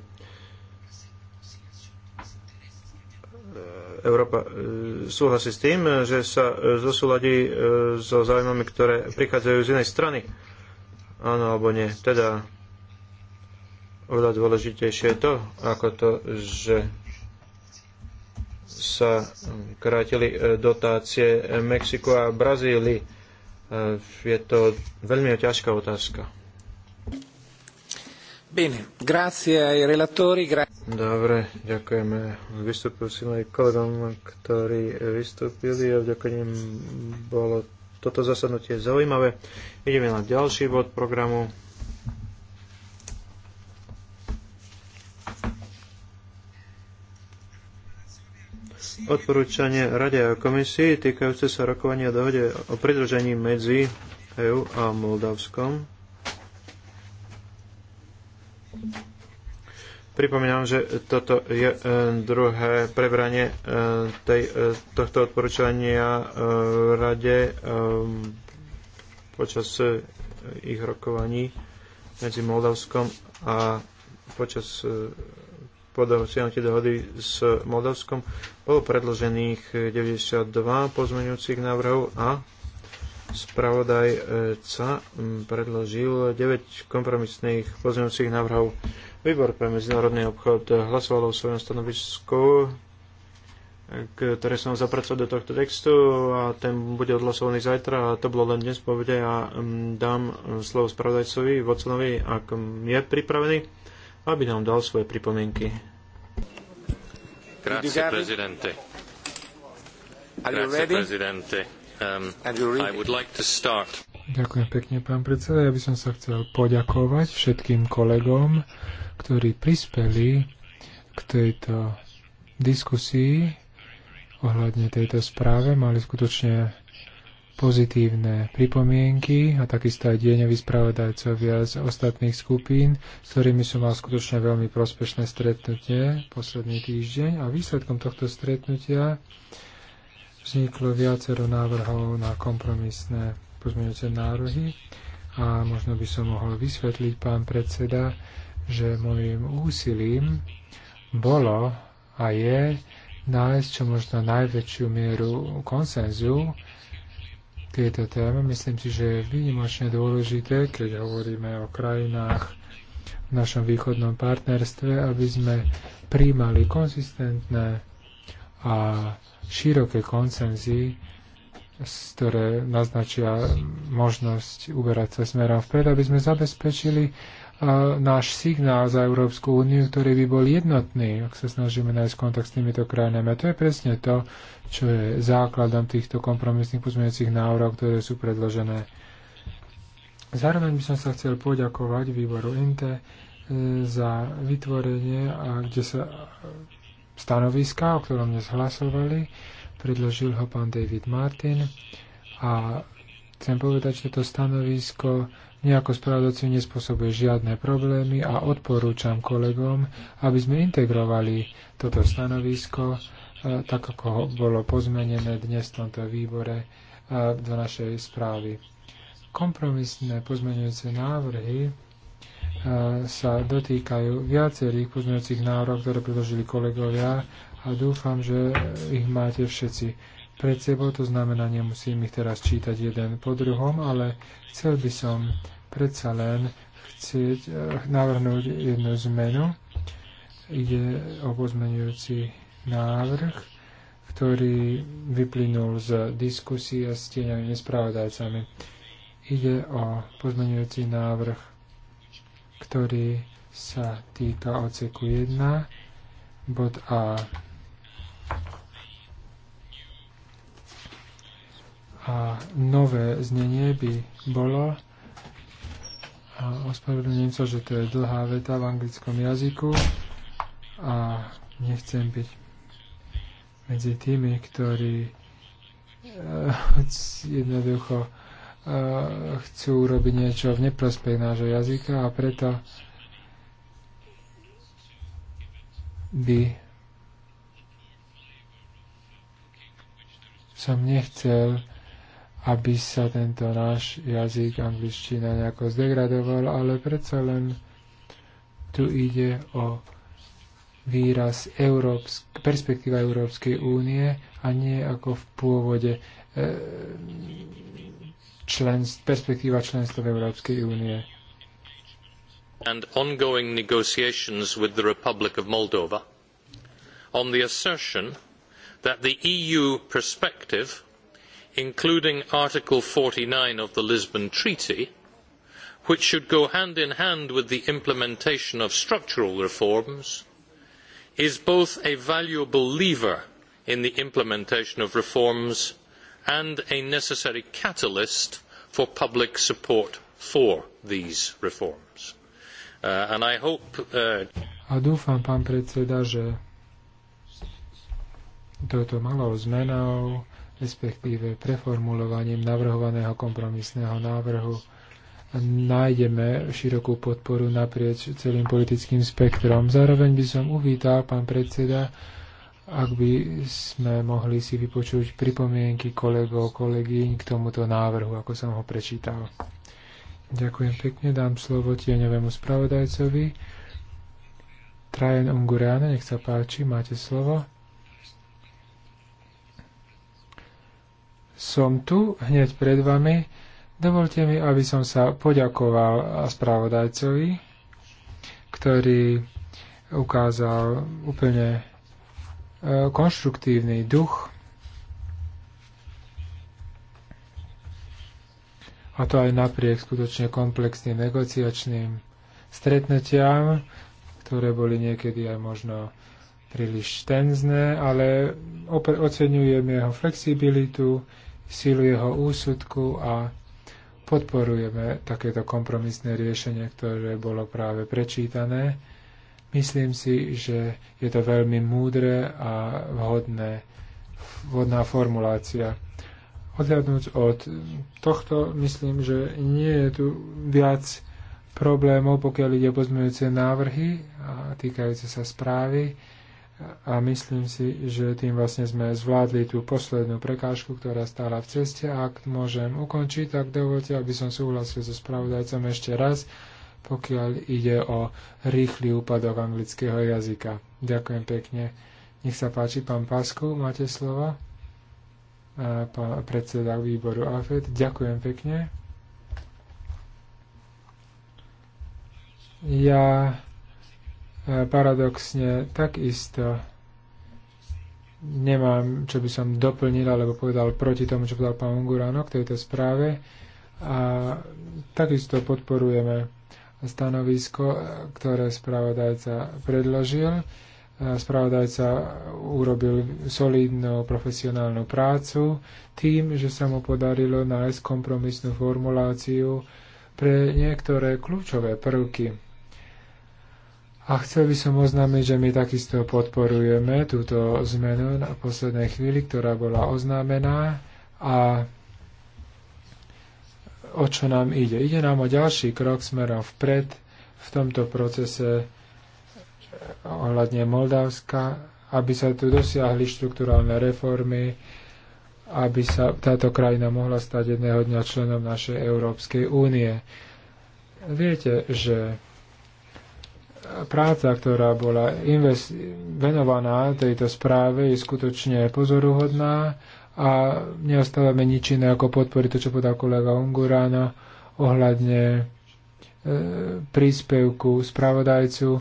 Európa e, súhlasí s tým, e, že sa e, zosúladí so záujmami, ktoré prichádzajú z inej strany. Áno alebo nie. Teda oveľa dôležitejšie je to, ako to, že sa krátili dotácie Mexiku a Brazílii. Je to veľmi ťažká otázka. Bene, grazie ai relatori. Gra- Dobre, ďakujeme vystupujúcim aj kolegom, ktorí vystúpili a vďaka bolo toto zasadnutie zaujímavé. Ideme na ďalší bod programu. Odporúčanie Rade a komisii týkajúce sa rokovania dohode o pridružení medzi EU a Moldavskom. Pripomínam, že toto je e, druhé prebranie e, tej, e, tohto odporúčania v rade počas ich rokovaní medzi Moldavskom a počas podosiahnutie dohody s Moldavskom bolo predložených 92 pozmeňujúcich návrhov a Spravodajca e, predložil 9 kompromisných pozmeňujúcich návrhov. Výbor pre medzinárodný obchod hlasoval o svojom stanovisku, e, ktoré som zapracoval do tohto textu a ten bude odhlasovaný zajtra a to bolo len dnes po a dám e, slovo spravodajcovi, vocanovi, ak je pripravený, aby nám dal svoje pripomienky. Grazie, Presidente. Grazie, Presidente. Um, Ďakujem pekne, pán predseda. Ja by som sa chcel poďakovať všetkým kolegom, ktorí prispeli k tejto diskusii ohľadne tejto správe. Mali skutočne pozitívne pripomienky a takisto aj deňoví spravodajcovia z ostatných skupín, s ktorými som mal skutočne veľmi prospešné stretnutie posledný týždeň. A výsledkom tohto stretnutia vzniklo viacero návrhov na kompromisné pozmeňujúce nárohy a možno by som mohol vysvetliť, pán predseda, že môjim úsilím bolo a je nájsť čo možno najväčšiu mieru konsenzu tieto téme. Myslím si, že je výnimočne dôležité, keď hovoríme o krajinách v našom východnom partnerstve, aby sme príjmali konzistentné a široké koncenzy, ktoré naznačia možnosť uberať sa smerom vpred, aby sme zabezpečili náš signál za Európsku úniu, ktorý by bol jednotný, ak sa snažíme nájsť kontakt s týmito krajinami. A to je presne to, čo je základom týchto kompromisných pozmeňujúcich návrhov, ktoré sú predložené. Zároveň by som sa chcel poďakovať výboru INTE e, za vytvorenie, a kde sa stanoviska, o ktorom dnes hlasovali. Predložil ho pán David Martin a chcem povedať, že toto stanovisko nejako spravodajcu nespôsobuje žiadne problémy a odporúčam kolegom, aby sme integrovali toto stanovisko, e, tak ako ho bolo pozmenené dnes v tomto výbore e, do našej správy. Kompromisné pozmenujúce návrhy sa dotýkajú viacerých pozmeňujúcich návrhov, ktoré predložili kolegovia a dúfam, že ich máte všetci pred sebou, to znamená, nemusím ich teraz čítať jeden po druhom, ale chcel by som predsa len chcieť e, navrhnúť jednu zmenu. Ide o pozmeňujúci návrh, ktorý vyplynul z diskusie s tieňami nespravodajcami. Ide o pozmeňujúci návrh ktorý sa týka oceku 1, bod A. A nové znenie by bolo, a ospravedlňujem sa, že to je dlhá veta v anglickom jazyku a nechcem byť medzi tými, ktorí eh, [laughs] jednoducho chcú robiť niečo v neprospech nášho jazyka a preto by som nechcel, aby sa tento náš jazyk angličtina nejako zdegradoval, ale predsa len tu ide o výraz Európsk, perspektíva Európskej únie a nie ako v pôvode e, členst, perspektíva členstva v Európskej únie. And ongoing negotiations with the Republic of Moldova on the assertion that the EU perspective, including Article 49 of the Lisbon Treaty, which should go hand in hand with the implementation of structural reforms, is both a valuable lever in the implementation of reforms and a necessary catalyst for public support for these reforms. Uh, and I hope... Uh... A dúfam, pán predseda, že touto malou zmenou, respektíve preformulovaním navrhovaného kompromisného návrhu, nájdeme širokú podporu naprieč celým politickým spektrom. Zároveň by som uvítal, pán predseda, ak by sme mohli si vypočuť pripomienky kolegov, kolegyň k tomuto návrhu, ako som ho prečítal. Ďakujem pekne, dám slovo tieňovému spravodajcovi. Trajan Ungureane, nech sa páči, máte slovo. Som tu, hneď pred vami. Dovolte mi, aby som sa poďakoval spravodajcovi, ktorý ukázal úplne konštruktívny duch a to aj napriek skutočne komplexným negociačným stretnutiam, ktoré boli niekedy aj možno príliš tenzné, ale oceňujem jeho flexibilitu, sílu jeho úsudku a podporujeme takéto kompromisné riešenie, ktoré bolo práve prečítané Myslím si, že je to veľmi múdre a vhodné, vhodná formulácia. Odhľadnúť od tohto, myslím, že nie je tu viac problémov, pokiaľ ide o pozmeňujúce návrhy a týkajúce sa správy. A myslím si, že tým vlastne sme zvládli tú poslednú prekážku, ktorá stála v ceste. Ak môžem ukončiť, tak dovolte, aby som súhlasil so spravodajcom ešte raz pokiaľ ide o rýchly úpadok anglického jazyka. Ďakujem pekne. Nech sa páči, pán Pasku, máte slova. Pán predseda výboru AFED, ďakujem pekne. Ja e, paradoxne takisto nemám, čo by som doplnil alebo povedal proti tomu, čo povedal pán Ungurano k tejto správe. A takisto podporujeme stanovisko, e, ktoré spravodajca predložil. E, spravodajca urobil solidnú profesionálnu prácu tým, že sa mu podarilo nájsť kompromisnú formuláciu pre niektoré kľúčové prvky. A chcel by som oznámiť, že my takisto podporujeme túto zmenu na poslednej chvíli, ktorá bola oznámená a o čo nám ide. Ide nám o ďalší krok smerom vpred v tomto procese eh, ohľadne Moldavska, aby sa tu dosiahli štruktúralne reformy, aby sa táto krajina mohla stať jedného dňa členom našej Európskej únie. Viete, že práca, ktorá bola venovaná tejto správe, je skutočne pozoruhodná a neostávame nič iné ako podporiť to, čo podal kolega Ungurána ohľadne e, príspevku spravodajcu, e,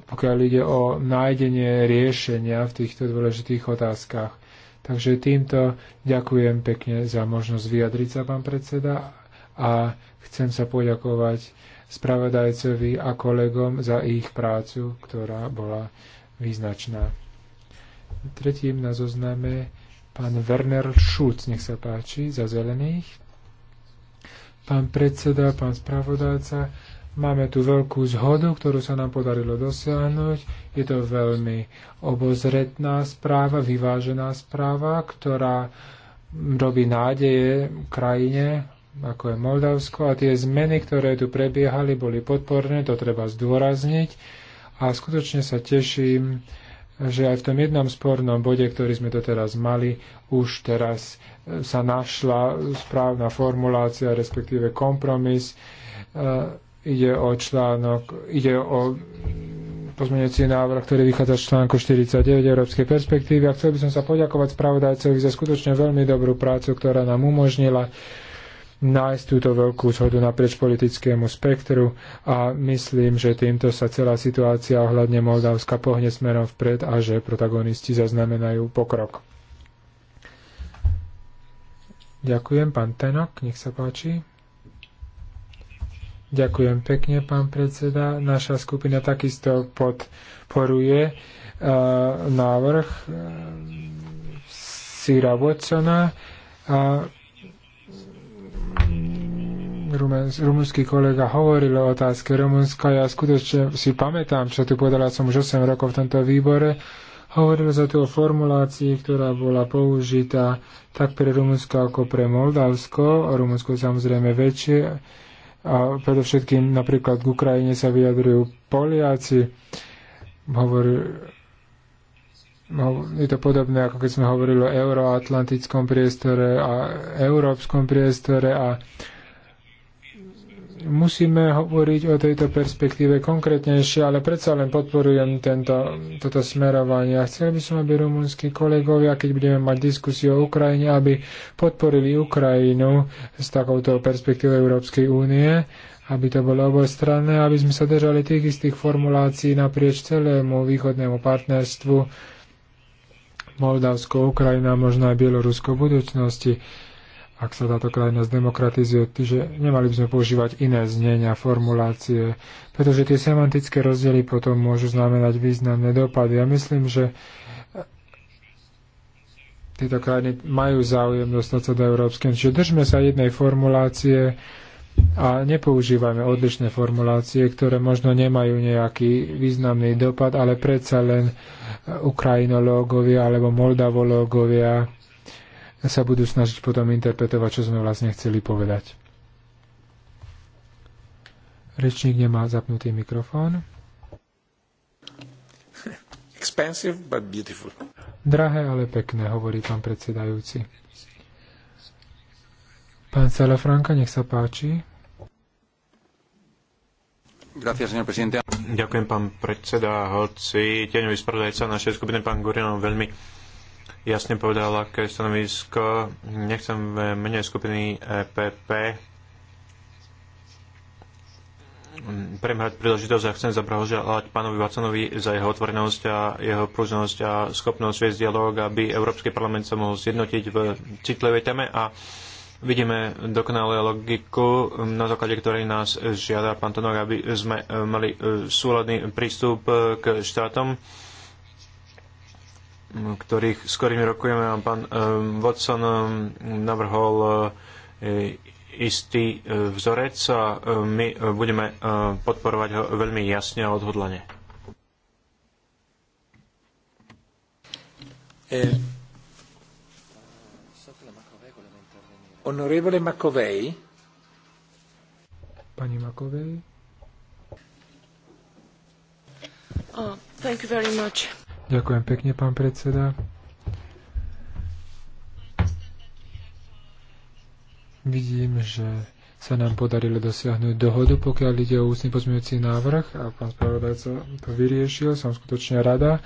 pokiaľ ide o nájdenie riešenia v týchto dôležitých otázkach. Takže týmto ďakujem pekne za možnosť vyjadriť sa, pán predseda, a chcem sa poďakovať spravodajcovi a kolegom za ich prácu, ktorá bola význačná. Tretím na zozname Pán Werner Schulz, nech sa páči, za zelených. Pán predseda, pán spravodajca, Máme tu veľkú zhodu, ktorú sa nám podarilo dosiahnuť. Je to veľmi obozretná správa, vyvážená správa, ktorá robí nádeje krajine, ako je Moldavsko. A tie zmeny, ktoré tu prebiehali, boli podporné, to treba zdôrazniť. A skutočne sa teším, že aj v tom jednom spornom bode, ktorý sme doteraz mali, už teraz e, sa našla správna formulácia, respektíve kompromis. E, ide o článok, ide o pozmeňujúci návrh, ktorý vychádza z článku 49 Európskej perspektívy. A chcel by som sa poďakovať spravodajcovi za skutočne veľmi dobrú prácu, ktorá nám umožnila uh, nájsť túto veľkú zhodu naprieč politickému spektru a myslím, že týmto sa celá situácia ohľadne Moldavska pohne smerom vpred a že protagonisti zaznamenajú pokrok. Ďakujem, pán Tenok, nech sa páči. Ďakujem pekne, pán predseda. Naša skupina takisto podporuje uh, návrh uh, Syra Watsona. A rumunský kolega hovoril o otázke Rumunska. Ja skutočne si pamätám, čo tu povedala som už 8 rokov v tomto výbore. Hovoril sa tu o formulácii, ktorá bola použitá tak pre Rumunsko ako pre Moldavsko. O Rumunsko samozrejme väčšie. A predovšetkým napríklad k Ukrajine sa vyjadrujú Poliaci. Hovoril, je to podobné, ako keď sme hovorili o euroatlantickom priestore a európskom priestore a Musíme hovoriť o tejto perspektíve konkrétnejšie, ale predsa len podporujem tento, toto smerovanie. A chcel by som, aby rumúnsky kolegovia, keď budeme mať diskusiu o Ukrajine, aby podporili Ukrajinu z takouto perspektívou Európskej únie, aby to bolo obojstranné, aby sme sa držali tých istých formulácií naprieč celému východnému partnerstvu Moldavsko, Ukrajina, možno aj Bielorusko v budúcnosti ak sa táto krajina zdemokratizuje, že nemali by sme používať iné znenia, formulácie, pretože tie semantické rozdiely potom môžu znamenať významné dopady. Ja myslím, že eh, tieto krajiny majú záujem dostať sa do európskej. Čiže držme sa jednej formulácie a nepoužívajme odlišné formulácie, ktoré možno nemajú nejaký významný dopad, ale predsa len eh, Ukrajinológovia alebo Moldavológovia sa budú snažiť potom interpretovať, čo sme vlastne chceli povedať. Rečník nemá zapnutý mikrofón. [laughs] Expensive, but beautiful. Drahé, ale pekné, hovorí pán predsedajúci. Pán Salafranka, nech sa páči. Gracias, señor presidente. Ďakujem, pán predseda. Hoci tieňový spravodajca našej skupiny, pán Gurinov, veľmi jasne povedal, aké je stanovisko. Nechcem v mene skupiny EPP premhať príležitosť a chcem zablahoželať pánovi Vaconovi za jeho otvorenosť a jeho prúznosť a schopnosť viesť dialog, aby Európsky parlament sa mohol zjednotiť v citlivej téme a vidíme dokonalé logiku, na základe ktorej nás žiada pán Tonok, aby sme mali súladný prístup k štátom ktorých, s ktorými rokujeme. Pán um, Watson um, navrhol uh, istý uh, vzorec a uh, my uh, budeme uh, podporovať ho veľmi jasne a odhodlane. Eh, onorevole Makovej. Pani Makovej. Oh, thank you very much. Ďakujem pekne, pán predseda. Vidím, že sa nám podarilo dosiahnuť dohodu, pokiaľ ide o ústny pozmeňujúci návrh a pán spravodajca to vyriešil, som skutočne rada,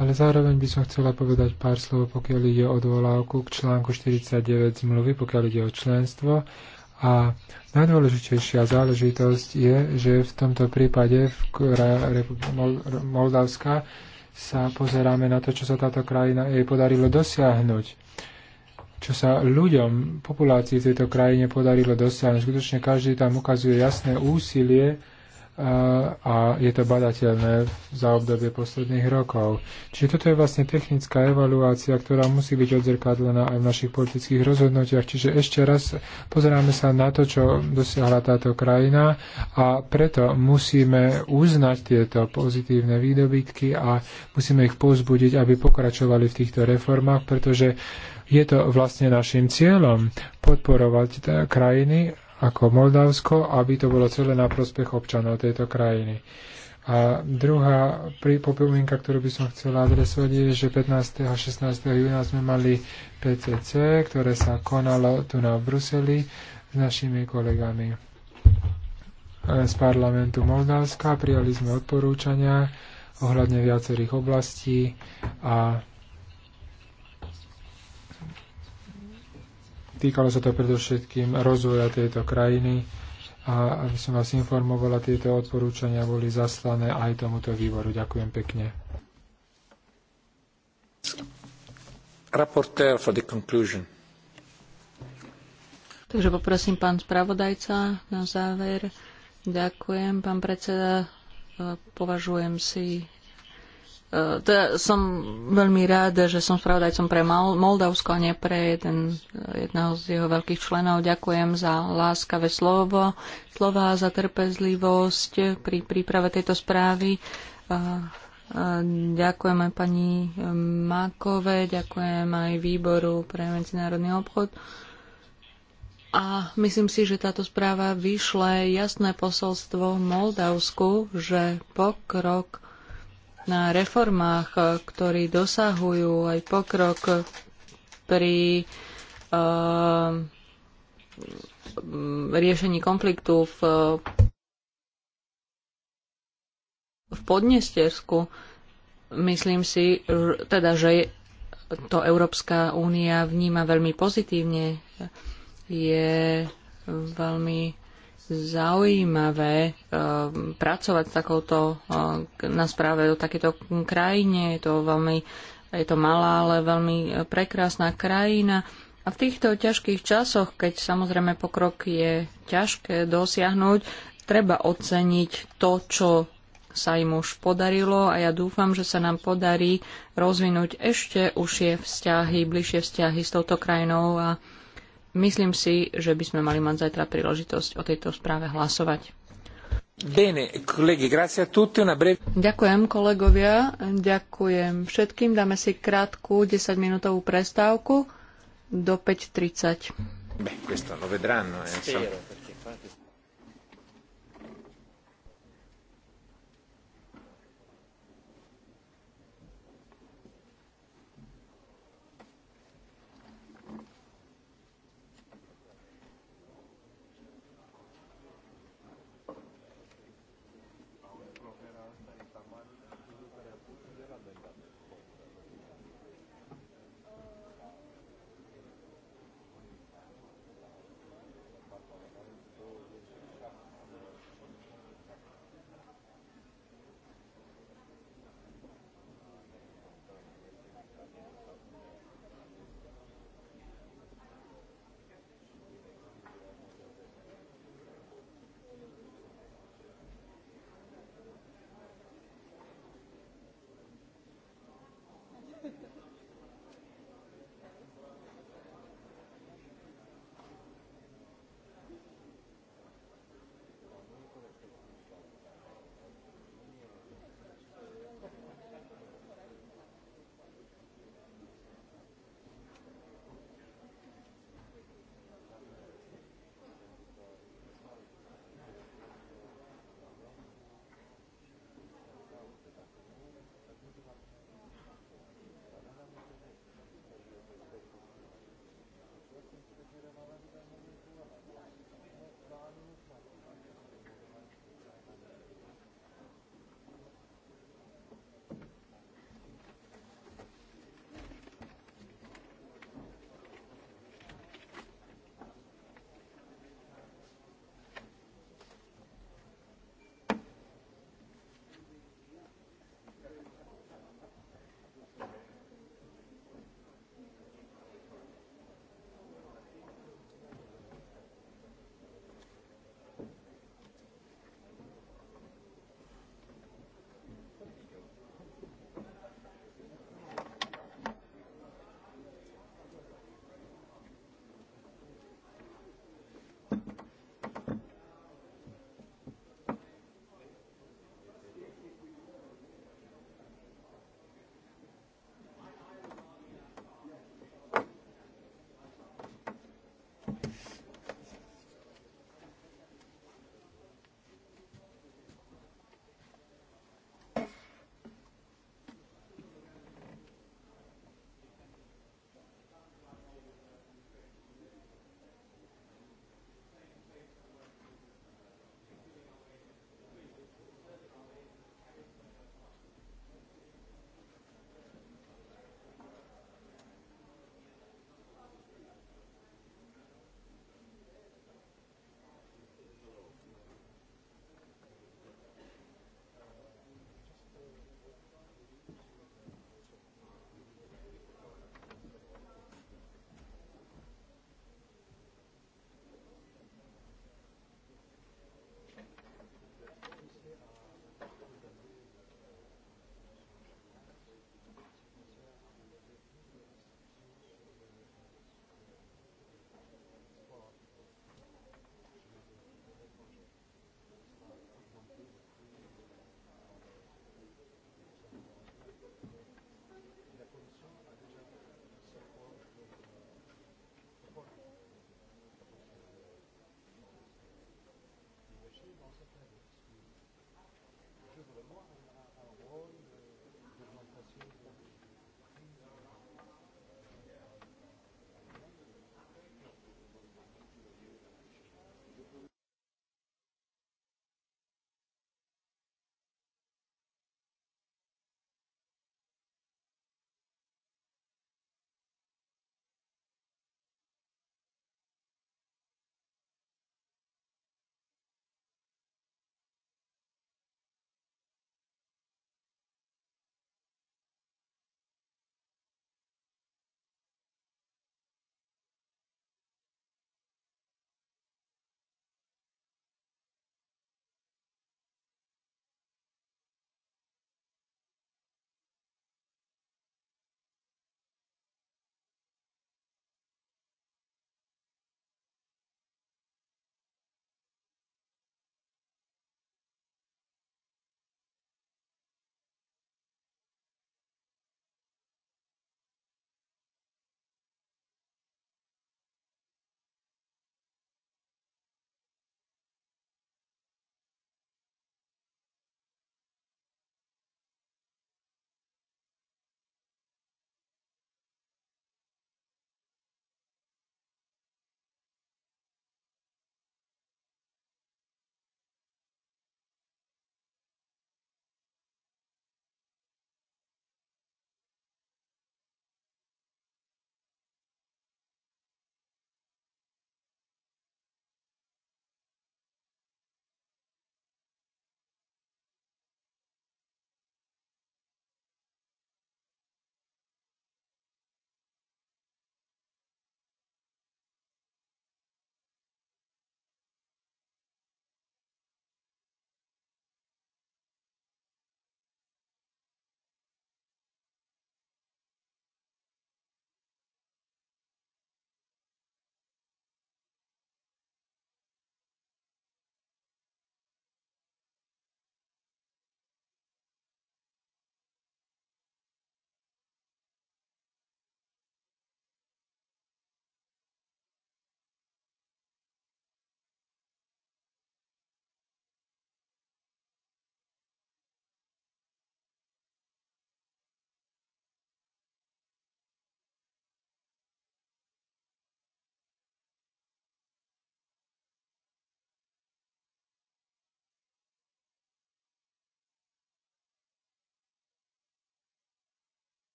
ale zároveň by som chcela povedať pár slov, pokiaľ ide o odvolávku k článku 49 zmluvy, pokiaľ ide o členstvo a najdôležitejšia záležitosť je, že v tomto prípade v Moldavska sa pozeráme na to, čo sa táto krajina jej podarilo dosiahnuť, čo sa ľuďom, populácii v tejto krajine podarilo dosiahnuť. Skutočne každý tam ukazuje jasné úsilie a je to badateľné za obdobie posledných rokov. Čiže toto je vlastne technická evaluácia, ktorá musí byť odzrkadlená aj v našich politických rozhodnutiach. Čiže ešte raz pozeráme sa na to, čo dosiahla táto krajina a preto musíme uznať tieto pozitívne výdobytky a musíme ich pozbudiť, aby pokračovali v týchto reformách, pretože je to vlastne našim cieľom podporovať krajiny ako Moldavsko, aby to bolo celé na prospech občanov tejto krajiny. A druhá pripomienka, ktorú by som chcela adresovať, je, že 15. a 16. júna sme mali PCC, ktoré sa konalo tu na Bruseli s našimi kolegami eh, z parlamentu Moldavska. Prijali sme odporúčania ohľadne viacerých oblastí a Týkalo sa to predovšetkým rozvoja tejto krajiny a aby som vás informovala, tieto odporúčania boli zaslané aj tomuto výboru. Ďakujem pekne. for the conclusion. Takže poprosím pán spravodajca na záver. Ďakujem, pán predseda. Považujem si E, teda som veľmi ráda, že som spravodajcom pre Moldavsko a nie pre jeden, e, jedného z jeho veľkých členov. Ďakujem za láskavé slovo, slova, za trpezlivosť pri príprave tejto správy. E, ďakujem aj pani Makove, ďakujem aj výboru pre medzinárodný obchod. A myslím si, že táto správa vyšle jasné posolstvo Moldavsku, že pokrok na reformách, e, ktorí dosahujú aj pokrok pri uh, riešení konfliktu v, v Podnestersku. Myslím si, teda, že to Európska únia vníma veľmi pozitívne. Je veľmi zaujímavé eh, pracovať takouto, eh, na správe o takéto krajine. Je to veľmi, je to malá, ale veľmi eh, prekrásna krajina. A v týchto ťažkých časoch, keď samozrejme pokrok je ťažké dosiahnuť, treba oceniť to, čo sa im už podarilo a ja dúfam, že sa nám podarí rozvinúť ešte užšie vzťahy, bližšie vzťahy s touto krajinou a myslím si, že by sme mali mať zajtra príležitosť o tejto správe hlasovať. Bene, colleghi, grazie a tutti, Una breve... Ďakujem kolegovia, ďakujem všetkým. Dáme si krátku 10-minútovú prestávku do 5.30. Beh, questo lo vedranno, eh, so.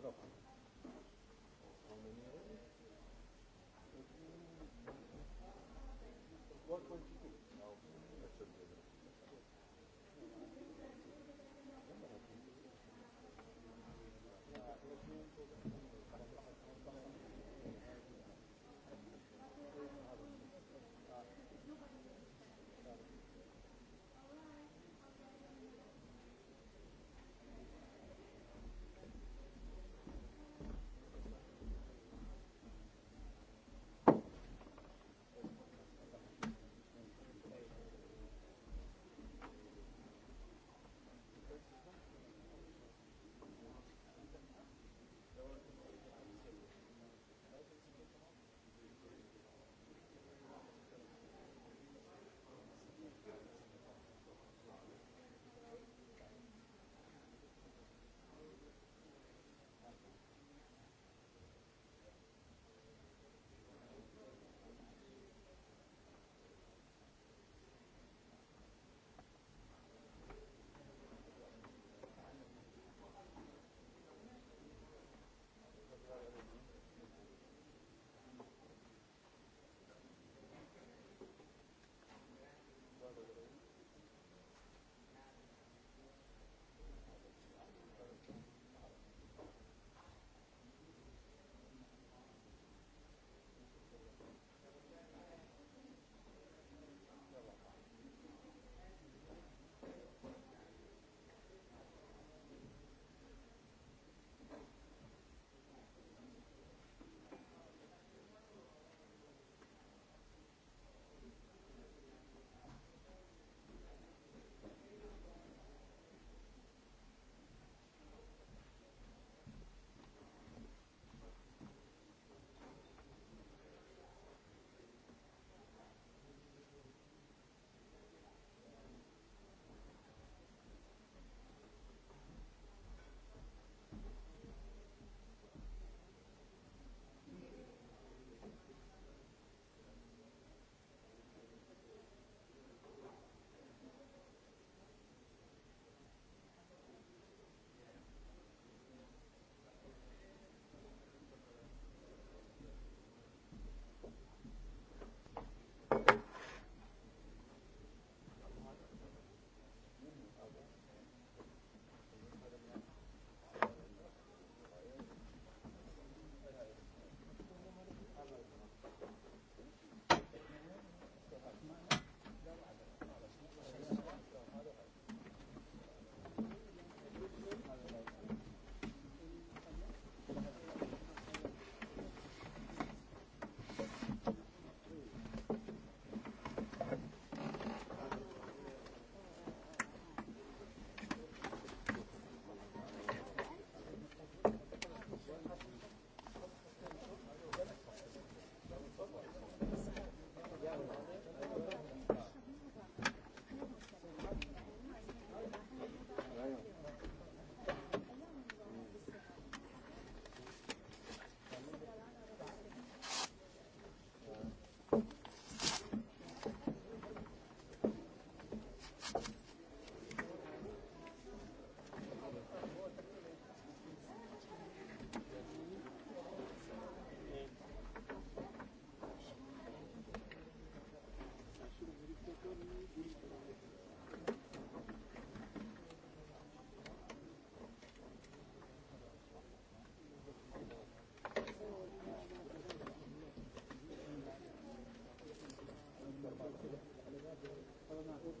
How many What would you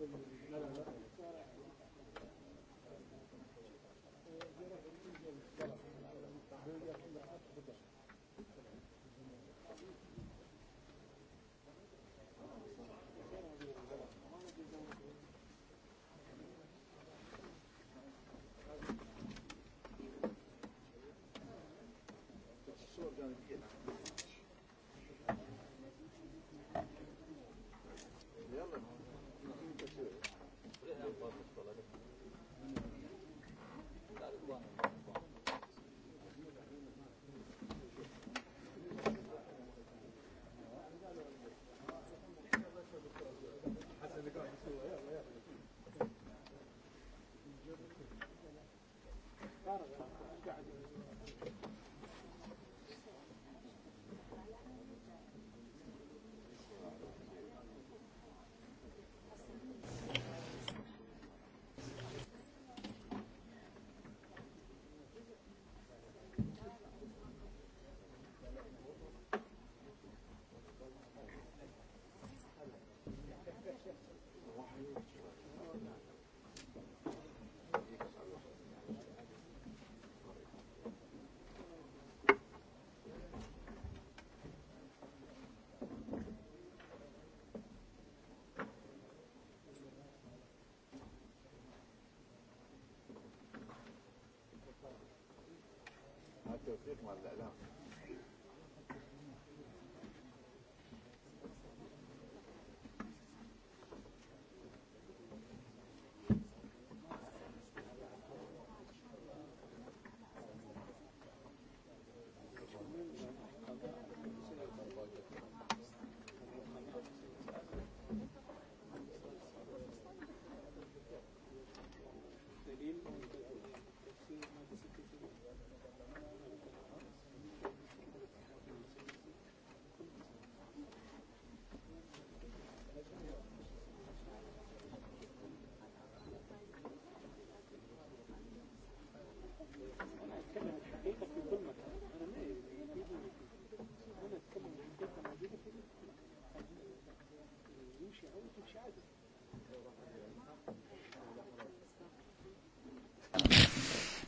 organizirano قاعد التوفيق مع الاعلام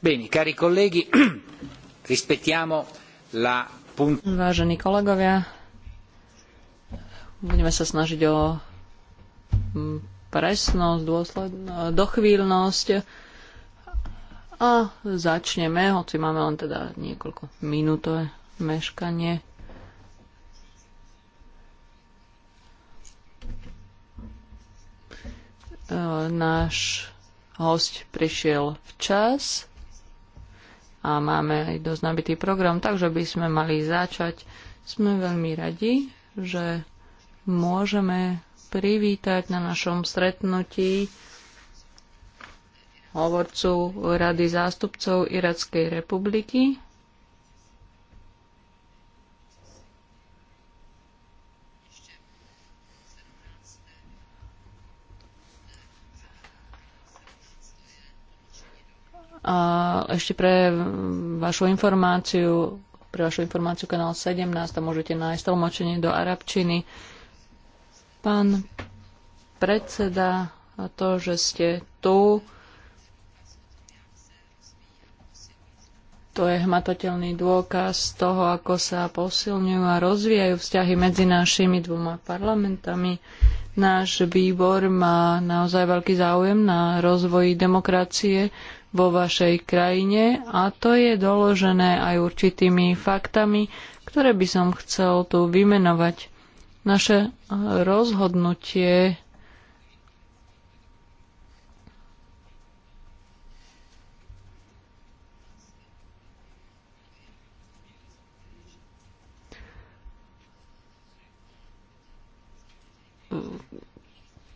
Bene, cari colleghi, [clears throat] rispettiamo la Vážení kolegovia, budeme sa snažiť o mm, presnosť, dôslednosť, dochvíľnosť a začneme, hoci máme len teda niekoľko minútové meškanie. E, náš host prišiel včas a máme aj dosť nabitý program, takže by sme mali začať. Sme veľmi radi, že môžeme privítať na našom stretnutí hovorcu Rady zástupcov Irackej republiky, A ešte pre vašu informáciu, pre vašu informáciu kanál 17, tam môžete nájsť tlmočenie do arabčiny. Pán predseda, a to, že ste tu, To je hmatateľný dôkaz toho, ako sa posilňujú a rozvíjajú vzťahy medzi našimi dvoma parlamentami. Náš výbor má naozaj veľký záujem na rozvoji demokracie vo vašej krajine a to je doložené aj určitými faktami, ktoré by som chcel tu vymenovať. Naše eh, rozhodnutie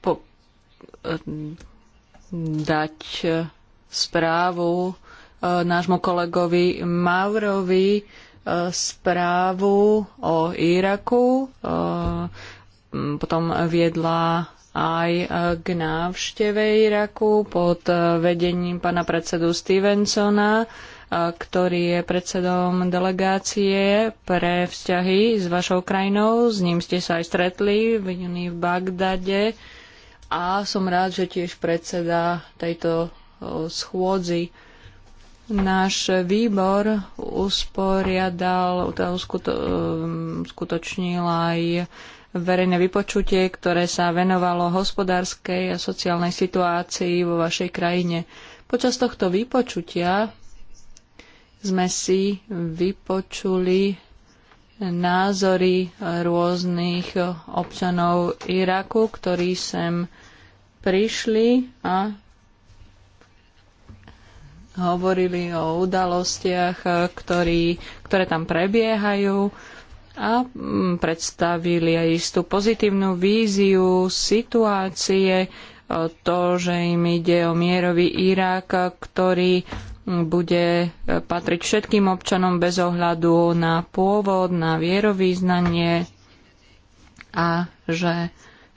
po, eh, dať eh, správu e, nášmu kolegovi Maurovi, e, správu o Iraku. E, potom viedla aj k návšteve Iraku pod vedením pana predsedu Stevensona, ktorý je predsedom delegácie pre vzťahy s vašou krajinou. S ním ste sa aj stretli v Bagdade a som rád, že tiež predseda tejto schôdzi. Náš výbor usporiadal, teda um, uskutočnil aj verejné vypočutie, ktoré sa venovalo hospodárskej a sociálnej situácii vo vašej krajine. Počas tohto vypočutia sme si vypočuli názory rôznych občanov Iraku, ktorí sem prišli a hovorili o udalostiach, e, ktorý, ktoré tam prebiehajú a mm, predstavili aj istú pozitívnu víziu situácie, e, to, že im ide o mierový Irak, ktorý mm, bude e, patriť všetkým občanom bez ohľadu na pôvod, na vierovýznanie a že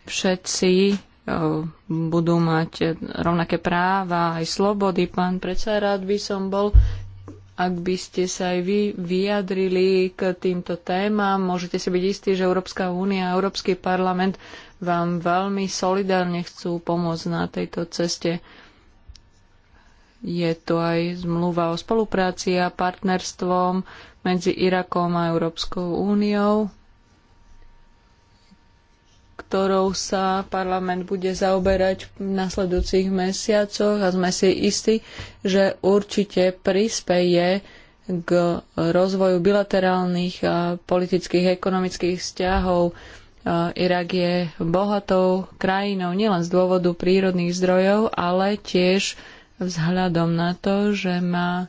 všetci Ehm, budú mať rovnaké práva aj slobody. Pán predsa rád by som bol, ak by ste sa aj vy vyjadrili k týmto témam. Môžete si byť istí, že Európska únia a Európsky parlament vám veľmi solidárne chcú pomôcť na tejto ceste. Je tu aj zmluva o spolupráci a partnerstvom medzi Irakom a Európskou úniou ktorou sa parlament bude zaoberať v nasledujúcich mesiacoch a sme si istí, že určite prispeje k rozvoju bilaterálnych politických, ekonomických vzťahov. Irak je bohatou krajinou nielen z dôvodu prírodných zdrojov, ale tiež vzhľadom na to, že má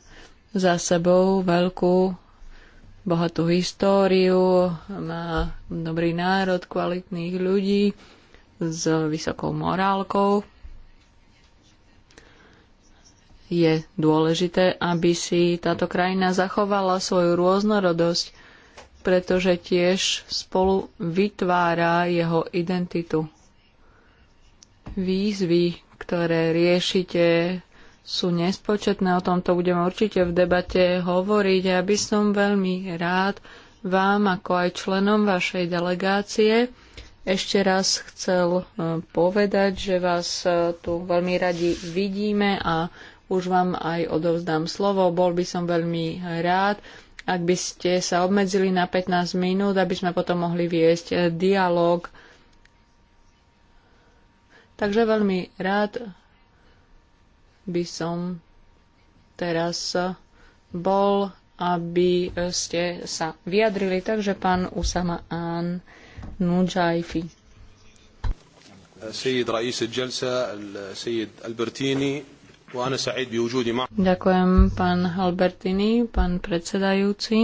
za sebou veľkú bohatú históriu, má dobrý národ, kvalitných ľudí s vysokou morálkou. Je dôležité, aby si táto krajina zachovala svoju rôznorodosť, pretože tiež spolu vytvára jeho identitu. Výzvy, ktoré riešite sú nespočetné, o tomto budem určite v debate hovoriť. Ja by som veľmi rád vám, ako aj členom vašej delegácie, ešte raz chcel e, povedať, že vás e, tu veľmi radi vidíme a už vám aj odovzdám slovo. Bol by som veľmi rád, ak by ste sa obmedzili na 15 minút, aby sme potom mohli viesť e, dialog. Takže veľmi rád by som teraz bol, aby ste sa vyjadrili. Takže pán Usama An Nujajfi. Ďakujem, pán Albertini, pán predsedajúci.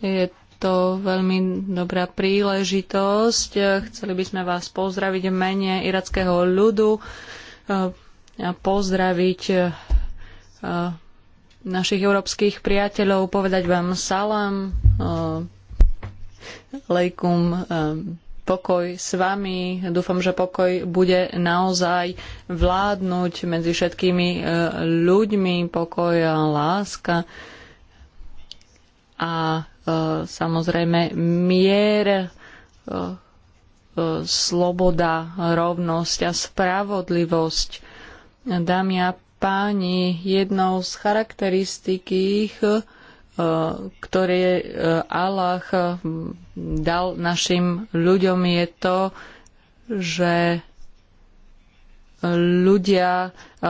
Je to veľmi dobrá príležitosť. Chceli by sme vás pozdraviť v mene irackého ľudu eh, a pozdraviť eh, našich európskych priateľov, povedať vám salam, eh, lejkum, pokoj s vami. Dúfam, že pokoj bude naozaj vládnuť medzi všetkými ľuďmi, pokoj a láska. A E, samozrejme mier, e, e, sloboda, rovnosť a spravodlivosť. Dámy a páni, jednou z charakteristik, ich, ktoré Allah dal našim ľuďom, je to, že ľudia eh,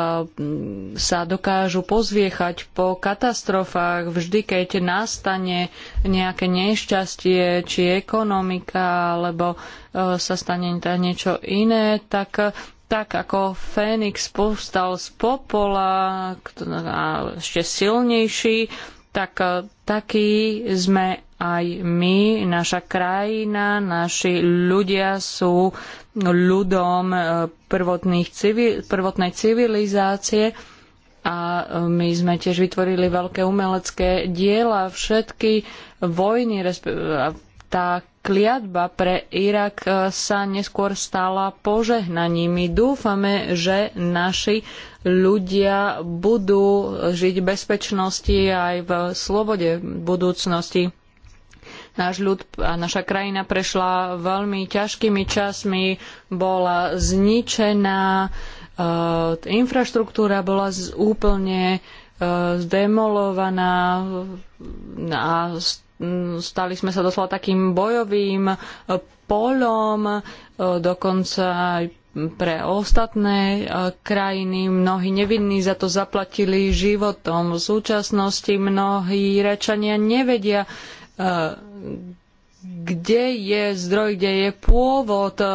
sa dokážu pozviechať po katastrofách vždy, keď nastane nejaké nešťastie, či ekonomika, alebo eh, sa stane teda niečo iné, tak tak ako Fénix povstal z popola a ešte silnejší, tak eh, taký sme aj my, naša krajina, naši ľudia sú ľudom e, civil, prvotnej civilizácie a e, my sme tiež vytvorili veľké umelecké diela, všetky vojny, tá kliatba pre Irak e, sa neskôr stala požehnaním. My dúfame, že naši ľudia budú žiť v bezpečnosti aj v slobode v budúcnosti Náš ľud a naša krajina prešla veľmi ťažkými časmi, bola zničená, e, infraštruktúra bola úplne e, zdemolovaná e, a stali sme sa doslova takým bojovým polom, dokonca aj pre ostatné krajiny. Mnohí nevinní za to zaplatili životom. V súčasnosti mnohí rečania nevedia, Eh, kde je zdroj, kde je pôvod eh,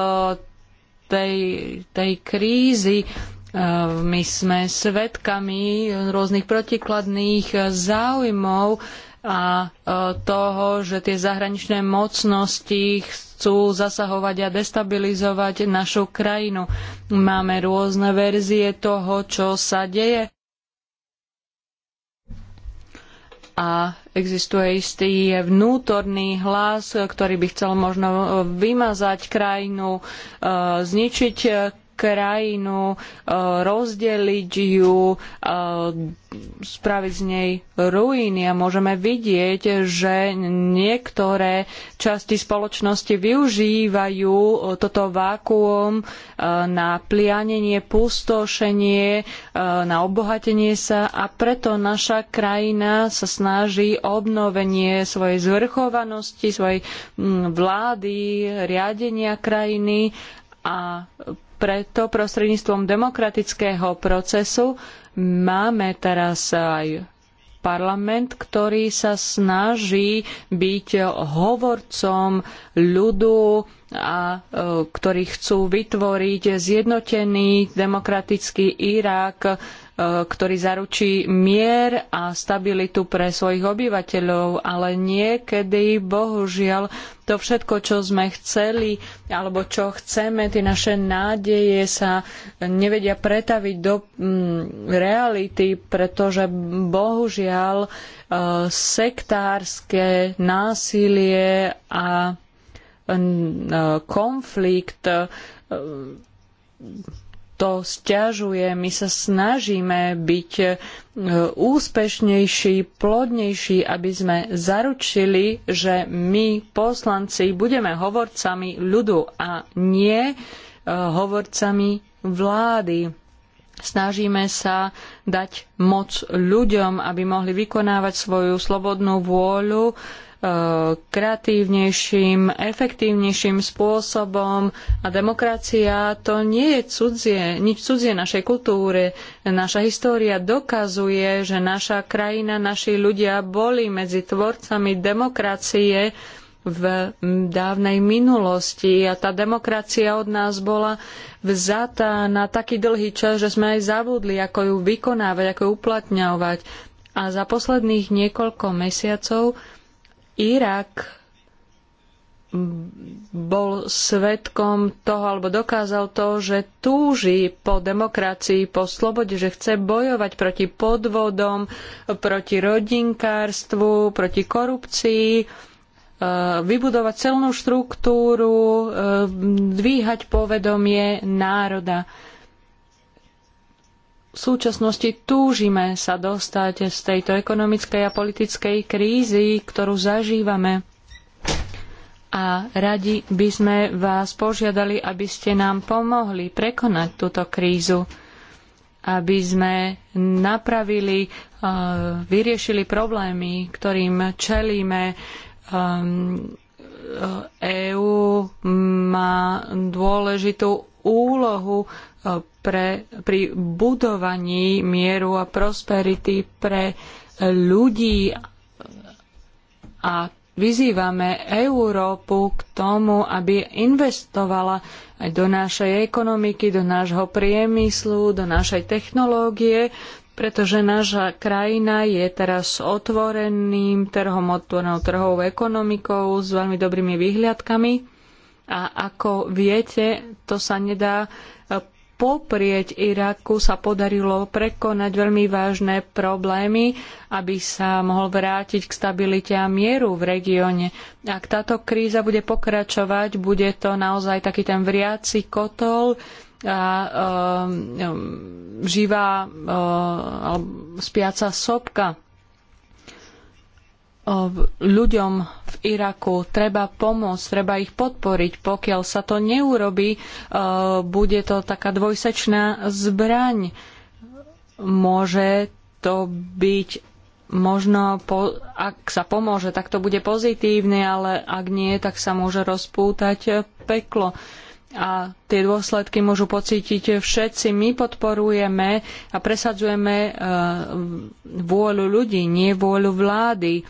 tej, tej krízy. Eh, my sme svedkami rôznych protikladných záujmov a toho, že tie zahraničné mocnosti chcú zasahovať a destabilizovať našu krajinu. Máme rôzne verzie toho, čo sa deje a existuje istý vnútorný hlas, ktorý by chcel možno vymazať krajinu, e, zničiť krajinu, e, rozdeliť ju, e, spraviť z nej ruiny a môžeme vidieť, že niektoré časti spoločnosti využívajú e, toto vákuum na plianenie, pustošenie, na obohatenie sa a preto naša krajina sa snaží obnovenie svojej zvrchovanosti, svojej mm, vlády, riadenia krajiny a preto prostredníctvom demokratického procesu máme teraz aj parlament, ktorý sa snaží byť hovorcom ľudu a e, ktorí chcú vytvoriť zjednotený demokratický Irak ktorý zaručí mier a stabilitu pre svojich obyvateľov, ale niekedy, bohužiaľ, to všetko, čo sme chceli alebo čo chceme, tie naše nádeje sa nevedia pretaviť do mm, reality, pretože bohužiaľ e, sektárske násilie a e, konflikt e, to stiažuje. My sa snažíme byť e, úspešnejší, plodnejší, aby sme zaručili, že my, poslanci, budeme hovorcami ľudu a nie e, hovorcami vlády. Snažíme sa dať moc ľuďom, aby mohli vykonávať svoju slobodnú vôľu kreatívnejším, efektívnejším spôsobom a demokracia to nie je cudzie, nič cudzie našej kultúre. Naša história dokazuje, že naša krajina, naši ľudia boli medzi tvorcami demokracie v dávnej minulosti a tá demokracia od nás bola vzatá na taký dlhý čas, že sme aj zabudli, ako ju vykonávať, ako ju uplatňovať. A za posledných niekoľko mesiacov Irak bol svetkom toho, alebo dokázal to, že túži po demokracii, po slobode, že chce bojovať proti podvodom, proti rodinkárstvu, proti korupcii, e, vybudovať celnú štruktúru, e, dvíhať povedomie národa v súčasnosti túžime sa dostať z tejto ekonomickej a politickej krízy, ktorú zažívame. A radi by sme vás požiadali, aby ste nám pomohli prekonať túto krízu, aby sme napravili, eh, vyriešili problémy, ktorým čelíme. EÚ ehm, eh, e má dôležitú úlohu eh, pre, pri budovaní mieru a prosperity pre ľudí a vyzývame Európu k tomu, aby investovala aj do našej ekonomiky, do nášho priemyslu, do našej technológie, pretože naša krajina je teraz otvoreným trhom, otvorenou trhovou ekonomikou s veľmi dobrými výhľadkami. A ako viete, to sa nedá poprieť Iraku sa podarilo prekonať veľmi vážne problémy, aby sa mohol vrátiť k stabilite a mieru v regióne. Ak táto kríza bude pokračovať, bude to naozaj taký ten vriaci kotol a um, um živá um, spiaca sopka ľuďom v Iraku, treba pomôcť, treba ich podporiť. Pokiaľ sa to neurobi, bude to taká dvojsečná zbraň. Môže to byť možno, po, ak sa pomôže, tak to bude pozitívne, ale ak nie, tak sa môže rozpútať peklo. A tie dôsledky môžu pocítiť všetci. My podporujeme a presadzujeme e, vôľu ľudí, nie vôľu vlády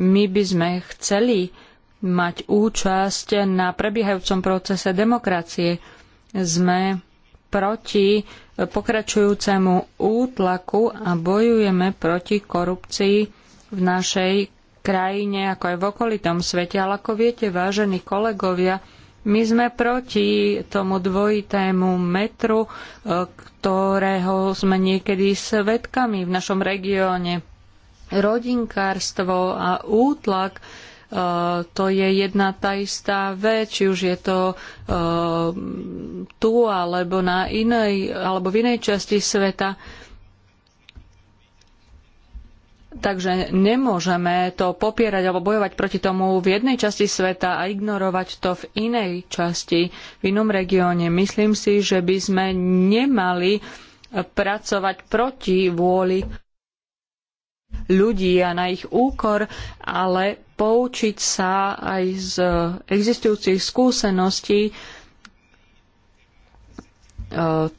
my by sme chceli mať účasť na prebiehajúcom procese demokracie. Sme proti pokračujúcemu útlaku a bojujeme proti korupcii v našej krajine, ako aj v okolitom svete. Ale ako viete, vážení kolegovia, my sme proti tomu dvojitému metru, e, ktorého sme niekedy svetkami v našom regióne rodinkárstvo a útlak, e, to je jedna tá istá vec, či už je to e, tu alebo, na inej, alebo v inej časti sveta. Takže nemôžeme to popierať alebo bojovať proti tomu v jednej časti sveta a ignorovať to v inej časti, v inom regióne. Myslím si, že by sme nemali pracovať proti vôli ľudí a na ich úkor, ale poučiť sa aj z existujúcich skúseností. E,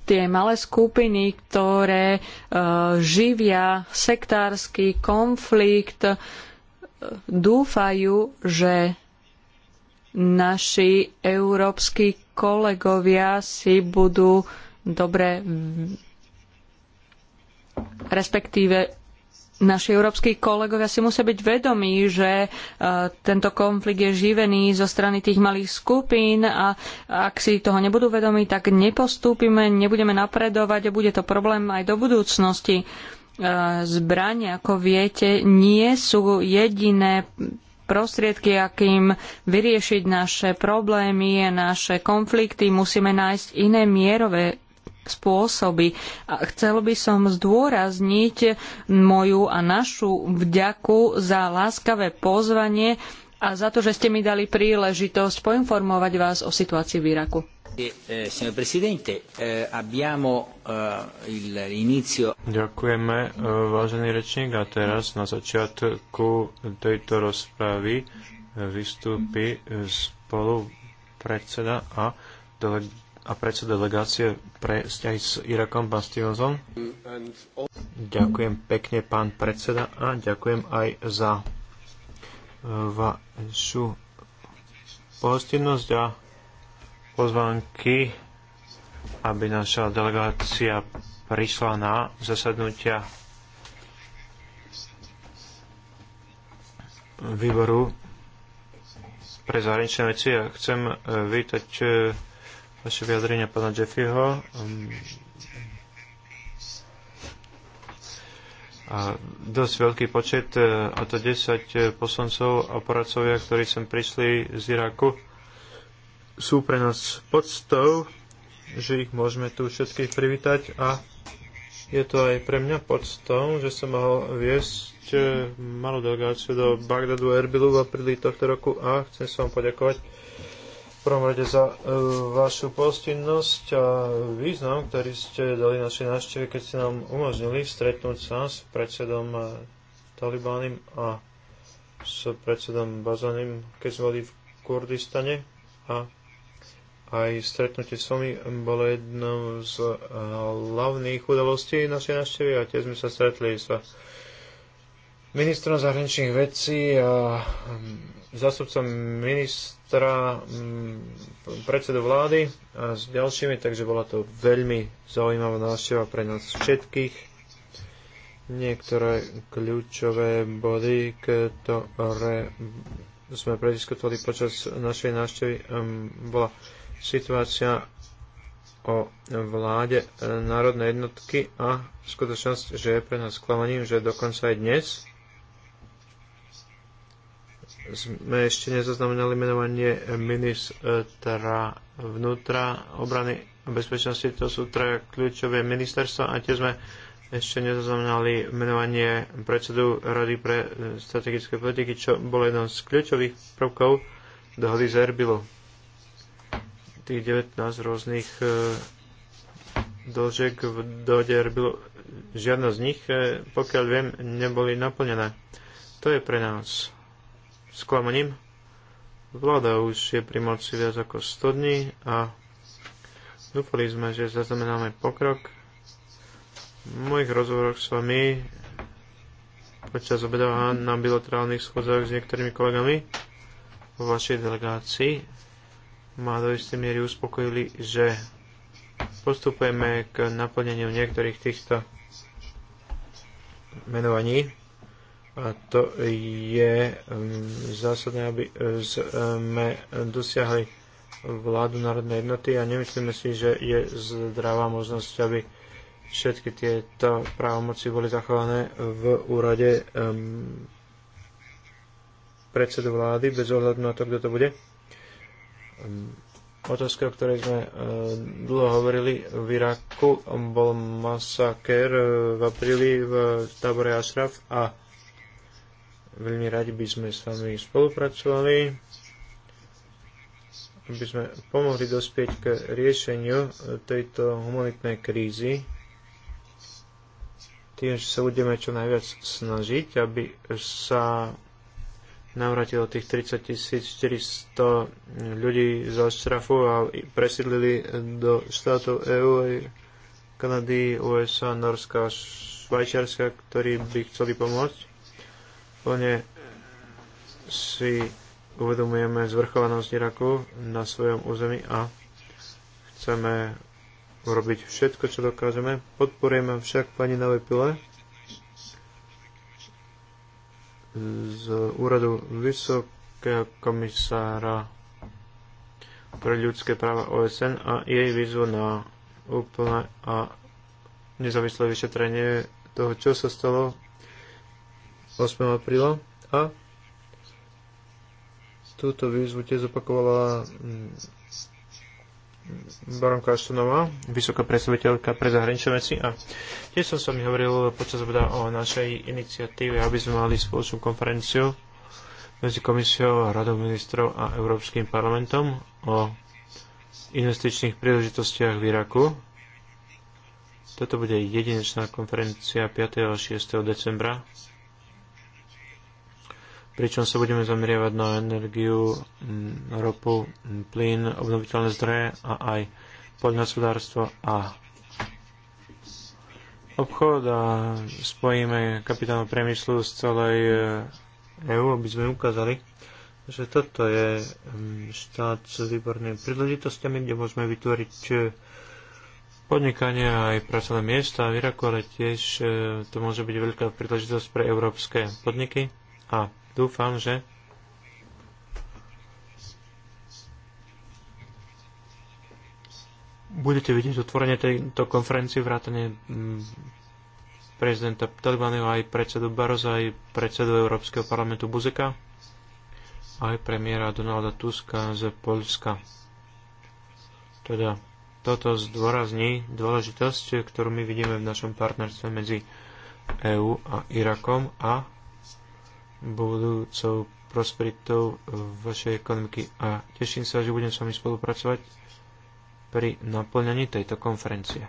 tie malé skupiny, ktoré e, živia sektársky konflikt, e, dúfajú, že naši európski kolegovia si budú dobre respektíve naši európsky kolegovia si musia byť vedomí, že e, tento konflikt je živený zo strany tých malých skupín a ak si toho nebudú vedomí, tak nepostúpime, nebudeme napredovať a bude to problém aj do budúcnosti. E, zbranie, ako viete, nie sú jediné prostriedky, akým vyriešiť naše problémy a naše konflikty. Musíme nájsť iné mierové spôsoby. A chcel by som zdôrazniť moju a našu vďaku za láskavé pozvanie a za to, že ste mi dali príležitosť poinformovať vás o situácii v Iraku. E, e, e, Ďakujeme, vážený rečník. A teraz na začiatku tejto rozpravy vystúpi spolu predseda a delegát a predseda delegácie pre vzťahy s Irakom, pán Stevenson. Ďakujem pekne, pán predseda, a ďakujem aj za e, vašu pohostinnosť a pozvánky, aby naša delegácia prišla na zasadnutia výboru pre zahraničné veci a chcem e, vítať e, vaše vyjadrenia pána Jeffyho. Um, a dosť veľký počet, e, a to 10 e, poslancov a poradcovia, ktorí sem prišli z Iraku, sú pre nás podstou, že ich môžeme tu všetkých privítať a je to aj pre mňa podstou, že som mohol viesť e, malú delegáciu do Bagdadu a Erbilu v apríli tohto roku a chcem sa vám poďakovať prvom rade za e, vašu postinnosť a význam, ktorý ste dali našej návšteve, keď ste nám umožnili stretnúť sa s predsedom e, Talibanim a s predsedom Bazanim, keď sme boli v Kurdistane a aj stretnutie s vami bolo jednou z e, hlavných udalostí našej návštevy a tiež sme sa stretli s ministrom zahraničných vecí a zástupcom ministra ministra, mm, predsedu vlády a s ďalšími, takže bola to veľmi zaujímavá návšteva pre nás všetkých niektoré kľúčové body, ktoré sme prediskutovali počas našej návštevy, bola situácia o vláde eh, národnej jednotky a skutočnosť, že je pre nás sklamaním, že dokonca aj dnes sme ešte nezaznamenali menovanie ministra vnútra, obrany a bezpečnosti. To sú tre kľúčové ministerstva a tiež sme ešte nezaznamenali menovanie predsedu Rady pre strategické politiky, čo bolo jednou z kľúčových prvkov dohody z Erbilu. Tých 19 rôznych e, dlžek v dohode Erbilu, žiadna z nich, e, pokiaľ viem, neboli naplnené. To je pre nás sklamaním. Vláda už je pri moci viac ako 100 dní a dúfali sme, že zaznamenáme pokrok. V mojich rozhovoroch s vami počas obeda na bilaterálnych schodzách s niektorými kolegami vo vašej delegácii ma do istej miery uspokojili, že postupujeme k naplneniu niektorých týchto menovaní a to je um, zásadné, aby e, sme dosiahli vládu národnej jednoty a nemyslíme si, že je zdravá možnosť, aby všetky tieto právomoci boli zachované v úrade um, predsedu vlády, bez ohľadu na to, kto to bude. Um, otázka, o ktorej sme uh, dlho hovorili v Iraku, bol masaker e, v apríli v tábore Ashraf a Veľmi radi by sme s vami spolupracovali, aby sme pomohli dospieť k riešeniu tejto humanitnej krízy tým, že sa budeme čo najviac snažiť, aby sa navratilo tých 30 400 ľudí zo strafu a presídlili do štátov EU, Kanady, USA, Norska, Švajčiarska, ktorí by chceli pomôcť. Plne si uvedomujeme zvrchovanosť Iraku na svojom území a chceme urobiť všetko, čo dokážeme. Podporujeme však pani Nové Pile z úradu Vysokého komisára pre ľudské práva OSN a jej výzvu na úplné a nezávislé vyšetrenie toho, čo sa stalo 8. apríla a túto výzvu tiež zopakovala mm, baronka Aštonová, vysoká predstaviteľka pre zahraničné veci. A tiež som sa mi hovoril počas voda o našej iniciatíve, aby sme mali spoločnú konferenciu medzi komisiou, radou ministrov a Európskym parlamentom o investičných príležitostiach v Iraku. Toto bude jedinečná konferencia 5. a 6. decembra pričom sa budeme zameriavať na energiu, mm, ropu, mm, plyn, obnoviteľné zdroje a aj poľnohospodárstvo a obchod a spojíme kapitálnu priemyslu z celej EÚ, e aby sme ukázali, že toto je mm, štát s výbornými príležitostiami, kde môžeme vytvoriť e, podnikanie a aj pracovné miesta v Iraku, ale tiež e, to môže byť veľká príležitosť pre európske podniky a dúfam, že budete vidieť otvorenie tejto konferencie vrátane mm, prezidenta Talibanyho aj predsedu Baroza, aj predsedu Európskeho parlamentu Buzeka, aj premiéra Donalda Tuska z Polska. Teda toto zdôrazní dôležitosť, ktorú my vidíme v našom partnerstve medzi EÚ a Irakom a budúcou prosperitou vašej ekonomiky a teším sa, že budem s vami spolupracovať pri naplňaní tejto konferencie.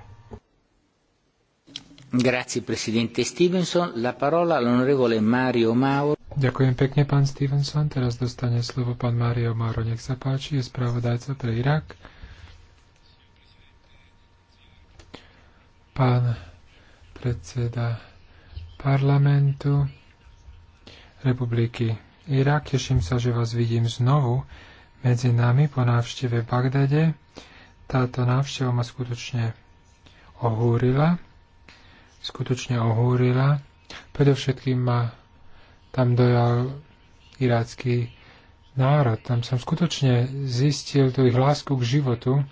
Grazie, presidente Stevenson. La parola all'onorevole Mario Mauro. Ďakujem pekne, pán Stevenson. Teraz dostane slovo pán Mario Mauro. Nech sa páči, je spravodajca pre Irak. Pán predseda parlamentu republiky Irak. Teším sa, že vás vidím znovu medzi nami po návšteve v Bagdade. Táto návšteva ma skutočne ohúrila. Skutočne ohúrila. Predovšetkým ma tam dojal irácky národ. Tam som skutočne zistil tú ich lásku k životu.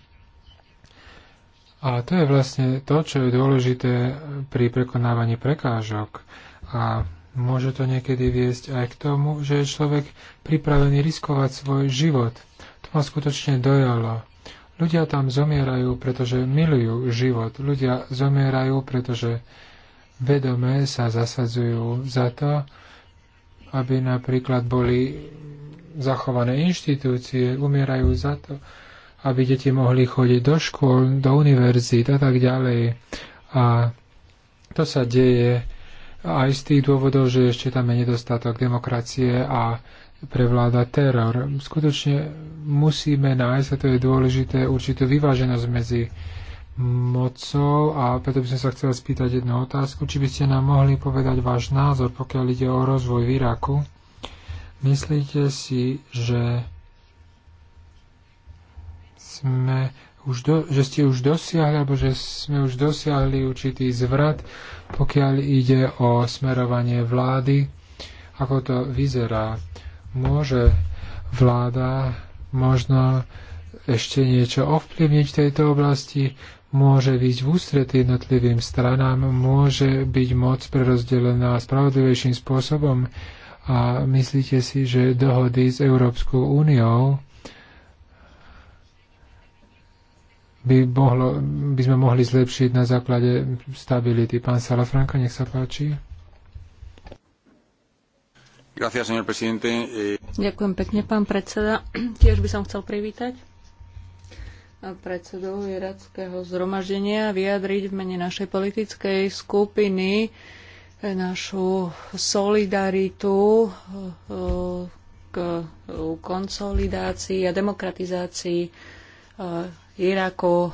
A to je vlastne to, čo je dôležité pri prekonávaní prekážok. A Môže to niekedy viesť aj k tomu, že je človek pripravený riskovať svoj život. To ma skutočne dojalo. Ľudia tam zomierajú, pretože milujú život. Ľudia zomierajú, pretože vedome sa zasadzujú za to, aby napríklad boli zachované inštitúcie, umierajú za to, aby deti mohli chodiť do škôl, do univerzít a tak ďalej. A to sa deje aj z tých dôvodov, že ešte tam je nedostatok demokracie a prevláda teror. Skutočne musíme nájsť, a to je dôležité, určitú vyváženosť medzi mocou a preto by som sa chcel spýtať jednu otázku, či by ste nám mohli povedať váš názor, pokiaľ ide o rozvoj v Iraku. Myslíte si, že sme už do, že ste už dosiahli, alebo že sme už dosiahli určitý zvrat, pokiaľ ide o smerovanie vlády. Ako to vyzerá? Môže vláda možno ešte niečo ovplyvniť v tejto oblasti? Môže byť v ústretí jednotlivým stranám? Môže byť moc prerozdelená spravodlivejším spôsobom? A myslíte si, že dohody s Európskou úniou by, mohlo, by sme mohli zlepšiť na základe stability. Pán Salafranka, nech sa páči. Gracias, señor presidente. Ďakujem pekne, pán predseda. [clears throat] Tiež by som chcel privítať predsedu Irackého zhromaždenia vyjadriť v mene našej politickej skupiny našu solidaritu eh, k konsolidácii a demokratizácii eh, Iraku.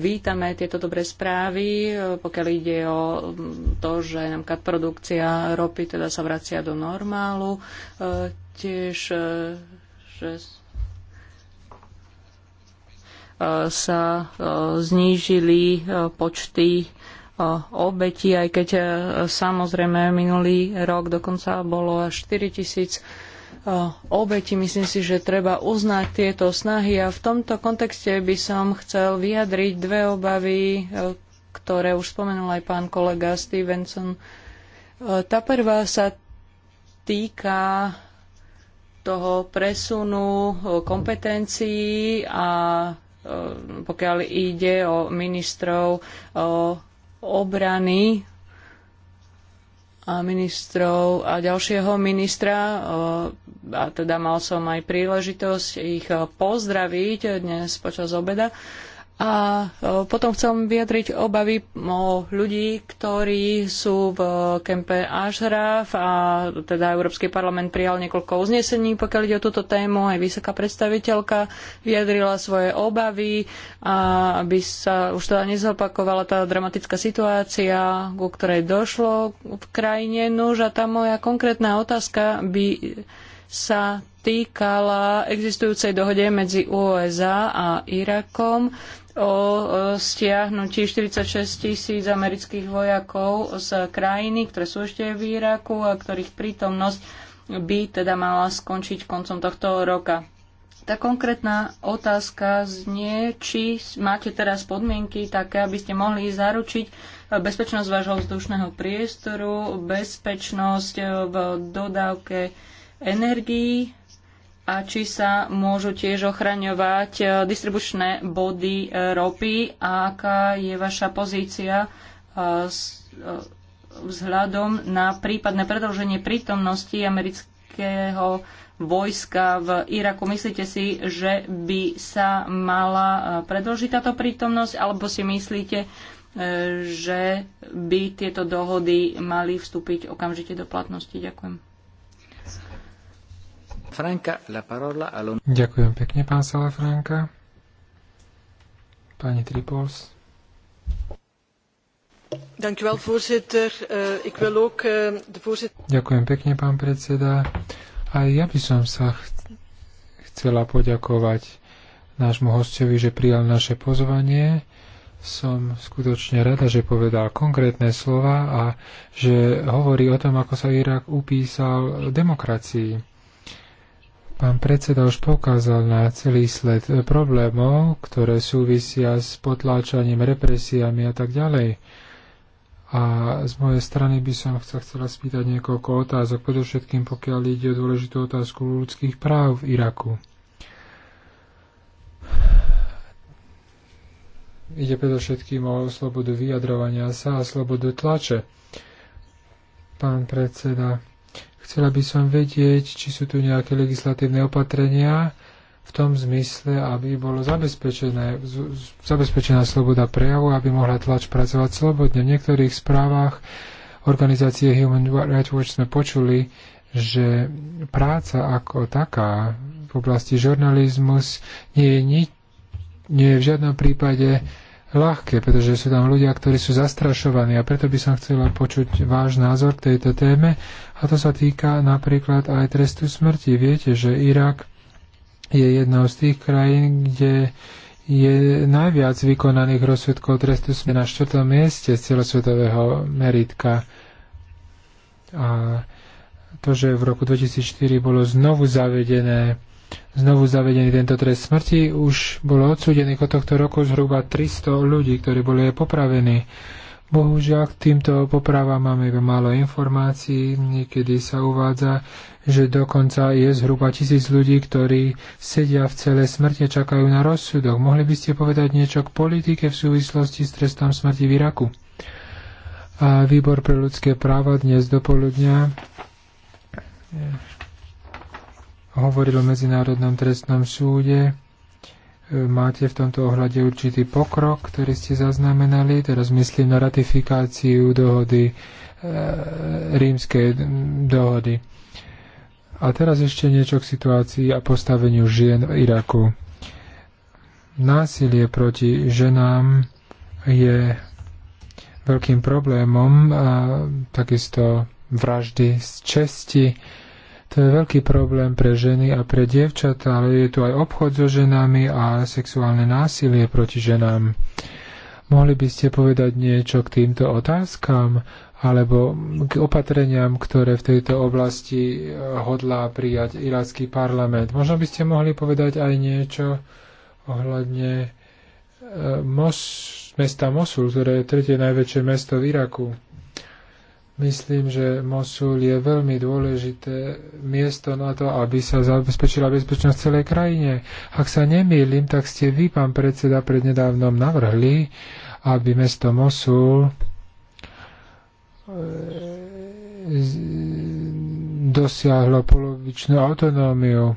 Vítame tieto dobré správy, pokiaľ ide o to, že napríklad produkcia ropy teda sa vracia do normálu. E, tiež, e, že e, sa znížili počty obetí, aj keď samozrejme minulý rok dokonca bolo až 4 tisíc obeti. Myslím si, že treba uznať tieto snahy a v tomto kontexte by som chcel vyjadriť dve obavy, ktoré už spomenul aj pán kolega Stevenson. Tá prvá sa týka toho presunu kompetencií a pokiaľ ide o ministrov obrany ministrov a ďalšieho ministra a teda mal som aj príležitosť ich pozdraviť dnes počas obeda a potom chcem vyjadriť obavy o ľudí, ktorí sú v kempe Ashraf a teda Európsky parlament prijal niekoľko uznesení, pokiaľ ide o túto tému. Aj vysoká predstaviteľka vyjadrila svoje obavy, a aby sa už teda nezopakovala tá dramatická situácia, ku ktorej došlo v krajine. Nuž a tá moja konkrétna otázka by sa týkala existujúcej dohode medzi USA a Irakom o stiahnutí 46 tisíc amerických vojakov z krajiny, ktoré sú ešte v Iraku a ktorých prítomnosť by teda mala skončiť koncom tohto roka. Tá konkrétna otázka znie, či máte teraz podmienky také, aby ste mohli zaručiť bezpečnosť vášho vzdušného priestoru, bezpečnosť v dodávke energií a či sa môžu tiež ochraňovať e, distribučné body e, ropy a aká je vaša pozícia e, vzhľadom na prípadné predlženie prítomnosti amerického vojska v Iraku. Myslíte si, že by sa mala predlžiť táto prítomnosť, alebo si myslíte, že by tieto dohody mali vstúpiť okamžite do platnosti? Ďakujem. Franka, la parola Ďakujem pekne, pán sala Franka. Pani Tripols. voorzitter. Uh, ik wil ook uh, de voorzitter... Ďakujem pekne, pán predseda. A ja by som sa chcela poďakovať nášmu hostovi, že prijal naše pozvanie. Som skutočne rada, že povedal konkrétne slova a že hovorí o tom, ako sa Irak upísal demokracii. Pán predseda už pokázal na celý sled problémov, ktoré súvisia s potláčaním, represiami a tak ďalej. A z mojej strany by som sa chcela spýtať niekoľko otázok, predovšetkým pokiaľ ide o dôležitú otázku ľudských práv v Iraku. Ide predovšetkým o slobodu vyjadrovania sa a slobodu tlače. Pán predseda, Chcela by som vedieť, či sú tu nejaké legislatívne opatrenia v tom zmysle, aby bolo zabezpečené, zabezpečená sloboda prejavu, aby mohla tlač pracovať slobodne. V niektorých správach organizácie Human Rights Watch sme počuli, že práca ako taká v oblasti žurnalizmus nie je, ni- nie je v žiadnom prípade uh, ľahké, pretože sú tam ľudia, ktorí sú zastrašovaní a preto by som chcela počuť váš názor k tejto téme a to sa týka napríklad aj trestu smrti. Viete, že Irak je jednou z tých krajín, kde je najviac vykonaných rozsudkov trestu smrti na 4. mieste z celosvetového meritka. A to, že v roku 2004 bolo znovu zavedené znovu zavedený tento trest smrti. Už bolo odsúdených od tohto roku zhruba 300 ľudí, ktorí boli aj popravení. Bohužiaľ, k týmto popravám máme iba málo informácií. Niekedy sa uvádza, že dokonca je zhruba tisíc ľudí, ktorí sedia v celé smrte, čakajú na rozsudok. Mohli by ste povedať niečo k politike v súvislosti s trestom smrti v Iraku? A výbor pre ľudské práva dnes do poludnia hovoril o Medzinárodnom trestnom súde. E, máte v tomto ohľade určitý pokrok, ktorý ste zaznamenali, teraz myslím na ratifikáciu dohody, e, rímskej dohody. A teraz ešte niečo k situácii a postaveniu žien v Iraku. Násilie proti ženám je veľkým problémom a takisto vraždy z česti to je veľký problém pre ženy a pre dievčatá, ale je tu aj obchod so ženami a sexuálne násilie proti ženám. Mohli by ste povedať niečo k týmto otázkam alebo k opatreniam, ktoré v tejto oblasti eh, hodlá prijať iracký parlament. Možno by ste mohli povedať aj niečo ohľadne eh, Mos, mesta Mosul, ktoré je tretie najväčšie mesto v Iraku. Myslím, že Mosul je veľmi dôležité miesto na to, aby sa zabezpečila bezpečnosť celej krajine. Ak sa nemýlim, tak ste vy, pán predseda, prednedávnom navrhli, aby mesto Mosul e, dosiahlo polovičnú autonómiu.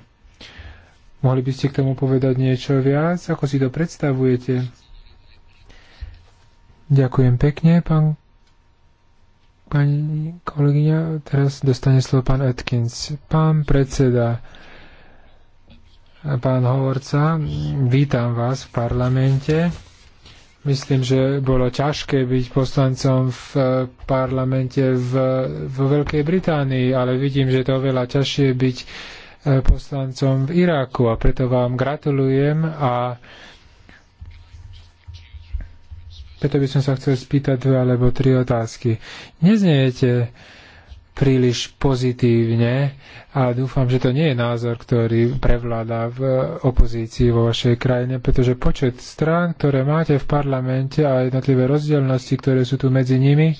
Mohli by ste k tomu povedať niečo viac? Ako si to predstavujete? Ďakujem pekne, pán Pani kolegyňa, teraz dostane slovo pán Atkins. Pán predseda, pán hovorca, vítam vás v parlamente. Myslím, že bolo ťažké byť poslancom v parlamente v, vo Veľkej Británii, ale vidím, že to oveľa ťažšie byť eh, poslancom v Iraku, a preto vám gratulujem a preto by som sa chcel spýtať dve alebo tri otázky. Nezniete príliš pozitívne a dúfam, že to nie je názor, ktorý prevláda v opozícii vo vašej krajine, pretože počet strán, ktoré máte v parlamente a jednotlivé rozdielnosti, ktoré sú tu medzi nimi,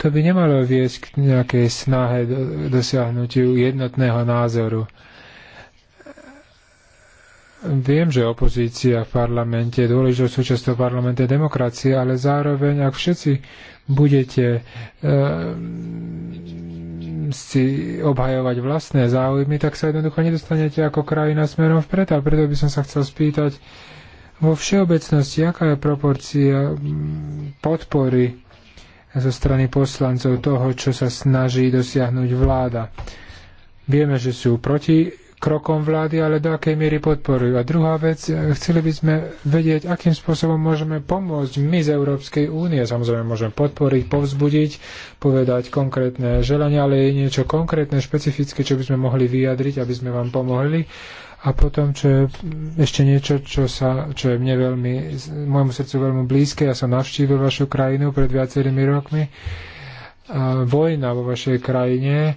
to by nemalo viesť k nejakej snahe dosiahnutiu jednotného názoru. Viem, že opozícia v parlamente je dôležitou súčasťou parlamente demokracie, ale zároveň, ak všetci budete uh, si obhajovať vlastné záujmy, tak sa jednoducho nedostanete ako krajina smerom vpred. A preto by som sa chcel spýtať vo všeobecnosti, aká je proporcia mm, podpory zo strany poslancov toho, čo sa snaží dosiahnuť vláda. Vieme, že sú proti krokom vlády, ale do akej miery podporujú. A druhá vec, e, chceli by sme vedieť, akým spôsobom môžeme pomôcť my z Európskej únie. Samozrejme, môžeme podporiť, povzbudiť, povedať konkrétne želania, ale je niečo konkrétne, špecifické, čo by sme mohli vyjadriť, aby sme vám pomohli. A potom, čo je ešte niečo, čo, sa, čo je mne veľmi, môjmu srdcu veľmi blízke, ja som navštívil vašu krajinu pred viacerými rokmi, a vojna vo vašej krajine,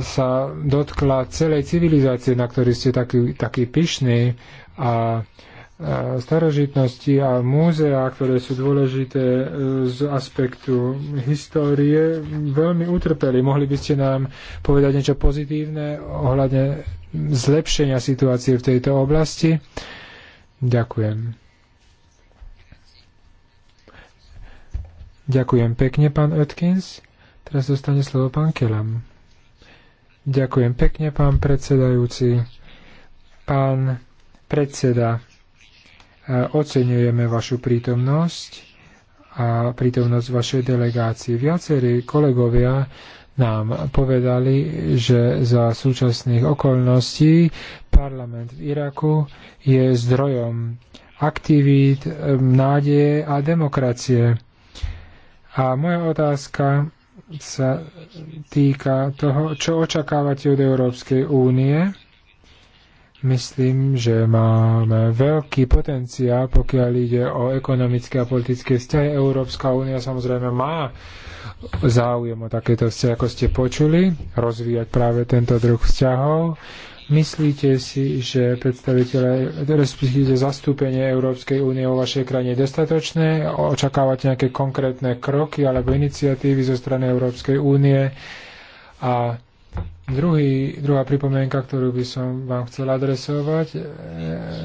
sa dotkla celej civilizácie, na ktorý ste taký, taký pyšný a starožitnosti a múzea, ktoré sú dôležité e, z aspektu histórie, veľmi utrpeli. Mohli by ste nám povedať niečo pozitívne ohľadne zlepšenia situácie v tejto oblasti? Ďakujem. Ďakujem pekne, pán Atkins. Teraz dostane slovo pán Kelam. Ďakujem pekne, pán predsedajúci. Pán predseda, e, oceňujeme vašu prítomnosť a prítomnosť vašej delegácie. Viacerí kolegovia nám povedali, že za súčasných okolností parlament v Iraku je zdrojom aktivít, nádeje a demokracie. A moja otázka sa týka toho, čo očakávate od Európskej únie. Myslím, že máme veľký potenciál, pokiaľ ide o ekonomické a politické vzťahy. Európska únia samozrejme má záujem o takéto vzťahy, ako ste počuli, rozvíjať práve tento druh vzťahov. Myslíte si, že predstaviteľe, respektíve zastúpenie Európskej únie vo vašej krajine je dostatočné? Očakávate nejaké konkrétne kroky alebo iniciatívy zo strany Európskej únie? A druhý, druhá pripomienka, ktorú by som vám chcel adresovať,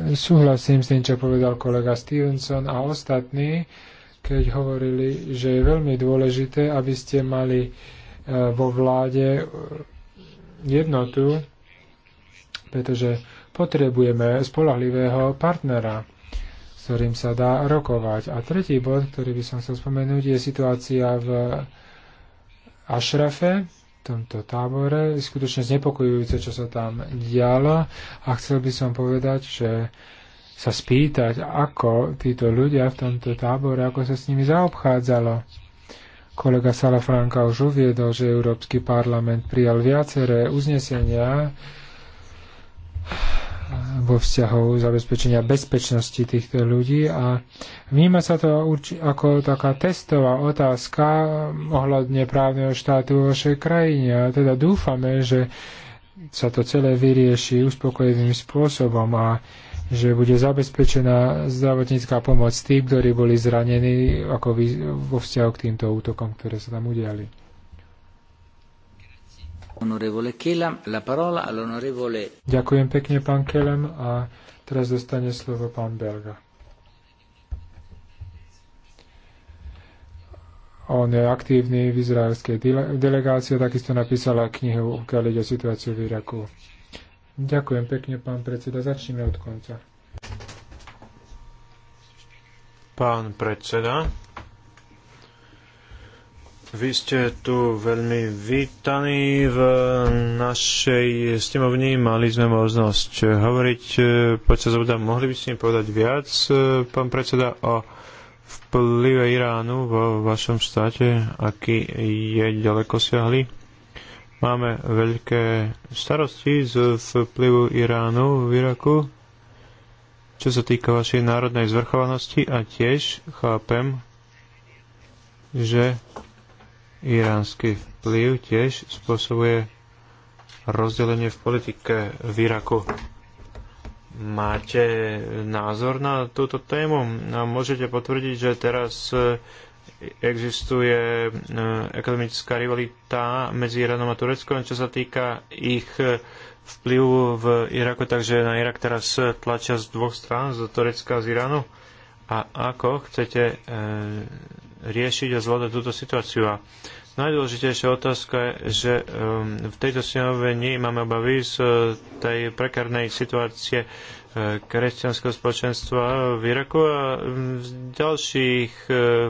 e, súhlasím s tým, čo povedal kolega Stevenson a ostatní, keď hovorili, že je veľmi dôležité, aby ste mali e, vo vláde jednotu, pretože potrebujeme spolahlivého partnera, s ktorým sa dá rokovať. A tretí bod, ktorý by som chcel spomenúť, je situácia v Ašrafe, v tomto tábore. Je skutočne znepokojujúce, čo sa tam dialo. A chcel by som povedať, že sa spýtať, ako títo ľudia v tomto tábore, ako sa s nimi zaobchádzalo. Kolega Salafranka už uviedol, že Európsky parlament prijal viaceré uznesenia, vo vzťahu zabezpečenia bezpečnosti týchto ľudí a vníma sa to ako taká testová otázka ohľadne právneho štátu vo vašej krajine. A teda dúfame, že sa to celé vyrieši uspokojivým spôsobom a že bude zabezpečená zdravotnícká pomoc tým, ktorí boli zranení ako vo vzťahu k týmto útokom, ktoré sa tam udiali. Ďakujem pekne, pán Kelem, a teraz dostane slovo pán Belga. On je aktívny v izraelskej delegácii a takisto napísala knihu, o ide o situáciu v Iraku. Ďakujem pekne, pán predseda. Začneme od konca. Pán predseda, vy ste tu veľmi vítaní v našej stimovni Mali sme možnosť hovoriť e, počas obda. Mohli by ste mi povedať viac, e, pán predseda, o vplyve Iránu vo vašom štáte, aký je ďaleko siahli? Máme veľké starosti z vplyvu Iránu v Iraku, čo sa týka vašej národnej zvrchovanosti a tiež chápem, že Iránsky vplyv tiež spôsobuje rozdelenie v politike v Iraku. Máte názor na túto tému? A môžete potvrdiť, že teraz eh, existuje eh, ekonomická rivalita medzi Iránom a Tureckom, čo sa týka ich eh, vplyvu v Iraku, takže na Irak teraz tlačia z dvoch strán, z Turecka a z Iránu. A ako chcete riešiť a zvládať túto situáciu. A najdôležitejšia otázka je, že um, v tejto sňove nie máme obavy z uh, tej prekárnej situácie uh, kresťanského spoločenstva v Iraku a v um, ďalších uh,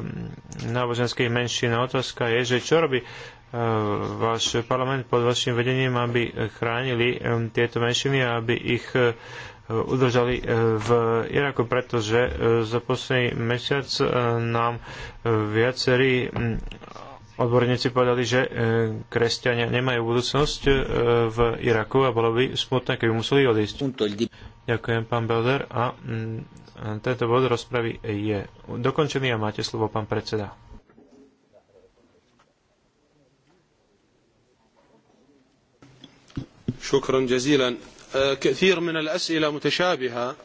náboženských menšín. Otázka je, že čo robí váš parlament pod vašim vedením, aby chránili um, tieto menšiny a aby ich udržali e, v Iraku, pretože e, za posledný mesiac e, nám viacerí mm, odborníci povedali, že kresťania nemajú budúcnosť v Iraku a bolo by smutné, keby museli odísť. Ďakujem, pán Belder. A mm, tento bod rozpravy je dokončený a máte slovo, pán predseda. شكرا جزيلا كثير من الأسئلة متشابهة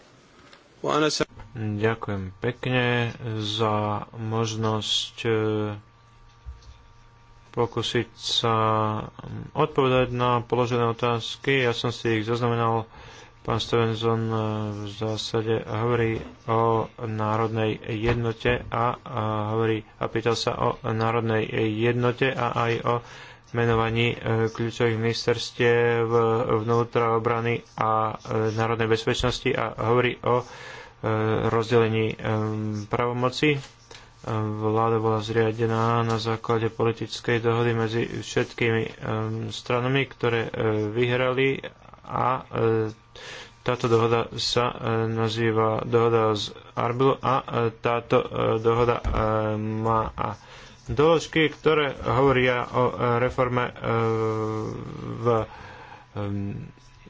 وأنا س... Ďakujem pekne za možnosť e, pokúsiť sa odpovedať na položené otázky. Ja som si ich zaznamenal. Pán Stevenson e, v zásade hovorí o národnej jednote a, hovorí a pýtal sa o národnej jednote a aj o menovaní e, kľúčových ministerstiev e, vnútra obrany a e, národnej bezpečnosti a hovorí o rozdelení pravomoci. Vláda bola zriadená na základe politickej dohody medzi všetkými stranami, ktoré vyhrali a táto dohoda sa nazýva dohoda z Arbil a táto dohoda má doložky, ktoré hovoria o e, reforme e, v e,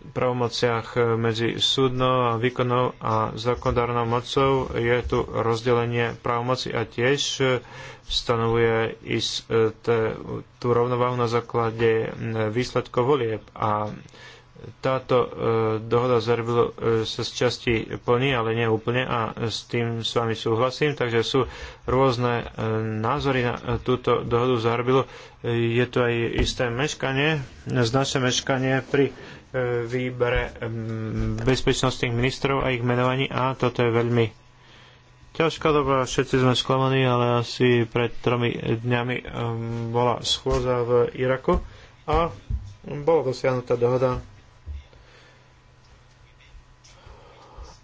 pravomociach medzi súdnou a výkonnou a zákonodárnou mocou je tu rozdelenie právomoci a tiež stanovuje ist, tú rovnováhu na základe výsledkov volieb a táto e, dohoda z Erbilu e, sa z časti plní, ale nie úplne a s tým s vami súhlasím, takže sú rôzne e, názory na túto dohodu z Erbilu. Je tu aj isté meškanie, značné meškanie pri výbere bezpečnostných ministrov a ich menovaní a toto je veľmi ťažká doba, všetci sme sklamaní, ale asi pred tromi dňami bola schôza v Iraku a bola dosiahnutá dohoda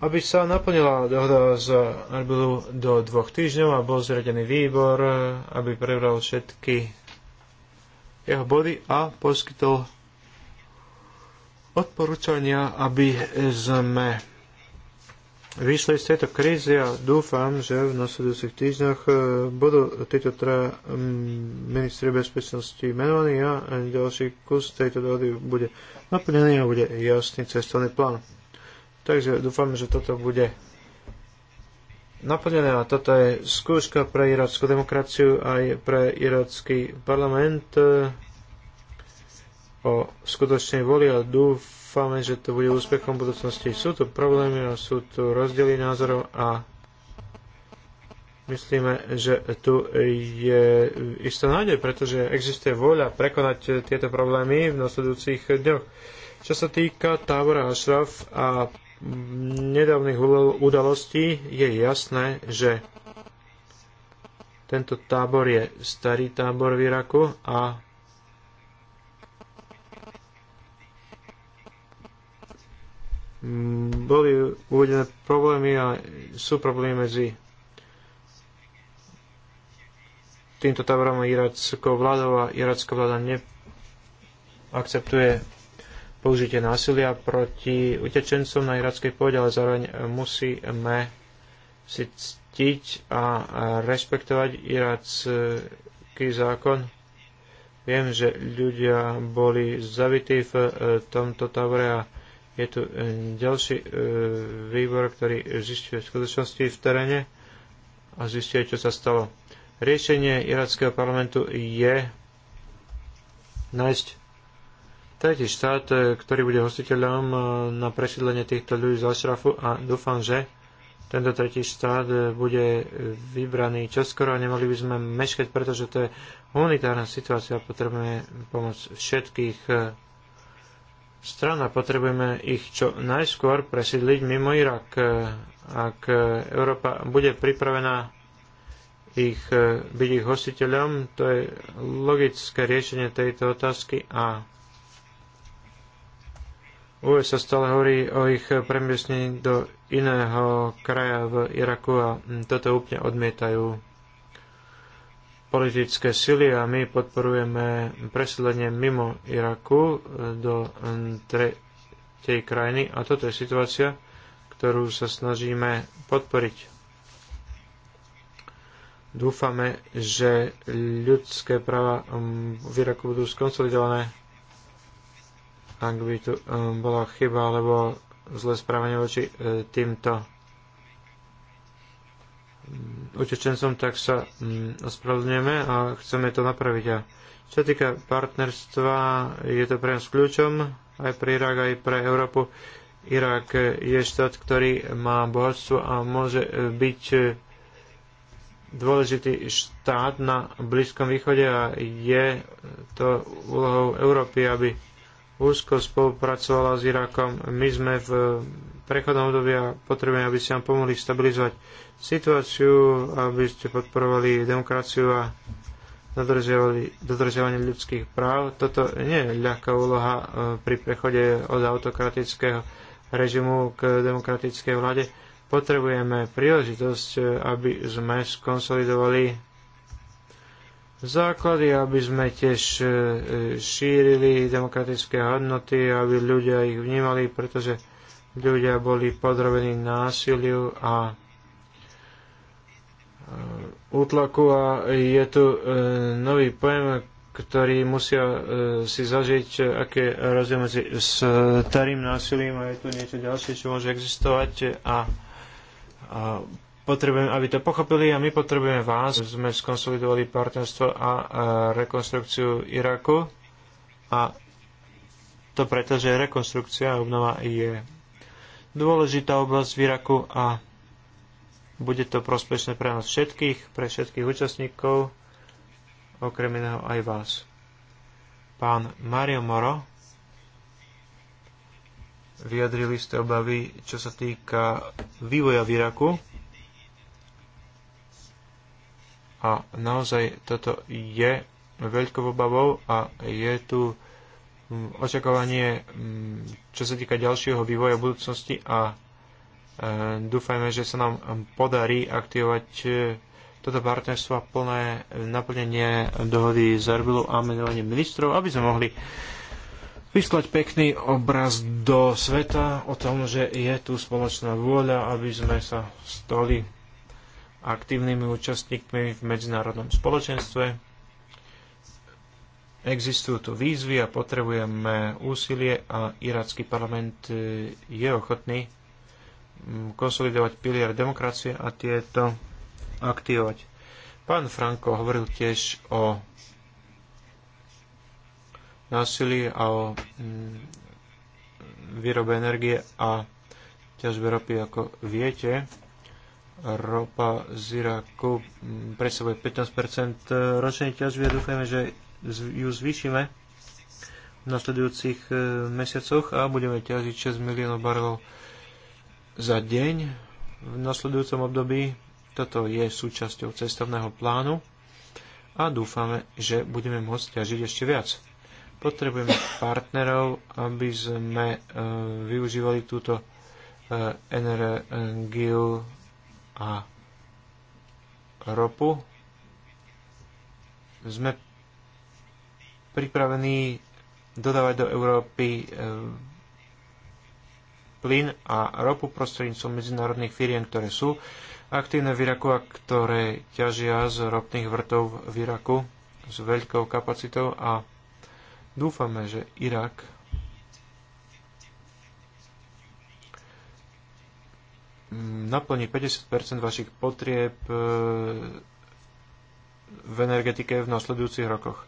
aby sa naplnila dohoda z Arbilu do dvoch týždňov a bol zredený výbor, aby prebral všetky jeho body a poskytol odporúčania, aby sme vyšli z tejto krízy a dúfam, že v nasledujúcich týždňoch eh, budú títo tre mm, ministri bezpečnosti menovaní a ďalší kus tejto dohody bude naplnený a bude jasný cestovný plán. Takže dúfam, že toto bude naplnené a toto je skúška pre irackú demokraciu aj pre iracký parlament e, o skutočnej voli a dúfame, že to bude úspechom budúcnosti. Sú tu problémy a sú tu rozdiely názorov a myslíme, že tu je istá nádej, pretože existuje voľa prekonať tieto problémy v nasledujúcich dňoch. Čo sa týka tábora Ashraf a nedávnych udalostí je jasné, že tento tábor je starý tábor v Iraku a boli uvedené problémy a sú problémy medzi týmto táborom a irackou vládou a iracká vláda neakceptuje použitie násilia proti utečencom na irackej pôde, ale zároveň musíme si ctiť a rešpektovať iracký zákon. Viem, že ľudia boli zavití v e, tomto tábore a je tu e, ďalší e, výbor, ktorý zistuje skutočnosti v teréne a zistuje, čo sa stalo. Riešenie irackého parlamentu je nájsť tretí štát, e, ktorý bude hostiteľom e, na presídlenie týchto ľudí z Ašrafu a dúfam, že tento tretí štát e, bude vybraný čoskoro a nemali by sme meškať, pretože to je humanitárna situácia a potrebujeme pomoc všetkých stran a potrebujeme ich čo najskôr presídliť mimo Irak. Ak Európa bude pripravená ich, byť ich hostiteľom, to je logické riešenie tejto otázky a USA stále hovorí o ich premiestnení do iného kraja v Iraku a toto úplne odmietajú politické sily a my podporujeme presídlenie mimo Iraku e, do e, tej krajiny a toto je situácia, ktorú sa snažíme podporiť. Dúfame, že ľudské práva v Iraku budú skonsolidované ak by tu e, bola chyba alebo zlé správanie voči e, týmto mm, utečencom, tak sa mm, ospravedlňujeme a chceme to napraviť. A čo sa týka partnerstva, je to pre nás kľúčom aj pre Irak, aj pre Európu. Irak je štát, ktorý má bohatstvo a môže e, byť dôležitý štát na Blízkom východe a je to úlohou Európy, aby úzko spolupracovala s Irakom. My sme v prechodnom období a potrebujeme, aby ste nám pomohli stabilizovať situáciu, aby ste podporovali demokraciu a dodržiavanie ľudských práv. Toto nie je ľahká úloha e, pri prechode od autokratického režimu k demokratickej vláde. Potrebujeme príležitosť, e, aby sme skonsolidovali základy, aby sme tiež e, šírili demokratické hodnoty, aby ľudia ich vnímali, pretože ľudia boli podrobení násiliu a e, útlaku a je tu e, nový pojem, ktorý musia si zažiť, aké rozdiel medzi starým násilím a je tu niečo ďalšie, čo môže existovať a, a potrebujeme, aby to pochopili a my potrebujeme vás. Sme skonsolidovali partnerstvo a, e, rekonstrukciu Iraku a to preto, že rekonstrukcia a obnova je dôležitá oblasť v Iraku a bude to prospešné pre nás všetkých, pre všetkých účastníkov, okrem iného aj vás. Pán Mario Moro, vyjadrili ste obavy, čo sa týka vývoja v Iraku A naozaj toto je veľkou obavou a je tu mm, očakávanie, mm, čo sa týka ďalšieho vývoja budúcnosti a e, dúfajme, že sa nám podarí aktivovať e, toto partnerstvo a plné naplnenie dohody z Erbilu a menovanie ministrov, aby sme mohli vyslať pekný obraz do sveta o tom, že je tu spoločná vôľa, aby sme sa stali aktívnymi účastníkmi v medzinárodnom spoločenstve. Existujú tu výzvy a potrebujeme úsilie a iracký parlament e, je ochotný mm, konsolidovať pilier demokracie a tieto aktivovať. Pán Franko hovoril tiež o násilí a o mm, výrobe energie a ťažbe ropy, ako viete ropa z Iraku predstavuje 15 ročnej ťažby a dúfajme, že ju zvýšime v nasledujúcich e, mesiacoch a budeme ťažiť 6 miliónov barov za deň v nasledujúcom období. Toto je súčasťou cestovného plánu a dúfame, že budeme môcť ťažiť ešte viac. Potrebujeme partnerov, aby sme e, využívali túto energiu a ropu, sme pripravení dodávať do Európy e, plyn a ropu prostredníctvom medzinárodných firiem, ktoré sú aktívne v Iraku a ktoré ťažia z ropných vrtov v Iraku s veľkou kapacitou a dúfame, že Irak naplní 50 vašich potrieb e, v energetike v nasledujúcich rokoch.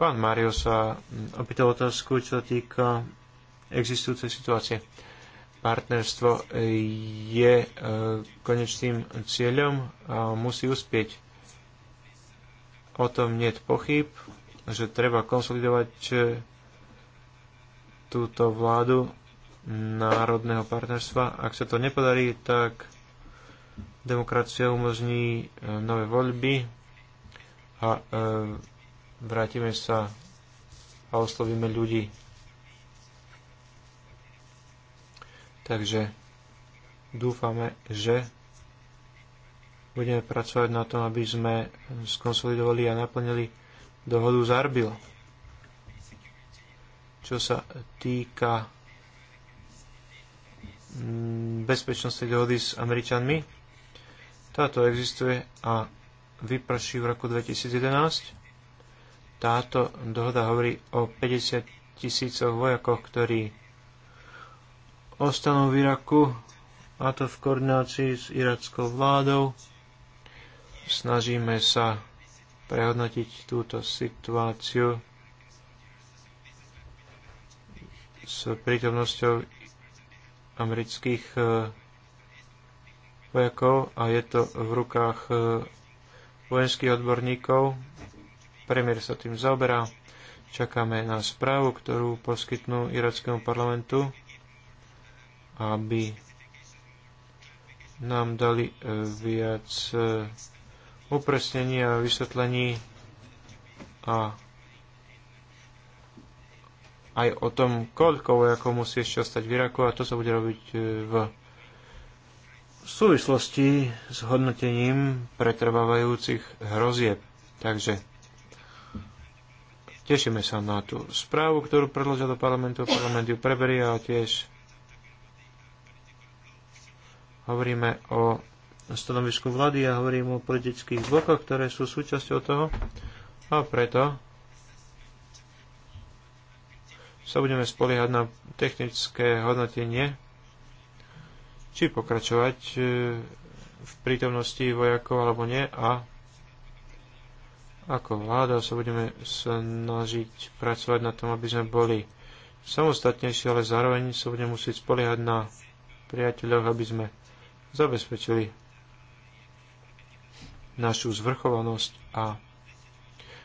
Pán Mario sa opýtal otázku, čo týka existujúcej situácie. Partnerstvo e, je e, konečným cieľom a musí uspieť. O tom nie je pochyb, že treba konsolidovať túto vládu národného partnerstva. Ak sa to nepodarí, tak demokracia umožní e, nové voľby a e, vrátime sa a oslovíme ľudí. Takže dúfame, že budeme pracovať na tom, aby sme skonsolidovali a naplnili dohodu z Arbil. Čo sa týka Mm, bezpečnostnej dohody s Američanmi. Táto existuje a vyprší v roku 2011. Táto dohoda hovorí o 50 tisícoch vojakov, ktorí ostanú v Iraku, a to v koordinácii s irackou vládou. Snažíme sa prehodnotiť túto situáciu s prítomnosťou amerických e, vojakov a je to v rukách e, vojenských odborníkov. Premiér sa tým zaoberá. Čakáme na správu, ktorú poskytnú irackému parlamentu, aby nám dali e, viac upresnení a vysvetlení a aj o tom, koľko vojakov musí ešte ostať v Iraku a to sa bude robiť e, v súvislosti s hodnotením pretrvávajúcich hrozieb. Takže tešíme sa na tú správu, ktorú predložia do parlamentu. Parlament ju preberie a tiež hovoríme o stanovisku vlády a hovoríme o politických blokoch, ktoré sú súčasťou toho. A preto sa budeme spoliehať na technické hodnotenie, či pokračovať e, v prítomnosti vojakov alebo nie a ako vláda sa budeme snažiť pracovať na tom, aby sme boli samostatnejší, ale zároveň sa budeme musieť spoliehať na priateľov, aby sme zabezpečili našu zvrchovanosť a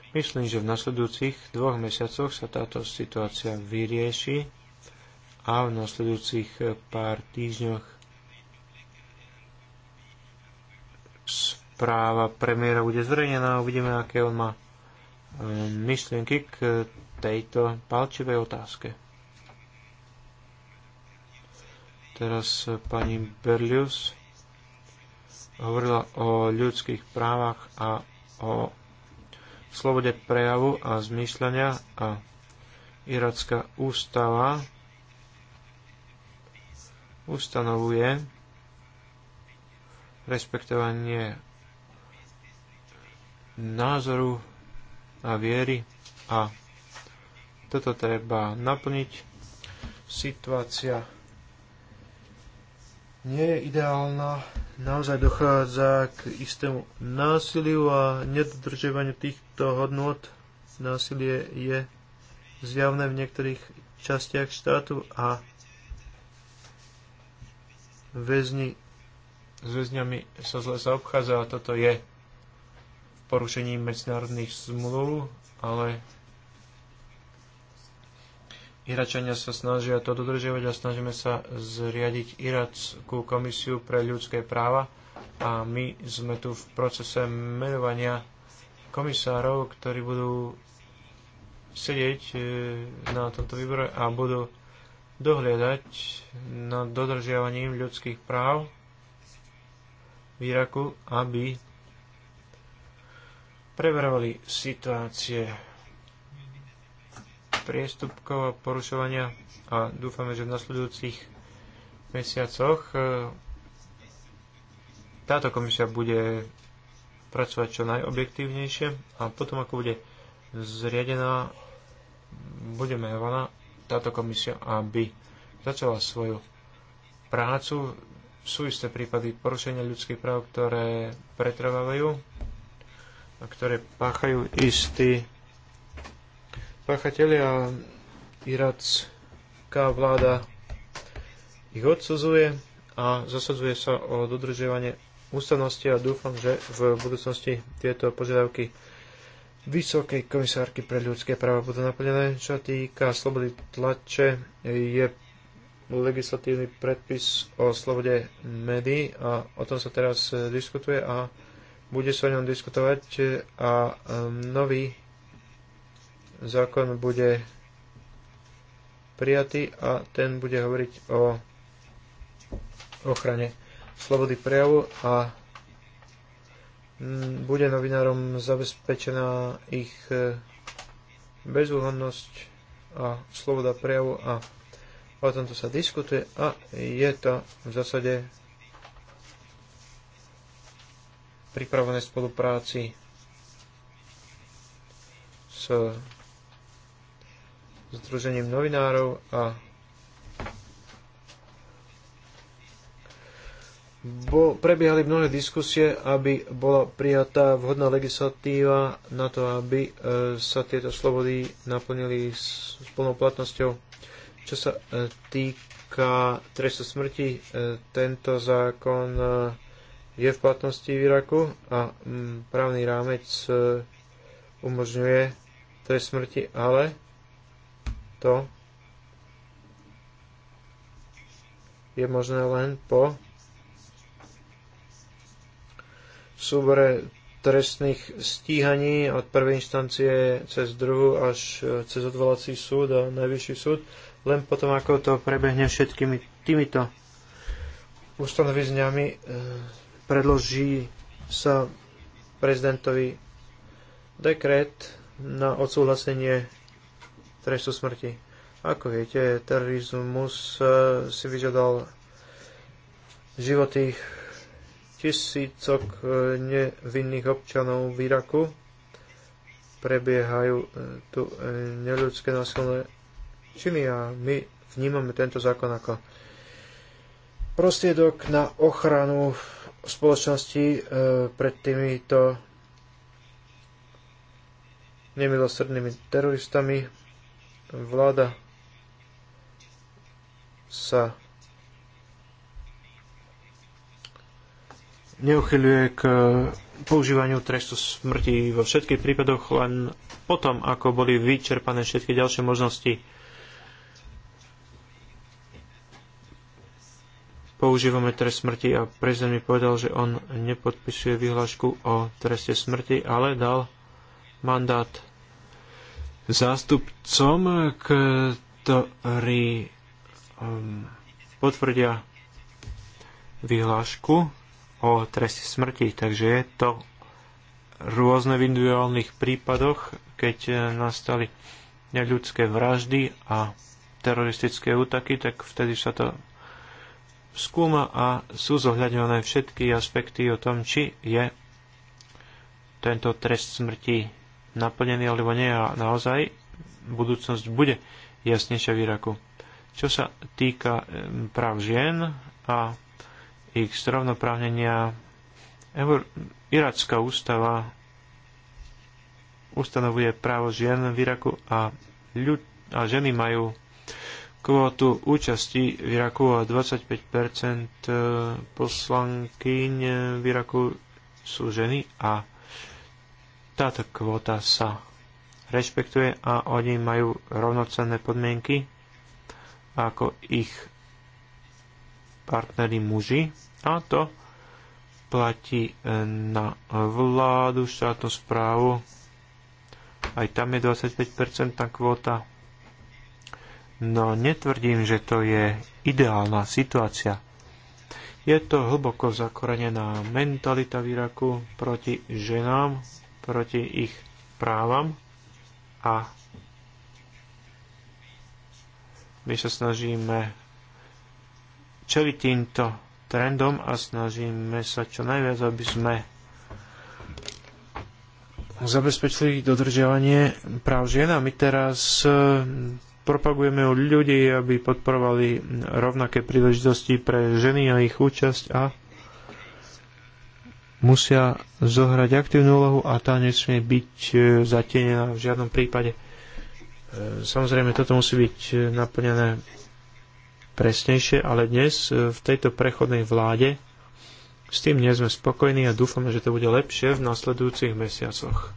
Myslím, že v nasledujúcich dvoch mesiacoch sa táto situácia vyrieši a v nasledujúcich eh, pár týždňoch správa premiéra bude zverejnená a uvidíme, aké on má eh, myšlienky k eh, tejto palčivej otázke. Teraz pani Berlius hovorila o ľudských právach a o slobode prejavu a zmýšľania a iracká ústava ustanovuje respektovanie názoru a viery a toto treba naplniť. Situácia nie je ideálna naozaj dochádza k istému násiliu a nedodržiavaniu týchto hodnot. Násilie je zjavné v niektorých častiach štátu a väzni s väzňami sa zle zaobchádza a toto je porušením medzinárodných zmluv, ale Iračania sa snažia to dodržiavať a snažíme sa zriadiť Irackú komisiu pre ľudské práva a my sme tu v procese menovania komisárov, ktorí budú sedieť e, na tomto výbore a budú dohliadať nad dodržiavaním ľudských práv v Iraku, aby preverovali situácie priestupkov a porušovania a dúfame, že v nasledujúcich mesiacoch e, táto komisia bude pracovať čo najobjektívnejšie a potom, ako bude zriadená, bude menovaná táto komisia, aby začala svoju prácu. Sú isté prípady porušenia ľudských práv, ktoré pretrvávajú a ktoré páchajú istí Páchatelia iracká vláda ich odsudzuje a zasadzuje sa o dodržiavanie ústavnosti a dúfam, že v budúcnosti tieto požiadavky Vysokej komisárky pre ľudské práva budú naplnené. Čo týka slobody tlače, je legislatívny predpis o slobode médií a o tom sa teraz diskutuje a bude sa o ňom diskutovať a nový zákon bude prijatý a ten bude hovoriť o ochrane slobody prejavu a mm, bude novinárom zabezpečená ich e, bezúhonnosť a sloboda prejavu a o tomto sa diskutuje a je to v zásade pripravené spolupráci s Združením novinárov a bo, prebiehali mnohé diskusie, aby bola prijatá vhodná legislatíva na to, aby e, sa tieto slobody naplnili s, s plnou platnosťou. Čo sa e, týka trestu smrti, e, tento zákon e, je v platnosti v Iraku a m, právny rámec e, umožňuje trest smrti, ale to je možné len po súbore trestných stíhaní od prvej instancie cez druhú až e, cez odvolací súd a najvyšší súd, len potom ako to prebehne všetkými týmito ustanovizňami e, predloží sa prezidentovi dekret na odsúhlasenie trestu smrti. Ako viete, terorizmus eh, si vyžadal životy tisícok eh, nevinných občanov v Iraku. Prebiehajú eh, tu neľudské násilné činy a my vnímame tento zákon ako prostriedok na ochranu spoločnosti pred týmito nemilosrdnými teroristami vláda sa neuchyľuje k používaniu trestu smrti vo všetkých prípadoch len potom, ako boli vyčerpané všetky ďalšie možnosti. Používame trest smrti a prezident mi povedal, že on nepodpisuje vyhlášku o treste smrti, ale dal mandát zástupcom, ktorí um, potvrdia vyhlášku o treste smrti. Takže je to rôzne v individuálnych prípadoch, keď eh, nastali ľudské vraždy a teroristické útaky, tak vtedy sa to skúma a sú zohľadňované všetky aspekty o tom, či je tento trest smrti naplnený alebo nie a naozaj budúcnosť bude jasnejšia v Iraku. Čo sa týka práv žien a ich zrovnoprávnenia, Iracká ústava ustanovuje právo žien v Iraku a, ľud, a ženy majú kvótu účasti v Iraku a 25% eh, poslankyň v Iraku sú ženy a táto kvóta sa rešpektuje a oni majú rovnocenné podmienky ako ich partneri muži a to platí e, na vládu, štátnu správu. Aj tam je 25% kvóta. No netvrdím, že to je ideálna situácia. Je to hlboko zakorenená mentalita v Iraku proti ženám, proti ich právam a my sa snažíme čeliť týmto trendom a snažíme sa čo najviac, aby sme zabezpečili dodržiavanie práv žien a my teraz e, propagujeme u ľudí, aby podporovali rovnaké príležitosti pre ženy a ich účasť a musia zohrať aktívnu úlohu a tá nesmie byť e, zatenená v žiadnom prípade. E, samozrejme, toto musí byť e, naplnené presnejšie, ale dnes v tejto prechodnej vláde s tým nie sme spokojní a dúfame, že to bude lepšie v nasledujúcich mesiacoch.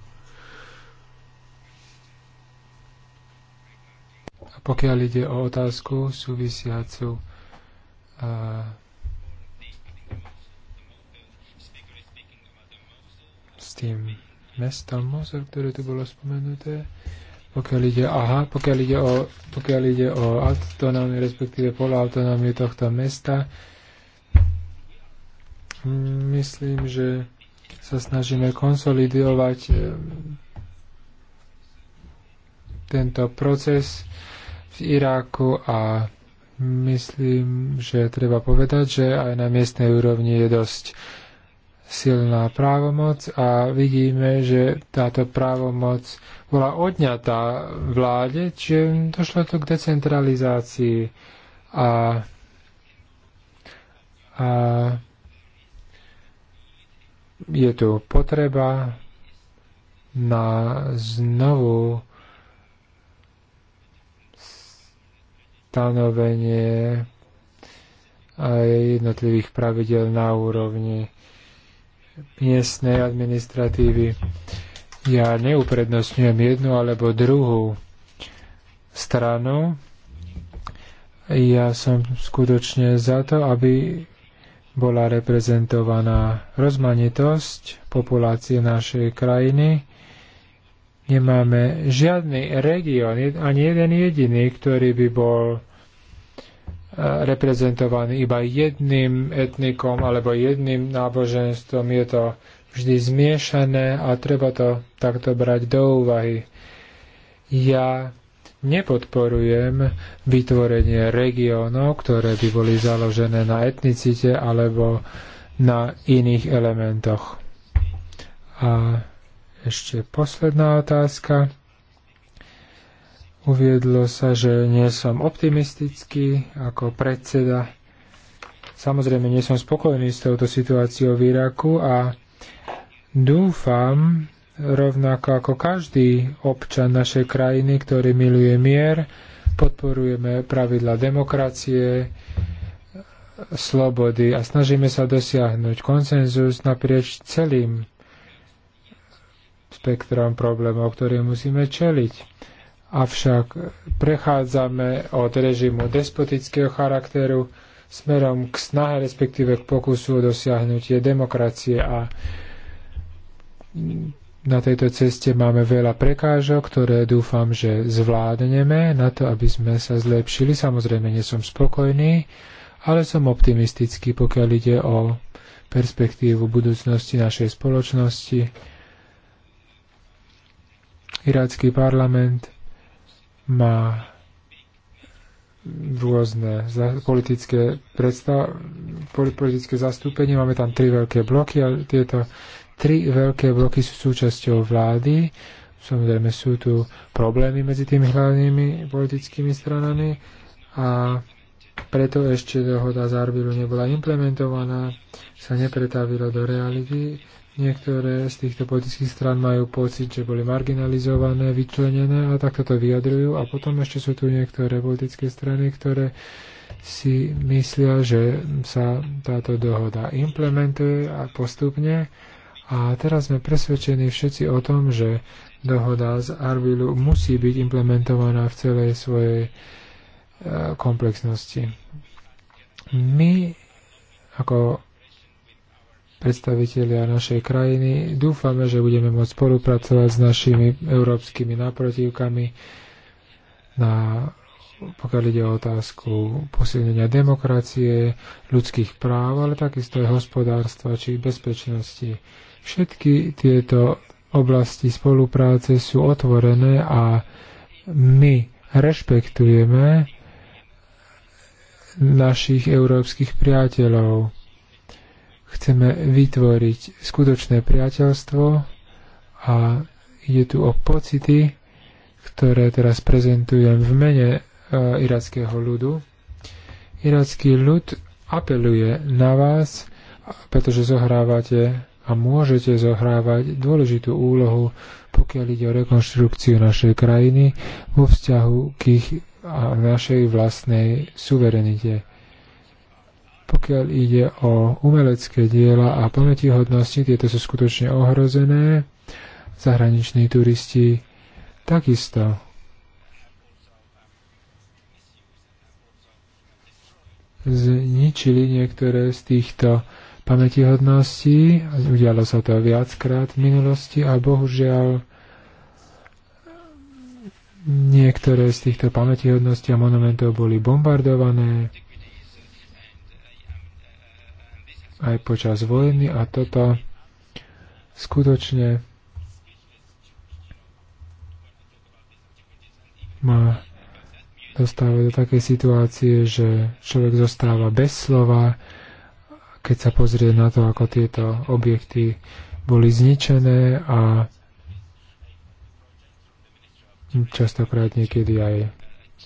A pokiaľ ide o otázku súvisiacu uh, s tým mestom Mosor, ktoré tu bolo spomenuté, pokiaľ ide, aha, pokiaľ ide o, pokiaľ ide o autonómiu, respektíve poloautonómiu tohto mesta, myslím, že sa snažíme konsolidovať eh, tento proces v Iráku a myslím, že treba povedať, že aj na miestnej úrovni je dosť silná právomoc a vidíme, že táto právomoc bola odňatá vláde, čiže došlo to k decentralizácii a, a je tu potreba na znovu stanovenie jednotlivých pravidel na úrovni miestnej administratívy. Ja neuprednostňujem jednu alebo druhú stranu. Ja som skutočne za to, aby bola reprezentovaná rozmanitosť populácie našej krajiny. Nemáme žiadny región, ani jeden jediný, ktorý by bol reprezentovaný iba jedným etnikom alebo jedným náboženstvom. Je to vždy zmiešané a treba to takto brať do úvahy. Ja nepodporujem vytvorenie regiónov, ktoré by boli založené na etnicite alebo na iných elementoch. A ešte posledná otázka. Uviedlo sa, že nie som optimistický ako predseda. Samozrejme, nie som spokojný s touto situáciou v Iraku a dúfam, rovnako ako každý občan našej krajiny, ktorý miluje mier, podporujeme pravidla demokracie, slobody a snažíme sa dosiahnuť konsenzus naprieč celým spektrom problémov, ktoré musíme čeliť avšak prechádzame od režimu despotického charakteru smerom k snahe, respektíve k pokusu o dosiahnutie demokracie a na tejto ceste máme veľa prekážok, ktoré dúfam, že zvládneme na to, aby sme sa zlepšili. Samozrejme, nie som spokojný, ale som optimistický, pokiaľ ide o perspektívu budúcnosti našej spoločnosti. Irácky parlament má rôzne politické, predstav, politické zastúpenie. Máme tam tri veľké bloky a tieto tri veľké bloky sú súčasťou vlády. Samozrejme sú tu problémy medzi tými hlavnými politickými stranami a preto ešte dohoda z Arbilu nebola implementovaná, sa nepretavila do reality. Niektoré z týchto politických strán majú pocit, že boli marginalizované, vyčlenené a takto to vyjadrujú. A potom ešte sú tu niektoré politické strany, ktoré si myslia, že sa táto dohoda implementuje a postupne. A teraz sme presvedčení všetci o tom, že dohoda z Arvilu musí byť implementovaná v celej svojej e, komplexnosti. My ako predstavitelia našej krajiny. Dúfame, že budeme môcť spolupracovať s našimi európskymi naprotivkami na pokiaľ ide o otázku posilnenia demokracie, ľudských práv, ale takisto aj hospodárstva či bezpečnosti. Všetky tieto oblasti spolupráce sú otvorené a my rešpektujeme našich európskych priateľov. Chceme vytvoriť skutočné priateľstvo a ide tu o pocity, ktoré teraz prezentujem v mene e, irackého ľudu. Iracký ľud apeluje na vás, pretože zohrávate a môžete zohrávať dôležitú úlohu, pokiaľ ide o rekonštrukciu našej krajiny vo vzťahu k ich a našej vlastnej suverenite. Pokiaľ ide o umelecké diela a pamätihodnosti, tieto sú skutočne ohrozené. Zahraniční turisti takisto. Zničili niektoré z týchto pamätihodností. Udialo sa to viackrát v minulosti a bohužiaľ niektoré z týchto pamätihodností a monumentov boli bombardované. aj počas vojny a toto skutočne ma dostáva do takej situácie, že človek zostáva bez slova, keď sa pozrie na to, ako tieto objekty boli zničené a častokrát niekedy aj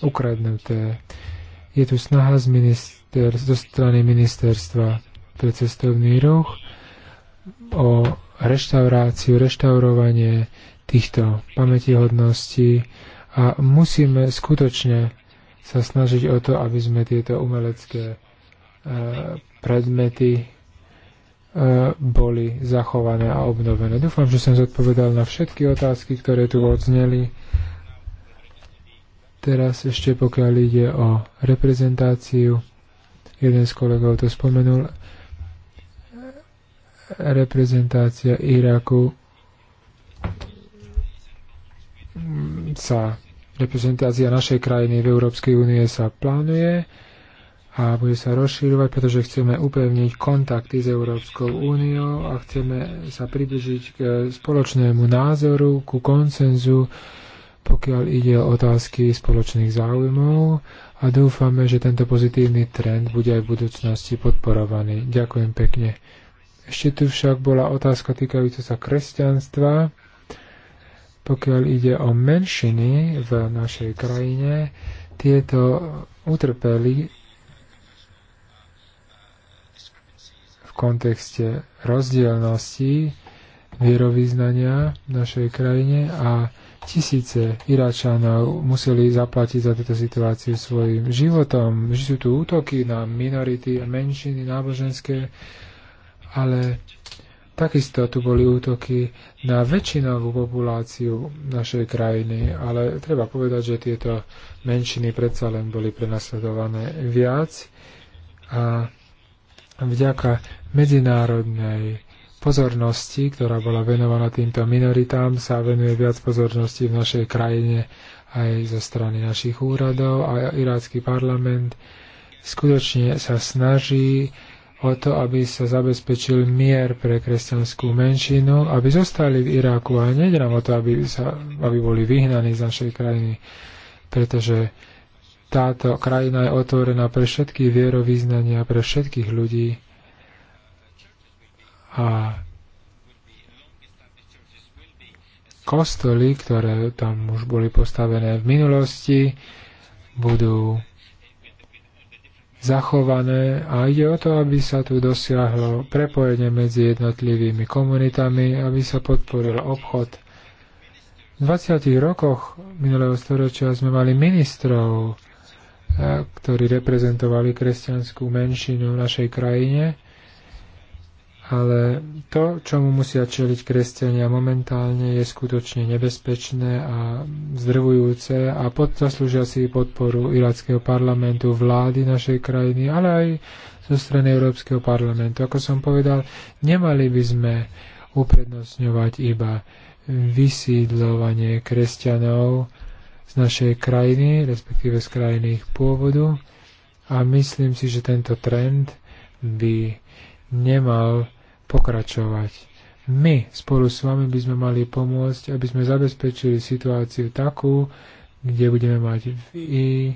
ukradnuté. Je tu snaha z minister, zo strany ministerstva pre cestovný ruch, o reštauráciu, reštaurovanie týchto pamätihodností a musíme skutočne sa snažiť o to, aby sme tieto umelecké e, predmety e, boli zachované a obnovené. Dúfam, že som zodpovedal na všetky otázky, ktoré tu odzneli. Teraz ešte pokiaľ ide o reprezentáciu, jeden z kolegov to spomenul, reprezentácia Iraku sa reprezentácia našej krajiny v Európskej únie sa plánuje a bude sa rozširovať, pretože chceme upevniť kontakty s Európskou úniou a chceme sa približiť k spoločnému názoru, ku koncenzu, pokiaľ ide o otázky spoločných záujmov a dúfame, že tento pozitívny trend bude aj v budúcnosti podporovaný. Ďakujem pekne. Ešte tu však bola otázka týkajúca sa kresťanstva. Pokiaľ ide o menšiny v našej krajine, tieto utrpeli v kontexte rozdielnosti vierovýznania v našej krajine a tisíce Iračanov museli zaplatiť za túto situáciu svojim životom. Že sú tu útoky na minority a menšiny náboženské, ale Takisto tu boli útoky na väčšinovú populáciu našej krajiny, ale treba povedať, že tieto menšiny predsa len boli prenasledované viac a vďaka medzinárodnej pozornosti, ktorá bola venovaná týmto minoritám, sa venuje viac pozornosti v našej krajine aj zo strany našich úradov a irácky parlament skutočne sa snaží o to, aby sa zabezpečil mier pre kresťanskú menšinu, aby zostali v Iraku a nejde nám o to, aby, sa, aby boli vyhnaní z našej krajiny, pretože táto krajina je otvorená pre všetky vierovýznania, pre všetkých ľudí a kostoly, ktoré tam už boli postavené v minulosti, budú zachované a ide o to, aby sa tu dosiahlo prepojenie medzi jednotlivými komunitami, aby sa podporil obchod. V 20. rokoch minulého storočia sme mali ministrov, eh, ktorí reprezentovali kresťanskú menšinu v našej krajine ale to, čomu musia čeliť kresťania momentálne, je skutočne nebezpečné a zdrvujúce a pod, zaslúžia si podporu irackého parlamentu, vlády našej krajiny, ale aj zo strany Európskeho parlamentu. Ako som povedal, nemali by sme uprednostňovať iba vysídľovanie kresťanov z našej krajiny, respektíve z krajiny ich pôvodu. A myslím si, že tento trend by nemal pokračovať. My spolu s vami by sme mali pomôcť, aby sme zabezpečili situáciu takú, kde budeme mať i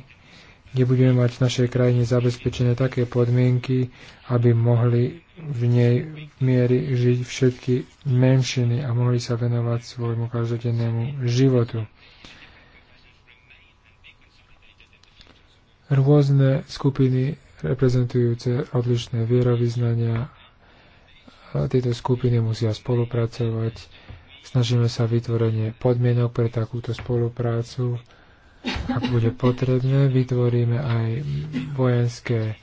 kde budeme mať v našej krajine zabezpečené také podmienky, aby mohli v nej v miery žiť všetky menšiny a mohli sa venovať svojmu každodennému životu. Rôzne skupiny reprezentujúce odlišné vierovýznania tieto skupiny musia spolupracovať. Snažíme sa vytvorenie podmienok pre takúto spoluprácu. Ak bude potrebné, vytvoríme aj vojenské e,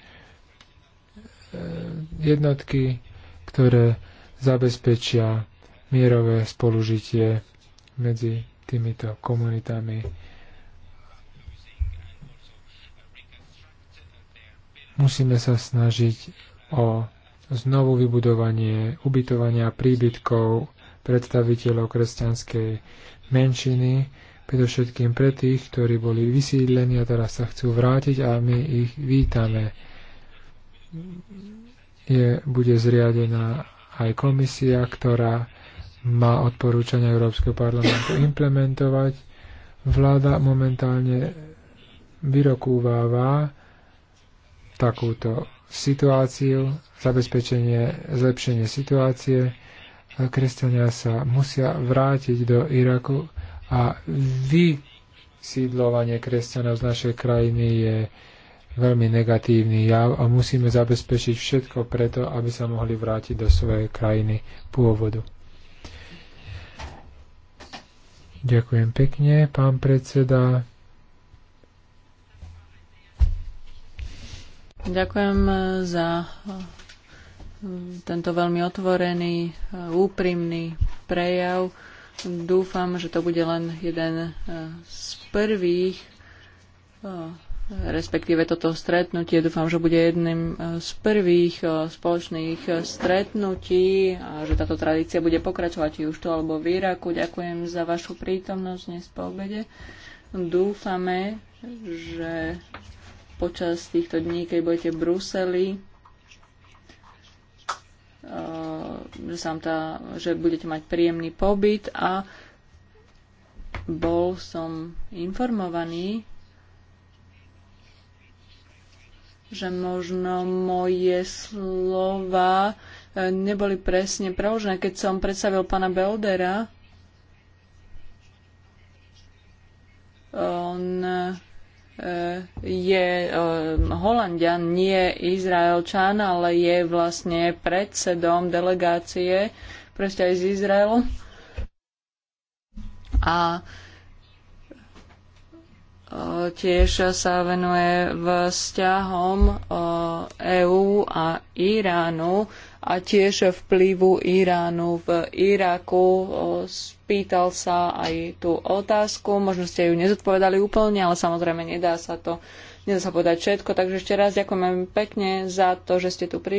jednotky, ktoré zabezpečia mierové spolužitie medzi týmito komunitami. Musíme sa snažiť o znovu vybudovanie ubytovania príbytkov predstaviteľov kresťanskej menšiny, predovšetkým pre tých, ktorí boli vysídlení a teraz sa chcú vrátiť a my ich vítame. Je, bude zriadená aj komisia, ktorá má odporúčania Európskeho parlamentu implementovať. Vláda momentálne vyrokúváva takúto situáciu, zabezpečenie, zlepšenie situácie. Kresťania sa musia vrátiť do Iraku a vysídlovanie kresťanov z našej krajiny je veľmi negatívny jav a musíme zabezpečiť všetko preto, aby sa mohli vrátiť do svojej krajiny pôvodu. Ďakujem pekne, pán predseda. Ďakujem eh, za eh, tento veľmi otvorený, eh, úprimný prejav. Dúfam, že to bude len jeden z prvých, respektíve toto stretnutie, dúfam, že bude jedným z prvých spoločných stretnutí a že táto tradícia bude pokračovať už tu alebo v Iraku. Ďakujem za vašu prítomnosť dnes po obede. Dúfame, že počas týchto dní, keď budete v Bruseli, eh, že, tá, že budete mať príjemný pobyt a bol som informovaný, že možno moje slova eh, neboli presne preložené. Keď som predstavil pána Beldera, on je eh, Holandian, nie Izraelčan, ale je vlastne predsedom delegácie proste aj z Izraelu. A eh, tiež sa venuje vzťahom eh, EÚ a Iránu a tiež vplyvu Iránu v Iraku. Spýtal sa aj tú otázku, možno ste ju nezodpovedali úplne, ale samozrejme nedá sa to, nedá sa povedať všetko. Takže ešte raz ďakujem pekne za to, že ste tu prišli.